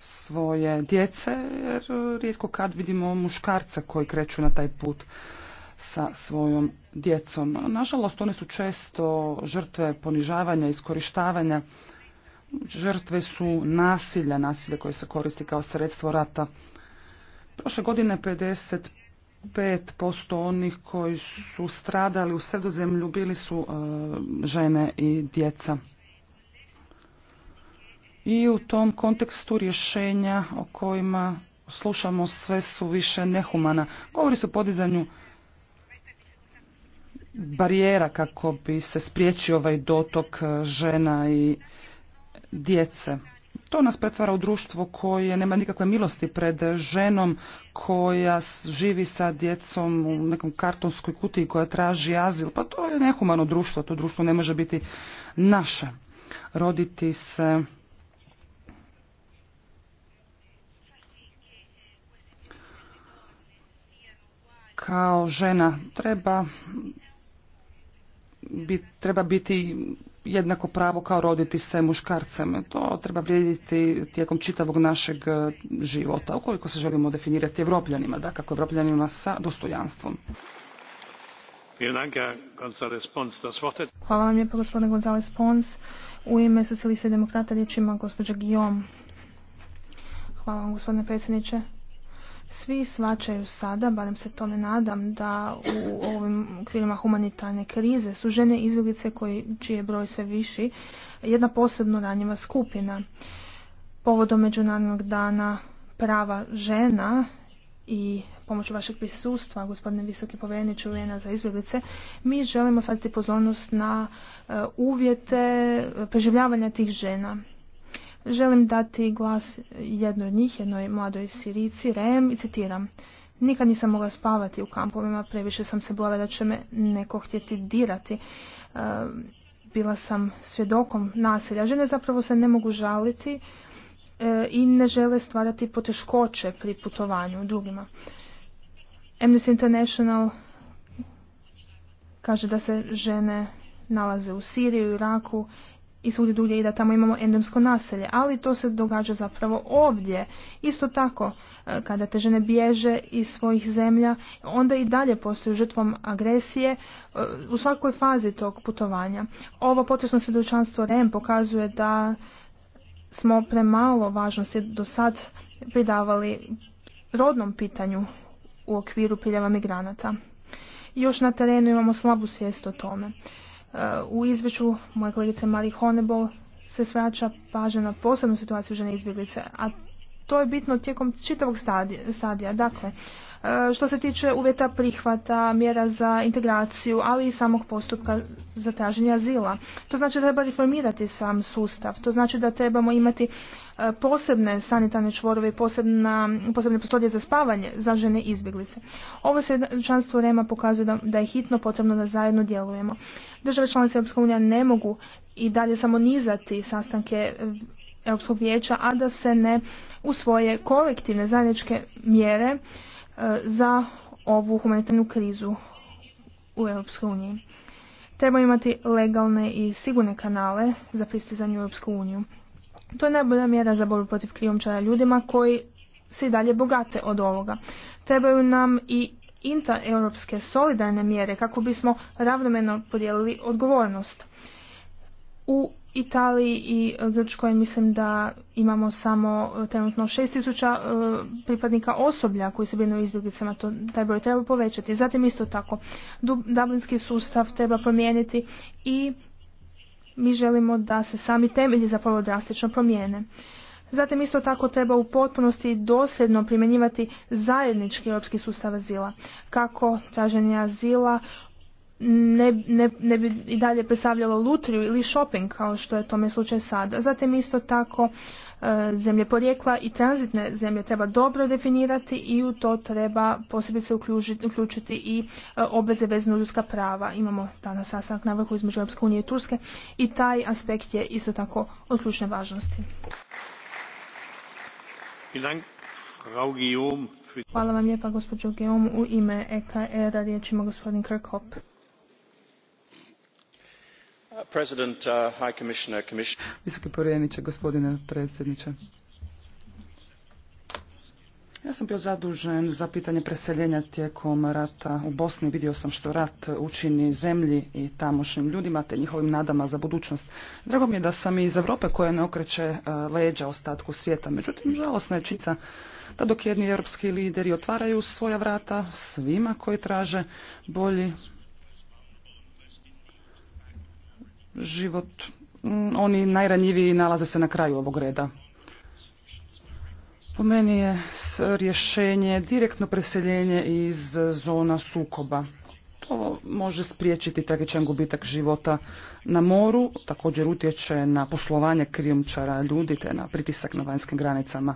svoje djece, jer rijetko kad vidimo muškarca koji kreću na taj put sa svojom djecom. Nažalost, one su često žrtve ponižavanja, iskorištavanja. Žrtve su nasilja, nasilje koje se koristi kao sredstvo rata. Prošle godine 55% onih koji su stradali u sredozemlju bili su e, žene i djeca i u tom kontekstu rješenja o kojima slušamo sve su više nehumana. Govori se o podizanju barijera kako bi se spriječio ovaj dotok e, žena i djece. To nas pretvara u društvo koje nema nikakve milosti pred ženom koja živi sa djecom u nekom kartonskoj kutiji koja traži azil. Pa to je nehumano društvo, to društvo ne može biti naše. Roditi se kao žena treba treba biti jednako pravo kao roditi se muškarcem. To treba vrijediti tijekom čitavog našeg e, života, ukoliko se želimo definirati evropljanima, da kako evropljanima sa dostojanstvom. Hvala vam lijepo gospodine Gonzales Pons. U ime socijalista i demokrata ima gospođa Guillaume. Hvala vam gospodine predsjedniče. Svi svačaju sada, barem se tome nadam, da u ovim okvirima humanitarne krize su žene izbjeglice koji, čiji je broj sve viši, jedna posebno ranjiva skupina. Povodom Međunarodnog dana prava žena i pomoću vašeg prisustva, gospodine visoki povjereniče žena za izbjeglice, mi želimo shvatiti pozornost na e, uvjete e, preživljavanja tih žena želim dati glas jednoj od njih, jednoj mladoj sirici, Rem, i citiram. Nikad nisam mogla spavati u kampovima, previše sam se bojala da će me neko htjeti dirati. E, bila sam svjedokom nasilja. Žene zapravo se ne mogu žaliti e, i ne žele stvarati poteškoće pri putovanju drugima. Amnesty International kaže da se žene nalaze u Siriji, u Iraku i svugdje dulje i da tamo imamo endemsko naselje, ali to se događa zapravo ovdje. Isto tako, e, kada te žene bježe iz svojih zemlja, onda i dalje postaju žrtvom agresije e, u svakoj fazi tog putovanja. Ovo potresno svjedočanstvo REM pokazuje da smo premalo važnosti do sad pridavali rodnom pitanju u okviru piljeva migranata. Još na terenu imamo slabu svijest o tome. U izvješću moje kolegice Marie Honebol se svraća pažnja na posebnu situaciju žene izbjeglice, a to je bitno tijekom čitavog stadija. Dakle, E, što se tiče uvjeta prihvata, mjera za integraciju, ali i samog postupka za traženje azila. To znači da treba reformirati sam sustav, to znači da trebamo imati e, posebne sanitarne čvorove i posebne postolje za spavanje za žene izbjeglice. Ovo se članstvo Rema pokazuje da, da je hitno potrebno da zajedno djelujemo. Države članice EU ne mogu i dalje samo nizati sastanke e, Europskog vijeća, a da se ne usvoje kolektivne zajedničke mjere za ovu humanitarnu krizu u Europskoj uniji. Treba imati legalne i sigurne kanale za pristizanje u Europsku uniju. To je najbolja mjera za borbu protiv krijomčara ljudima koji se i dalje bogate od ovoga. Trebaju nam i intraeuropske solidarne mjere kako bismo ravnomjerno podijelili odgovornost. U Italiji i e, Grčkoj mislim da imamo samo e, trenutno 6000 e, pripadnika osoblja koji se brinu izbjeglicama, to, taj broj treba povećati. Zatim isto tako, dublinski sustav treba promijeniti i mi želimo da se sami temelji zapravo drastično promijene. Zatim isto tako treba u potpunosti dosljedno primjenjivati zajednički europski sustav azila, kako traženje azila ne, ne, ne, bi i dalje predstavljalo lutriju ili shopping kao što je tome slučaj sada. Zatim isto tako e, zemlje porijekla i tranzitne zemlje treba dobro definirati i u to treba posebice uključiti i e, obveze vezne ljudska prava. Imamo danas sastanak na vrhu između Europske unije i Turske i taj aspekt je isto tako od ključne važnosti. Hvala vam lijepa gospođo Geom u ime EKR-a riječ ima gospodin Kirkhope. Uh, uh, Visoki povjereniče, gospodine predsjedniče. Ja sam bio zadužen za pitanje preseljenja tijekom rata u Bosni. Vidio sam što rat učini zemlji i tamošnjim ljudima te njihovim nadama za budućnost. Drago mi je da sam iz Europe koja ne okreće uh, leđa ostatku svijeta. Međutim, žalosna je čica da dok jedni europski lideri otvaraju svoja vrata svima koji traže bolji život. Mm, oni najranjiviji nalaze se na kraju ovog reda. Po meni je rješenje direktno preseljenje iz zona sukoba. To može spriječiti tragičan gubitak života na moru, također utječe na poslovanje krijumčara ljudi te na pritisak na vanjskim granicama.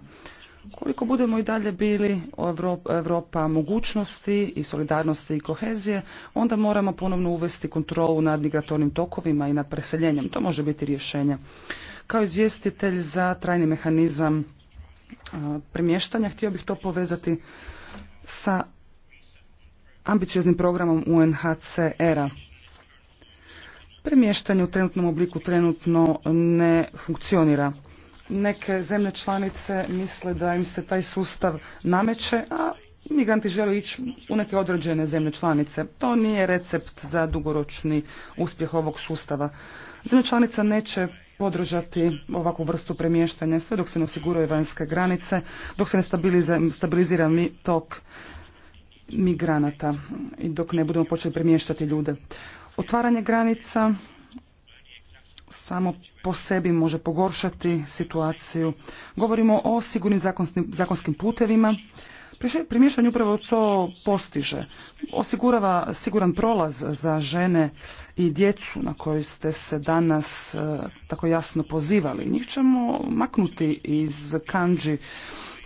Koliko budemo i dalje bili Europa mogućnosti i solidarnosti i kohezije, onda moramo ponovno uvesti kontrolu nad migratornim tokovima i nad preseljenjem. To može biti rješenje. Kao izvjestitelj za trajni mehanizam premještanja, htio bih to povezati sa ambicioznim programom UNHCR-a. Premještanje u trenutnom obliku trenutno ne funkcionira neke zemlje članice misle da im se taj sustav nameće, a migranti žele ići u neke određene zemlje članice. To nije recept za dugoročni uspjeh ovog sustava. Zemlje članica neće podržati ovakvu vrstu premještanja sve dok se ne osiguraju vanjske granice, dok se ne stabilizira mi tok migranata i dok ne budemo počeli premještati ljude. Otvaranje granica samo po sebi može pogoršati situaciju. Govorimo o sigurnim zakonskim, putevima. Primješanje upravo to postiže. Osigurava siguran prolaz za žene i djecu na koju ste se danas e, tako jasno pozivali. Njih ćemo maknuti iz kanđi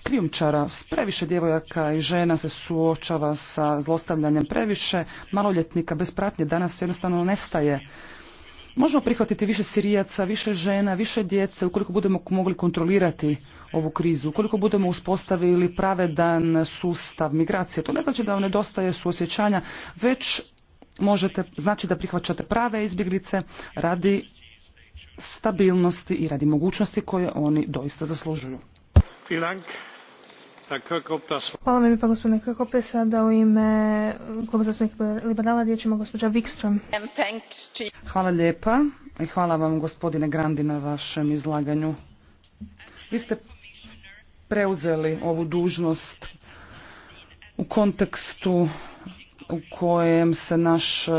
krijumčara. Previše djevojaka i žena se suočava sa zlostavljanjem. Previše maloljetnika bez pratnje danas jednostavno nestaje Možemo prihvatiti više Sirijaca, više žena, više djece, ukoliko budemo mogli kontrolirati ovu krizu, ukoliko budemo uspostavili pravedan sustav migracije. To ne znači da vam nedostaje suosjećanja, već možete, znači da prihvaćate prave izbjeglice radi stabilnosti i radi mogućnosti koje oni doista zaslužuju. Hvala vam lijepa gospodine Krkope. Sada u ime Kluba zastupnika liberala riječ ima gospođa Wikström. Hvala lijepa i hvala vam gospodine Grandi na vašem izlaganju. Vi ste preuzeli ovu dužnost u kontekstu u kojem se naš, e,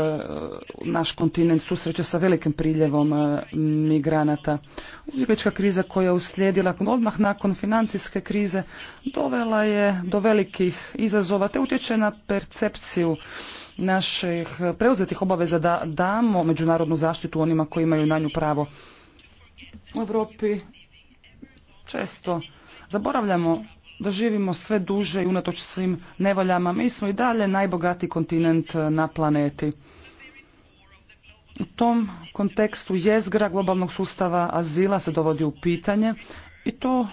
naš kontinent susreće sa velikim priljevom e, migranata. Izbjeglička kriza koja je uslijedila odmah nakon financijske krize dovela je do velikih izazova te utječe na percepciju naših preuzetih obaveza da damo međunarodnu zaštitu onima koji imaju na nju pravo. U Europi često zaboravljamo da živimo sve duže i unatoč svim nevoljama. Mi smo i dalje najbogatiji kontinent eh, na planeti. U tom kontekstu jezgra globalnog sustava azila se dovodi u pitanje i to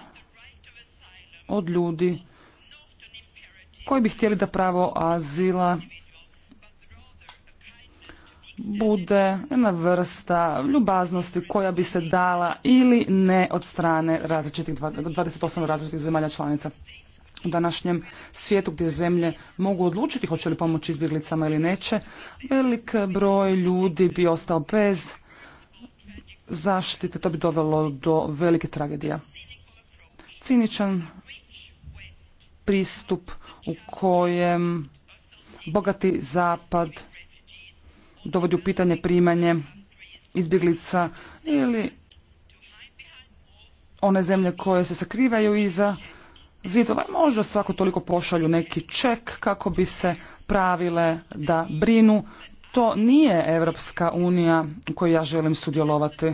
od ljudi koji bi htjeli da pravo azila bude jedna vrsta ljubaznosti koja bi se dala ili ne od strane različitih 28 različitih zemalja članica. U današnjem svijetu gdje zemlje mogu odlučiti hoće li pomoći izbjeglicama ili neće, velik broj ljudi bi ostao bez zaštite. To bi dovelo do velike tragedije. Ciničan pristup u kojem bogati zapad dovodi u pitanje primanje izbjeglica ili one zemlje koje se sakrivaju iza zidova. Možda svako toliko pošalju neki ček kako bi se pravile da brinu. To nije Evropska unija u kojoj ja želim sudjelovati.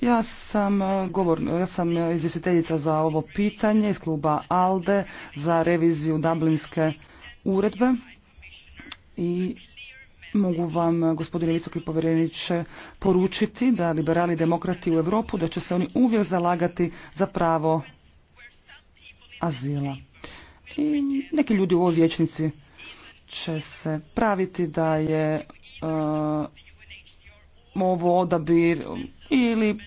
Ja sam, e, govor, ja sam e, izvjestiteljica za ovo pitanje iz kluba ALDE za reviziju Dublinske uredbe i mogu vam, gospodine visoki povjereniče, poručiti da liberali demokrati u Europu, da će se oni uvijek zalagati za pravo azila. I neki ljudi u ovoj vječnici će se praviti da je uh, ovo odabir ili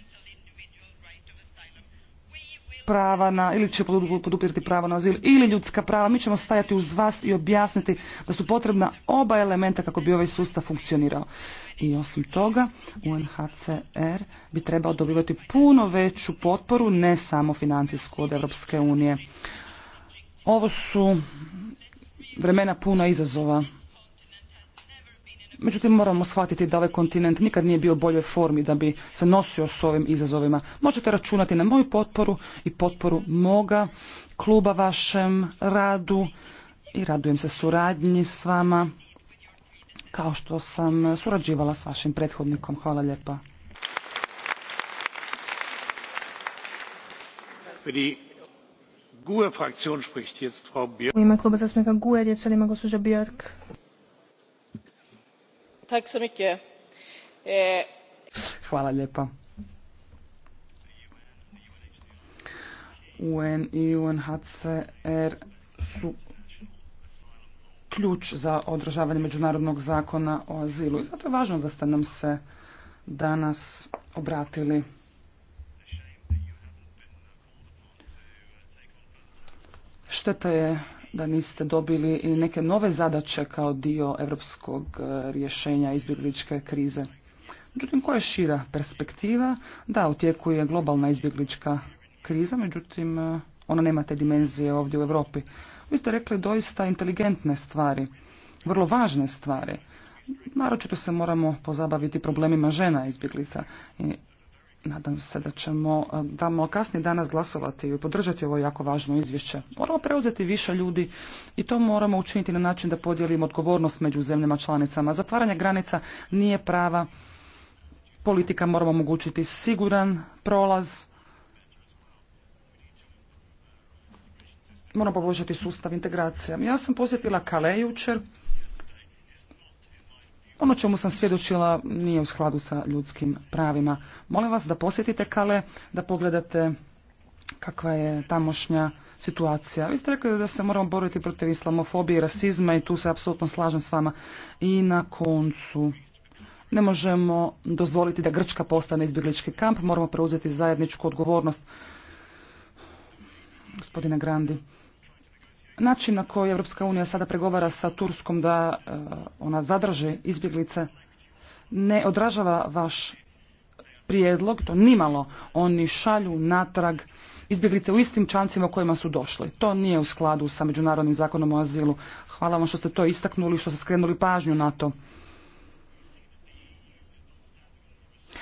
prava na, ili će podupirati pravo na azil ili ljudska prava. Mi ćemo stajati uz vas i objasniti da su potrebna oba elementa kako bi ovaj sustav funkcionirao. I osim toga, UNHCR bi trebao dobivati puno veću potporu, ne samo financijsku od Europske unije. Ovo su vremena puna izazova. Međutim, moramo shvatiti da ovaj kontinent nikad nije bio u boljoj formi da bi se nosio s ovim izazovima. Možete računati na moju potporu i potporu moga kluba vašem radu i radujem se suradnji s vama kao što sam surađivala s vašim prethodnikom. Hvala lijepa. U ime kluba zastupnika GUE riječ sad ima gospođa Bjork. Eh, Hvala UN i UNHCR su ključ za održavanje međunarodnog zakona o azilu. I zato je važno da ste nam se danas obratili. Šteta je da niste dobili neke nove zadaće kao dio europskog e, rješenja izbjegličke krize. Međutim, koja je šira perspektiva? Da, u tijeku je globalna izbjeglička kriza, međutim, e, ona nema te dimenzije ovdje u Europi. Vi ste rekli doista inteligentne stvari, vrlo važne stvari. Naročito se moramo pozabaviti problemima žena izbjeglica. Nadam se da ćemo, e, da kasnije danas glasovati i podržati ovo jako važno izvješće. Moramo preuzeti više ljudi i to moramo učiniti na način da podijelimo odgovornost među zemljama članicama. Zatvaranje granica nije prava politika, moramo omogućiti siguran prolaz. Moramo poboljšati sustav integracija. Ja sam posjetila Kale jučer ono čemu sam svjedočila nije u skladu sa ljudskim pravima. Molim vas da posjetite Kale, da pogledate kakva je tamošnja situacija. Vi ste rekli da se moramo boriti protiv islamofobije i rasizma i tu se apsolutno slažem s vama. I na koncu ne možemo dozvoliti da Grčka postane izbjeglički kamp, moramo preuzeti zajedničku odgovornost. Gospodine Grandi način na koji Europska unija sada pregovara sa Turskom da e, ona zadrži izbjeglice ne odražava vaš prijedlog, to nimalo. Oni šalju natrag izbjeglice u istim čancima u kojima su došli. To nije u skladu sa međunarodnim zakonom o azilu. Hvala vam što ste to istaknuli, što ste skrenuli pažnju na to.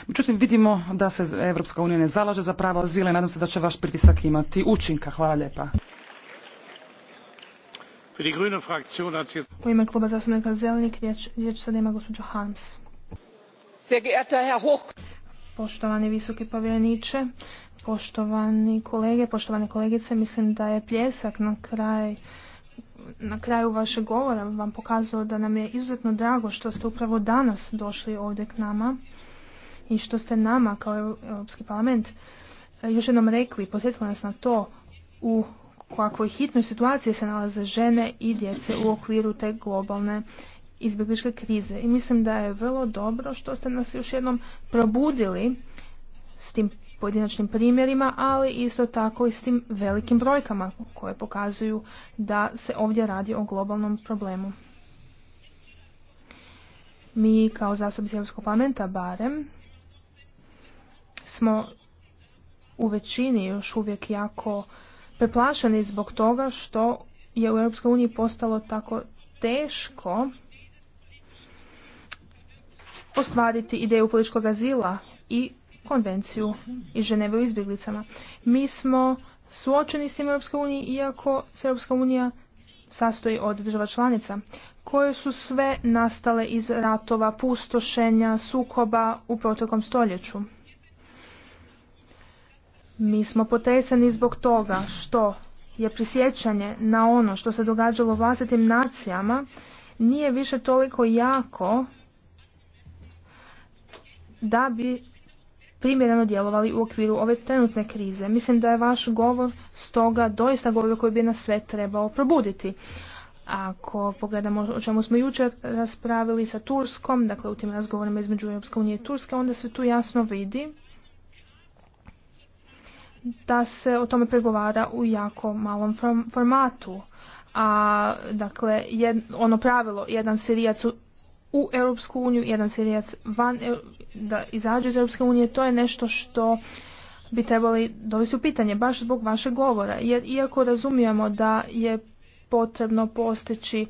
Međutim, vidimo da se Evropska unija ne zalaže za pravo azila i nadam se da će vaš pritisak imati učinka. Hvala lijepa. U ime kluba zastupnika Zelenih riječ, riječ sada ima gospođa Harms. Poštovani visoki povjereniče, poštovani kolege, poštovane kolegice, mislim da je pljesak na kraj na kraju vašeg govora vam pokazao da nam je izuzetno drago što ste upravo danas došli ovdje k nama i što ste nama kao Europski parlament e, još jednom rekli, posjetili nas na to u kakvoj hitnoj situaciji se nalaze žene i djece u okviru te globalne izbjegličke krize. I mislim da je vrlo dobro što ste nas još jednom probudili s tim pojedinačnim primjerima, ali isto tako i s tim velikim brojkama koje pokazuju da se ovdje radi o globalnom problemu. Mi kao zastupnici Europskog parlamenta barem smo u većini još uvijek jako preplašeni zbog toga što je u EU postalo tako teško ostvariti ideju političkog azila i konvenciju i Ženeve u izbjeglicama. Mi smo suočeni s tim eu iako se EU sastoji od država članica, koje su sve nastale iz ratova, pustošenja, sukoba u protekom stoljeću. Mi smo potreseni zbog toga što je prisjećanje na ono što se događalo u vlastitim nacijama nije više toliko jako da bi primjereno djelovali u okviru ove trenutne krize. Mislim da je vaš govor stoga doista govor koji bi nas sve trebao probuditi. Ako pogledamo o čemu smo jučer raspravili sa Turskom, dakle u tim razgovorima između Europske unije i Turske, onda se tu jasno vidi da se o tome pregovara u jako malom formatu. A dakle, ono pravilo, jedan sirijac u Europsku uniju, jedan sirijac van, da izađe iz Europske unije, to je nešto što bi trebali dovesti u pitanje, baš zbog vašeg govora. Jer iako razumijemo da je potrebno postići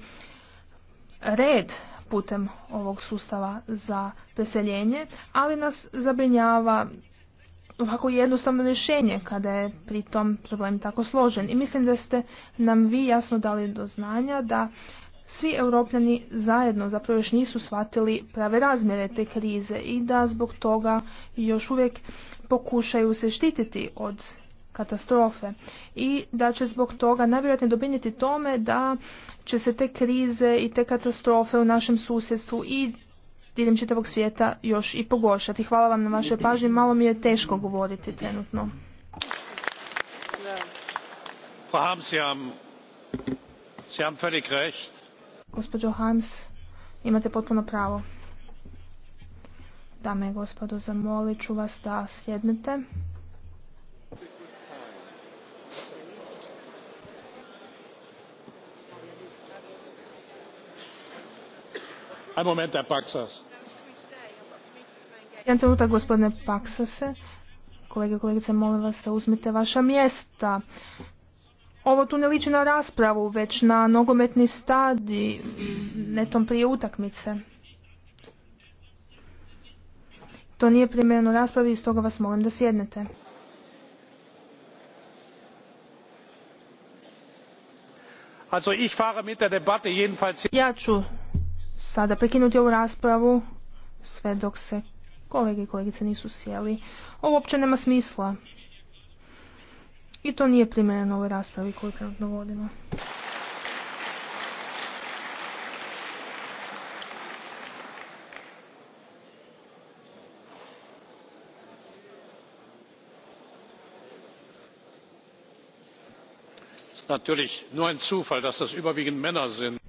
red putem ovog sustava za preseljenje, ali nas zabrinjava ovako jednostavno rješenje kada je pri tom problem tako složen. I mislim da ste nam vi jasno dali do znanja da svi europljani zajedno zapravo još nisu shvatili prave razmjere te krize i da zbog toga još uvijek pokušaju se štititi od katastrofe i da će zbog toga najvjerojatnije dobiniti tome da će se te krize i te katastrofe u našem susjedstvu i diljem čitavog svijeta još i pogošati. Hvala vam na vašoj pažnji, malo mi je teško govoriti trenutno. Gospođo Harms, imate potpuno pravo. Dame i gospodo, zamolit vas da sjednete. Jedan trenutak, gospodine Paksase. Kolege i kolegice, molim vas da uzmite vaša mjesta. Ovo tu ne liči na raspravu, već na nogometni stadi, netom prije utakmice. To nije primjereno raspravi i stoga vas molim da sjednete. Also ich fahre mit der Debatte jedenfalls ja ću sada prekinuti ovu raspravu sve dok se kolege i kolegice nisu sjeli. Ovo uopće nema smisla. I to nije primjereno ovoj raspravi koju trenutno vodimo.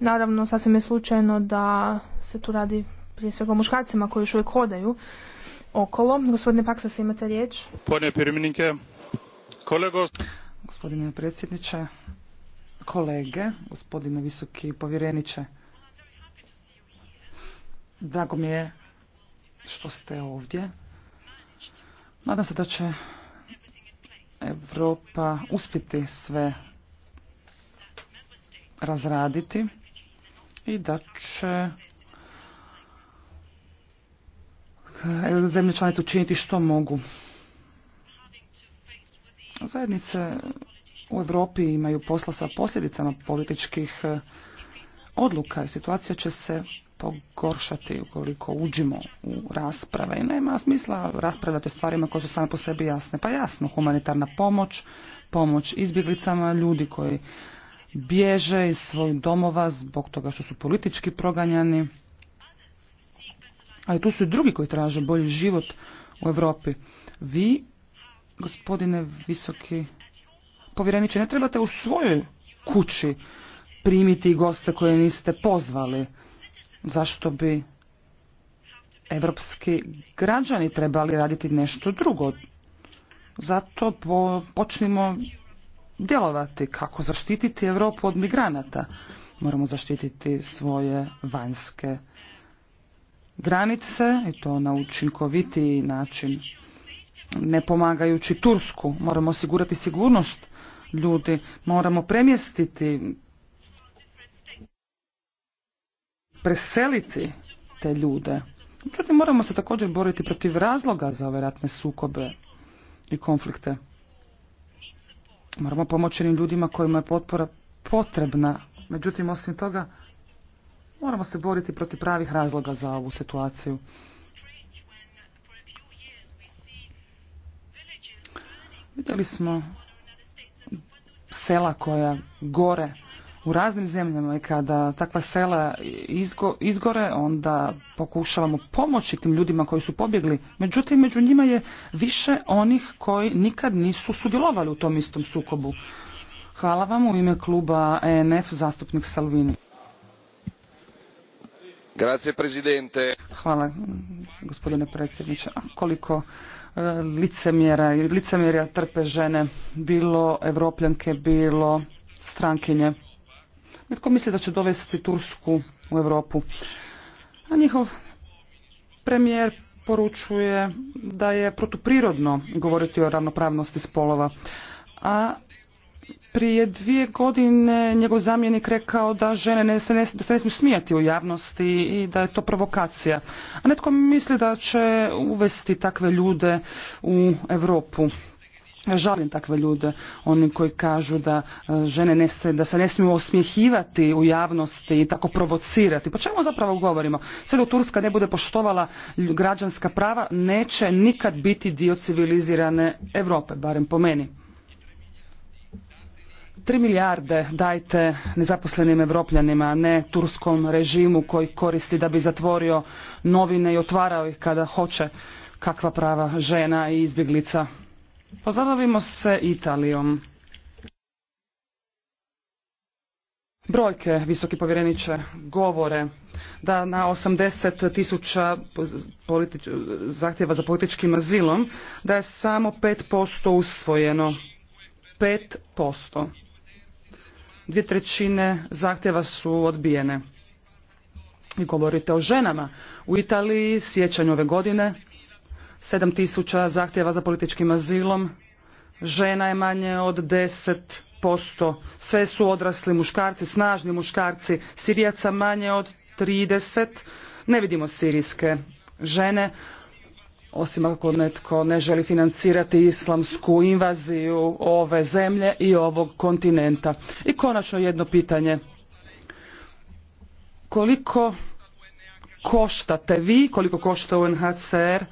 Naravno, sasvim je slučajno da se tu radi prije svega o muškarcima koji još uvijek hodaju okolo. Gospodine Paksas, imate riječ. Gospodine predsjedniče, kolege, gospodine visoki povjereniče, drago mi je što ste ovdje. Nadam se da će Europa uspjeti sve razraditi i da će e, zemlje članice učiniti što mogu. Zajednice u Europi imaju posla sa posljedicama političkih e, odluka i situacija će se pogoršati ukoliko uđimo u rasprave. I nema smisla raspravljati o stvarima koje su same po sebi jasne. Pa jasno, humanitarna pomoć, pomoć izbjeglicama, ljudi koji bježe iz svojih domova zbog toga što su politički proganjani. Ali tu su i drugi koji traže bolji život u Europi. Vi, gospodine visoki povjereniče, ne trebate u svojoj kući primiti goste koje niste pozvali. Zašto bi evropski građani trebali raditi nešto drugo? Zato počnimo djelovati, kako zaštititi Europu od migranata. Moramo zaštititi svoje vanjske granice i to na učinkovitiji način. Ne pomagajući Tursku, moramo osigurati sigurnost ljudi, moramo premjestiti, preseliti te ljude. Međutim, moramo se također boriti protiv razloga za ove ratne sukobe i konflikte. Moramo pomoći onim ljudima kojima je potpora potrebna. Međutim, osim toga, moramo se boriti protiv pravih razloga za ovu situaciju. Vidjeli smo sela koja gore u raznim zemljama i kada takva sela izgore, onda pokušavamo pomoći tim ljudima koji su pobjegli. Međutim, među njima je više onih koji nikad nisu sudjelovali u tom istom sukobu. Hvala vam u ime kluba ENF zastupnik Salvini. Grazie, Hvala gospodine predsjedniče. koliko e, licemjera i licemjerja trpe žene, bilo evropljanke, bilo strankinje. Netko misli da će dovesti Tursku u Europu. A njihov premijer poručuje da je protuprirodno govoriti o ravnopravnosti spolova. A prije dvije godine njegov zamjenik rekao da žene ne, se, ne, se smiju smijati u javnosti i da je to provokacija. A netko misli da će uvesti takve ljude u Europu. Žalim takve ljude, oni koji kažu da e, žene ne se, da se ne smiju osmjehivati u javnosti i tako provocirati. Pa čemu zapravo govorimo? Sve dok Turska ne bude poštovala građanska prava, neće nikad biti dio civilizirane Europe, barem po meni. 3 milijarde dajte nezaposlenim evropljanima, a ne turskom režimu koji koristi da bi zatvorio novine i otvarao ih kada hoće kakva prava žena i izbjeglica. Pozabavimo se Italijom. Brojke, visoki povjereniče, govore da na 80 tisuća zahtjeva za političkim azilom, da je samo 5% usvojeno. 5%. Dvije trećine zahtjeva su odbijene. I govorite o ženama. U Italiji sjećanju ove godine 7000 zahtjeva za političkim azilom, žena je manje od 10%, sve su odrasli muškarci, snažni muškarci, Sirijaca manje od 30, ne vidimo sirijske žene, osim ako netko ne želi financirati islamsku invaziju ove zemlje i ovog kontinenta. I konačno jedno pitanje. Koliko koštate vi, koliko košta UNHCR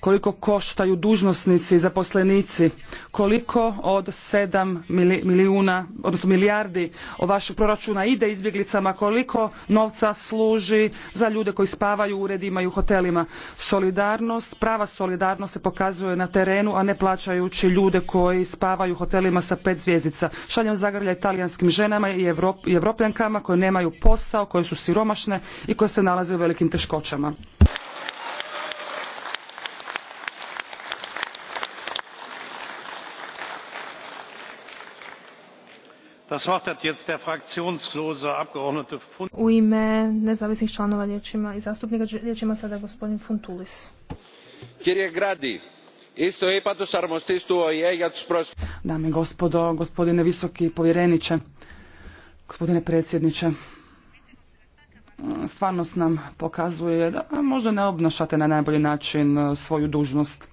koliko koštaju dužnosnici i zaposlenici, koliko od sedam milijuna, odnosno milijardi vašeg proračuna ide izbjeglicama, koliko novca služi za ljude koji spavaju u uredima i u hotelima. Solidarnost, prava solidarnost se pokazuje na terenu, a ne plaćajući ljude koji spavaju u hotelima sa pet zvjezdica. Šaljem zagrlja talijanskim ženama i evropljankama koje nemaju posao, koje su siromašne i koje se nalaze u velikim teškoćama. U ime nezavisnih članova i zastupnika riječima sada gospodin Funtulis. Dame i gospodo, gospodine visoki povjereniče, gospodine predsjedniče, stvarnost nam pokazuje da možda ne obnašate na najbolji način eh, svoju dužnost.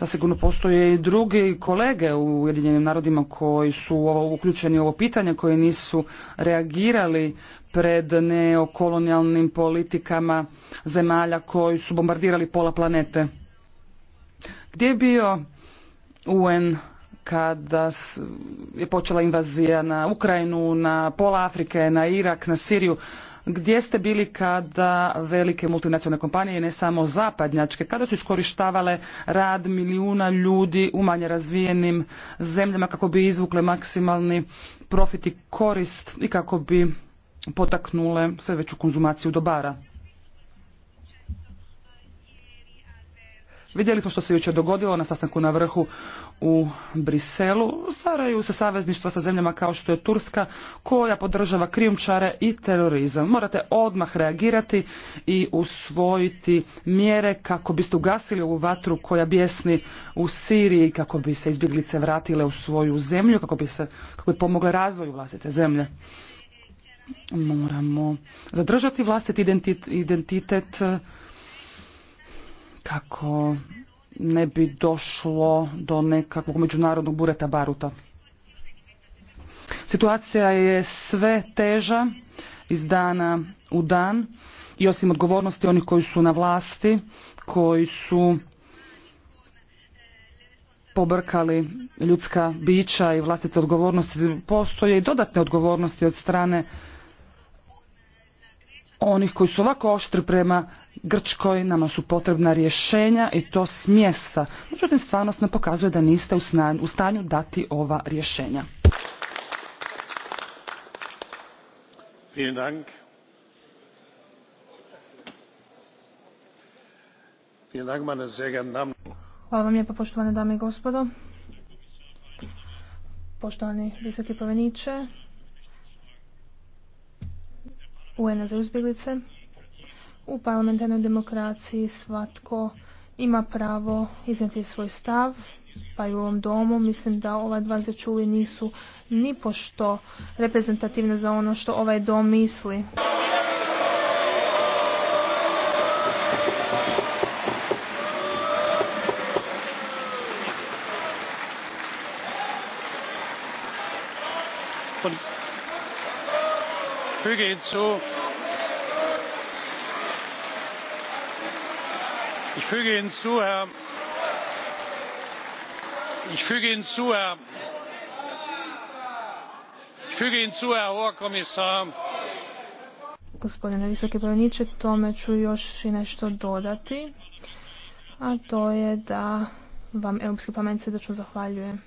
Zasigurno postoje i drugi kolege u Ujedinjenim narodima koji su uključeni u ovo pitanje, koji nisu reagirali pred neokolonijalnim politikama zemalja koji su bombardirali pola planete. Gdje je bio UN kada je počela invazija na Ukrajinu, na pola Afrike, na Irak, na Siriju? Gdje ste bili kada velike multinacionalne kompanije, ne samo zapadnjačke, kada su iskorištavale rad milijuna ljudi u manje razvijenim zemljama kako bi izvukle maksimalni profit i korist i kako bi potaknule sve veću konzumaciju dobara? Vidjeli smo što se jučer dogodilo na sastanku na vrhu u Briselu. Stvaraju se savezništva sa zemljama kao što je Turska koja podržava krijumčare i terorizam. Morate odmah reagirati i usvojiti mjere kako biste ugasili ovu vatru koja bjesni u Siriji, kako bi se izbjeglice vratile u svoju zemlju, kako bi, se, kako bi pomogle razvoju vlastite zemlje moramo zadržati vlastiti identitet, identitet kako ne bi došlo do nekakvog međunarodnog bureta baruta. Situacija je sve teža iz dana u dan i osim odgovornosti onih koji su na vlasti, koji su pobrkali ljudska bića i vlastite odgovornosti, postoje i dodatne odgovornosti od strane onih koji su ovako oštri prema Grčkoj, nama su potrebna rješenja i to s mjesta. Međutim, stvarnost nam pokazuje da niste u stanju dati ova rješenja. Hvala vam lijepo, poštovane dame i gospodo. Poštovani visoki poveniče, UN za uzbjeglice. U parlamentarnoj demokraciji svatko ima pravo iznijeti svoj stav, pa i u ovom domu. Mislim da ova dva nisu ni pošto reprezentativne za ono što ovaj dom misli. füge hinzu herr ich füge hinzu herr füge hinzu herr hoher kommissar gospodine visoki pravniče, tome ću još i nešto dodati a to je da vam europski parlament srdačno zahvaljuje ich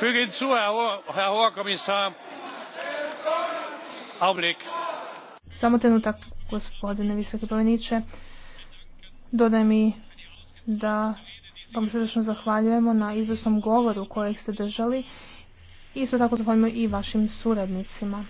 füge hinzu herr hoher kommissar samo trenutak, gospodine visoki poveniče. Dodaj mi da vam srdečno zahvaljujemo na izvrsnom govoru kojeg ste držali. Isto tako zahvaljujemo i vašim suradnicima.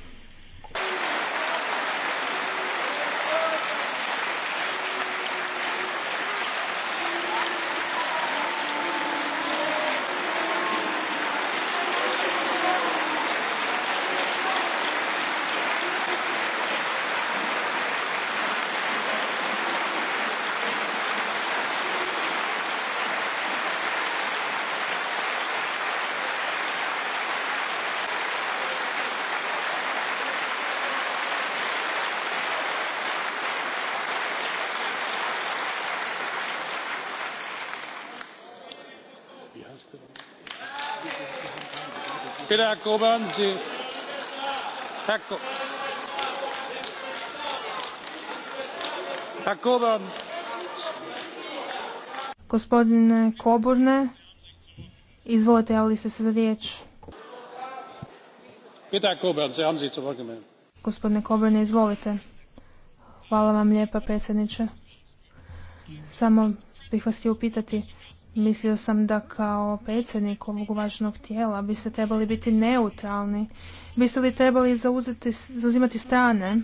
Gospodine Koburne, izvolite, javili ste se za riječ. Bitte, Herr Gospodine Koburne, izvolite. Hvala vam lijepa, predsjedniče. Samo bih vas htio pitati Mislio sam da kao predsjednik ovog važnog tijela biste trebali biti neutralni. Biste li trebali zauzeti, zauzimati strane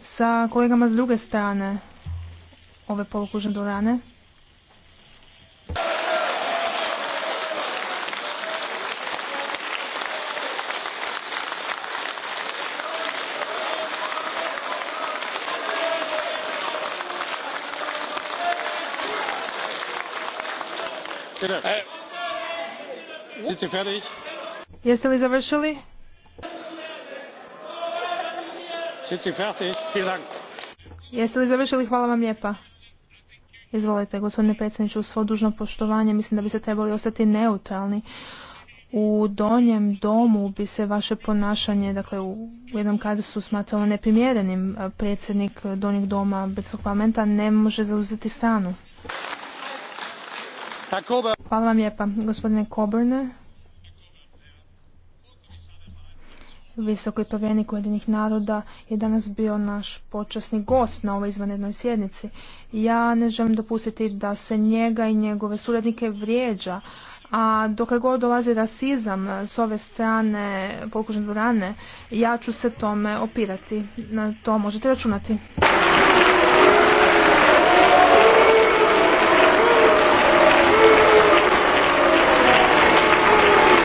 sa kolegama s druge strane ove polukužne dvorane? Jeste li završili? Jeste li završili? Hvala vam lijepa. Izvolite, gospodine predsjedniče, u svo dužno poštovanje mislim da biste trebali ostati neutralni. U donjem domu bi se vaše ponašanje, dakle u jednom kadru smatralo neprimjerenim. Predsjednik donjeg doma Britskog parlamenta ne može zauzeti stranu. Hvala vam lijepa, gospodine Coburne. Visokoj povjerenik Ujedinih naroda je danas bio naš počasni gost na ovoj izvanrednoj sjednici. Ja ne želim dopustiti da se njega i njegove suradnike vrijeđa, a dok god dolazi rasizam s ove strane pokužne dvorane, ja ću se tome opirati. Na to možete računati.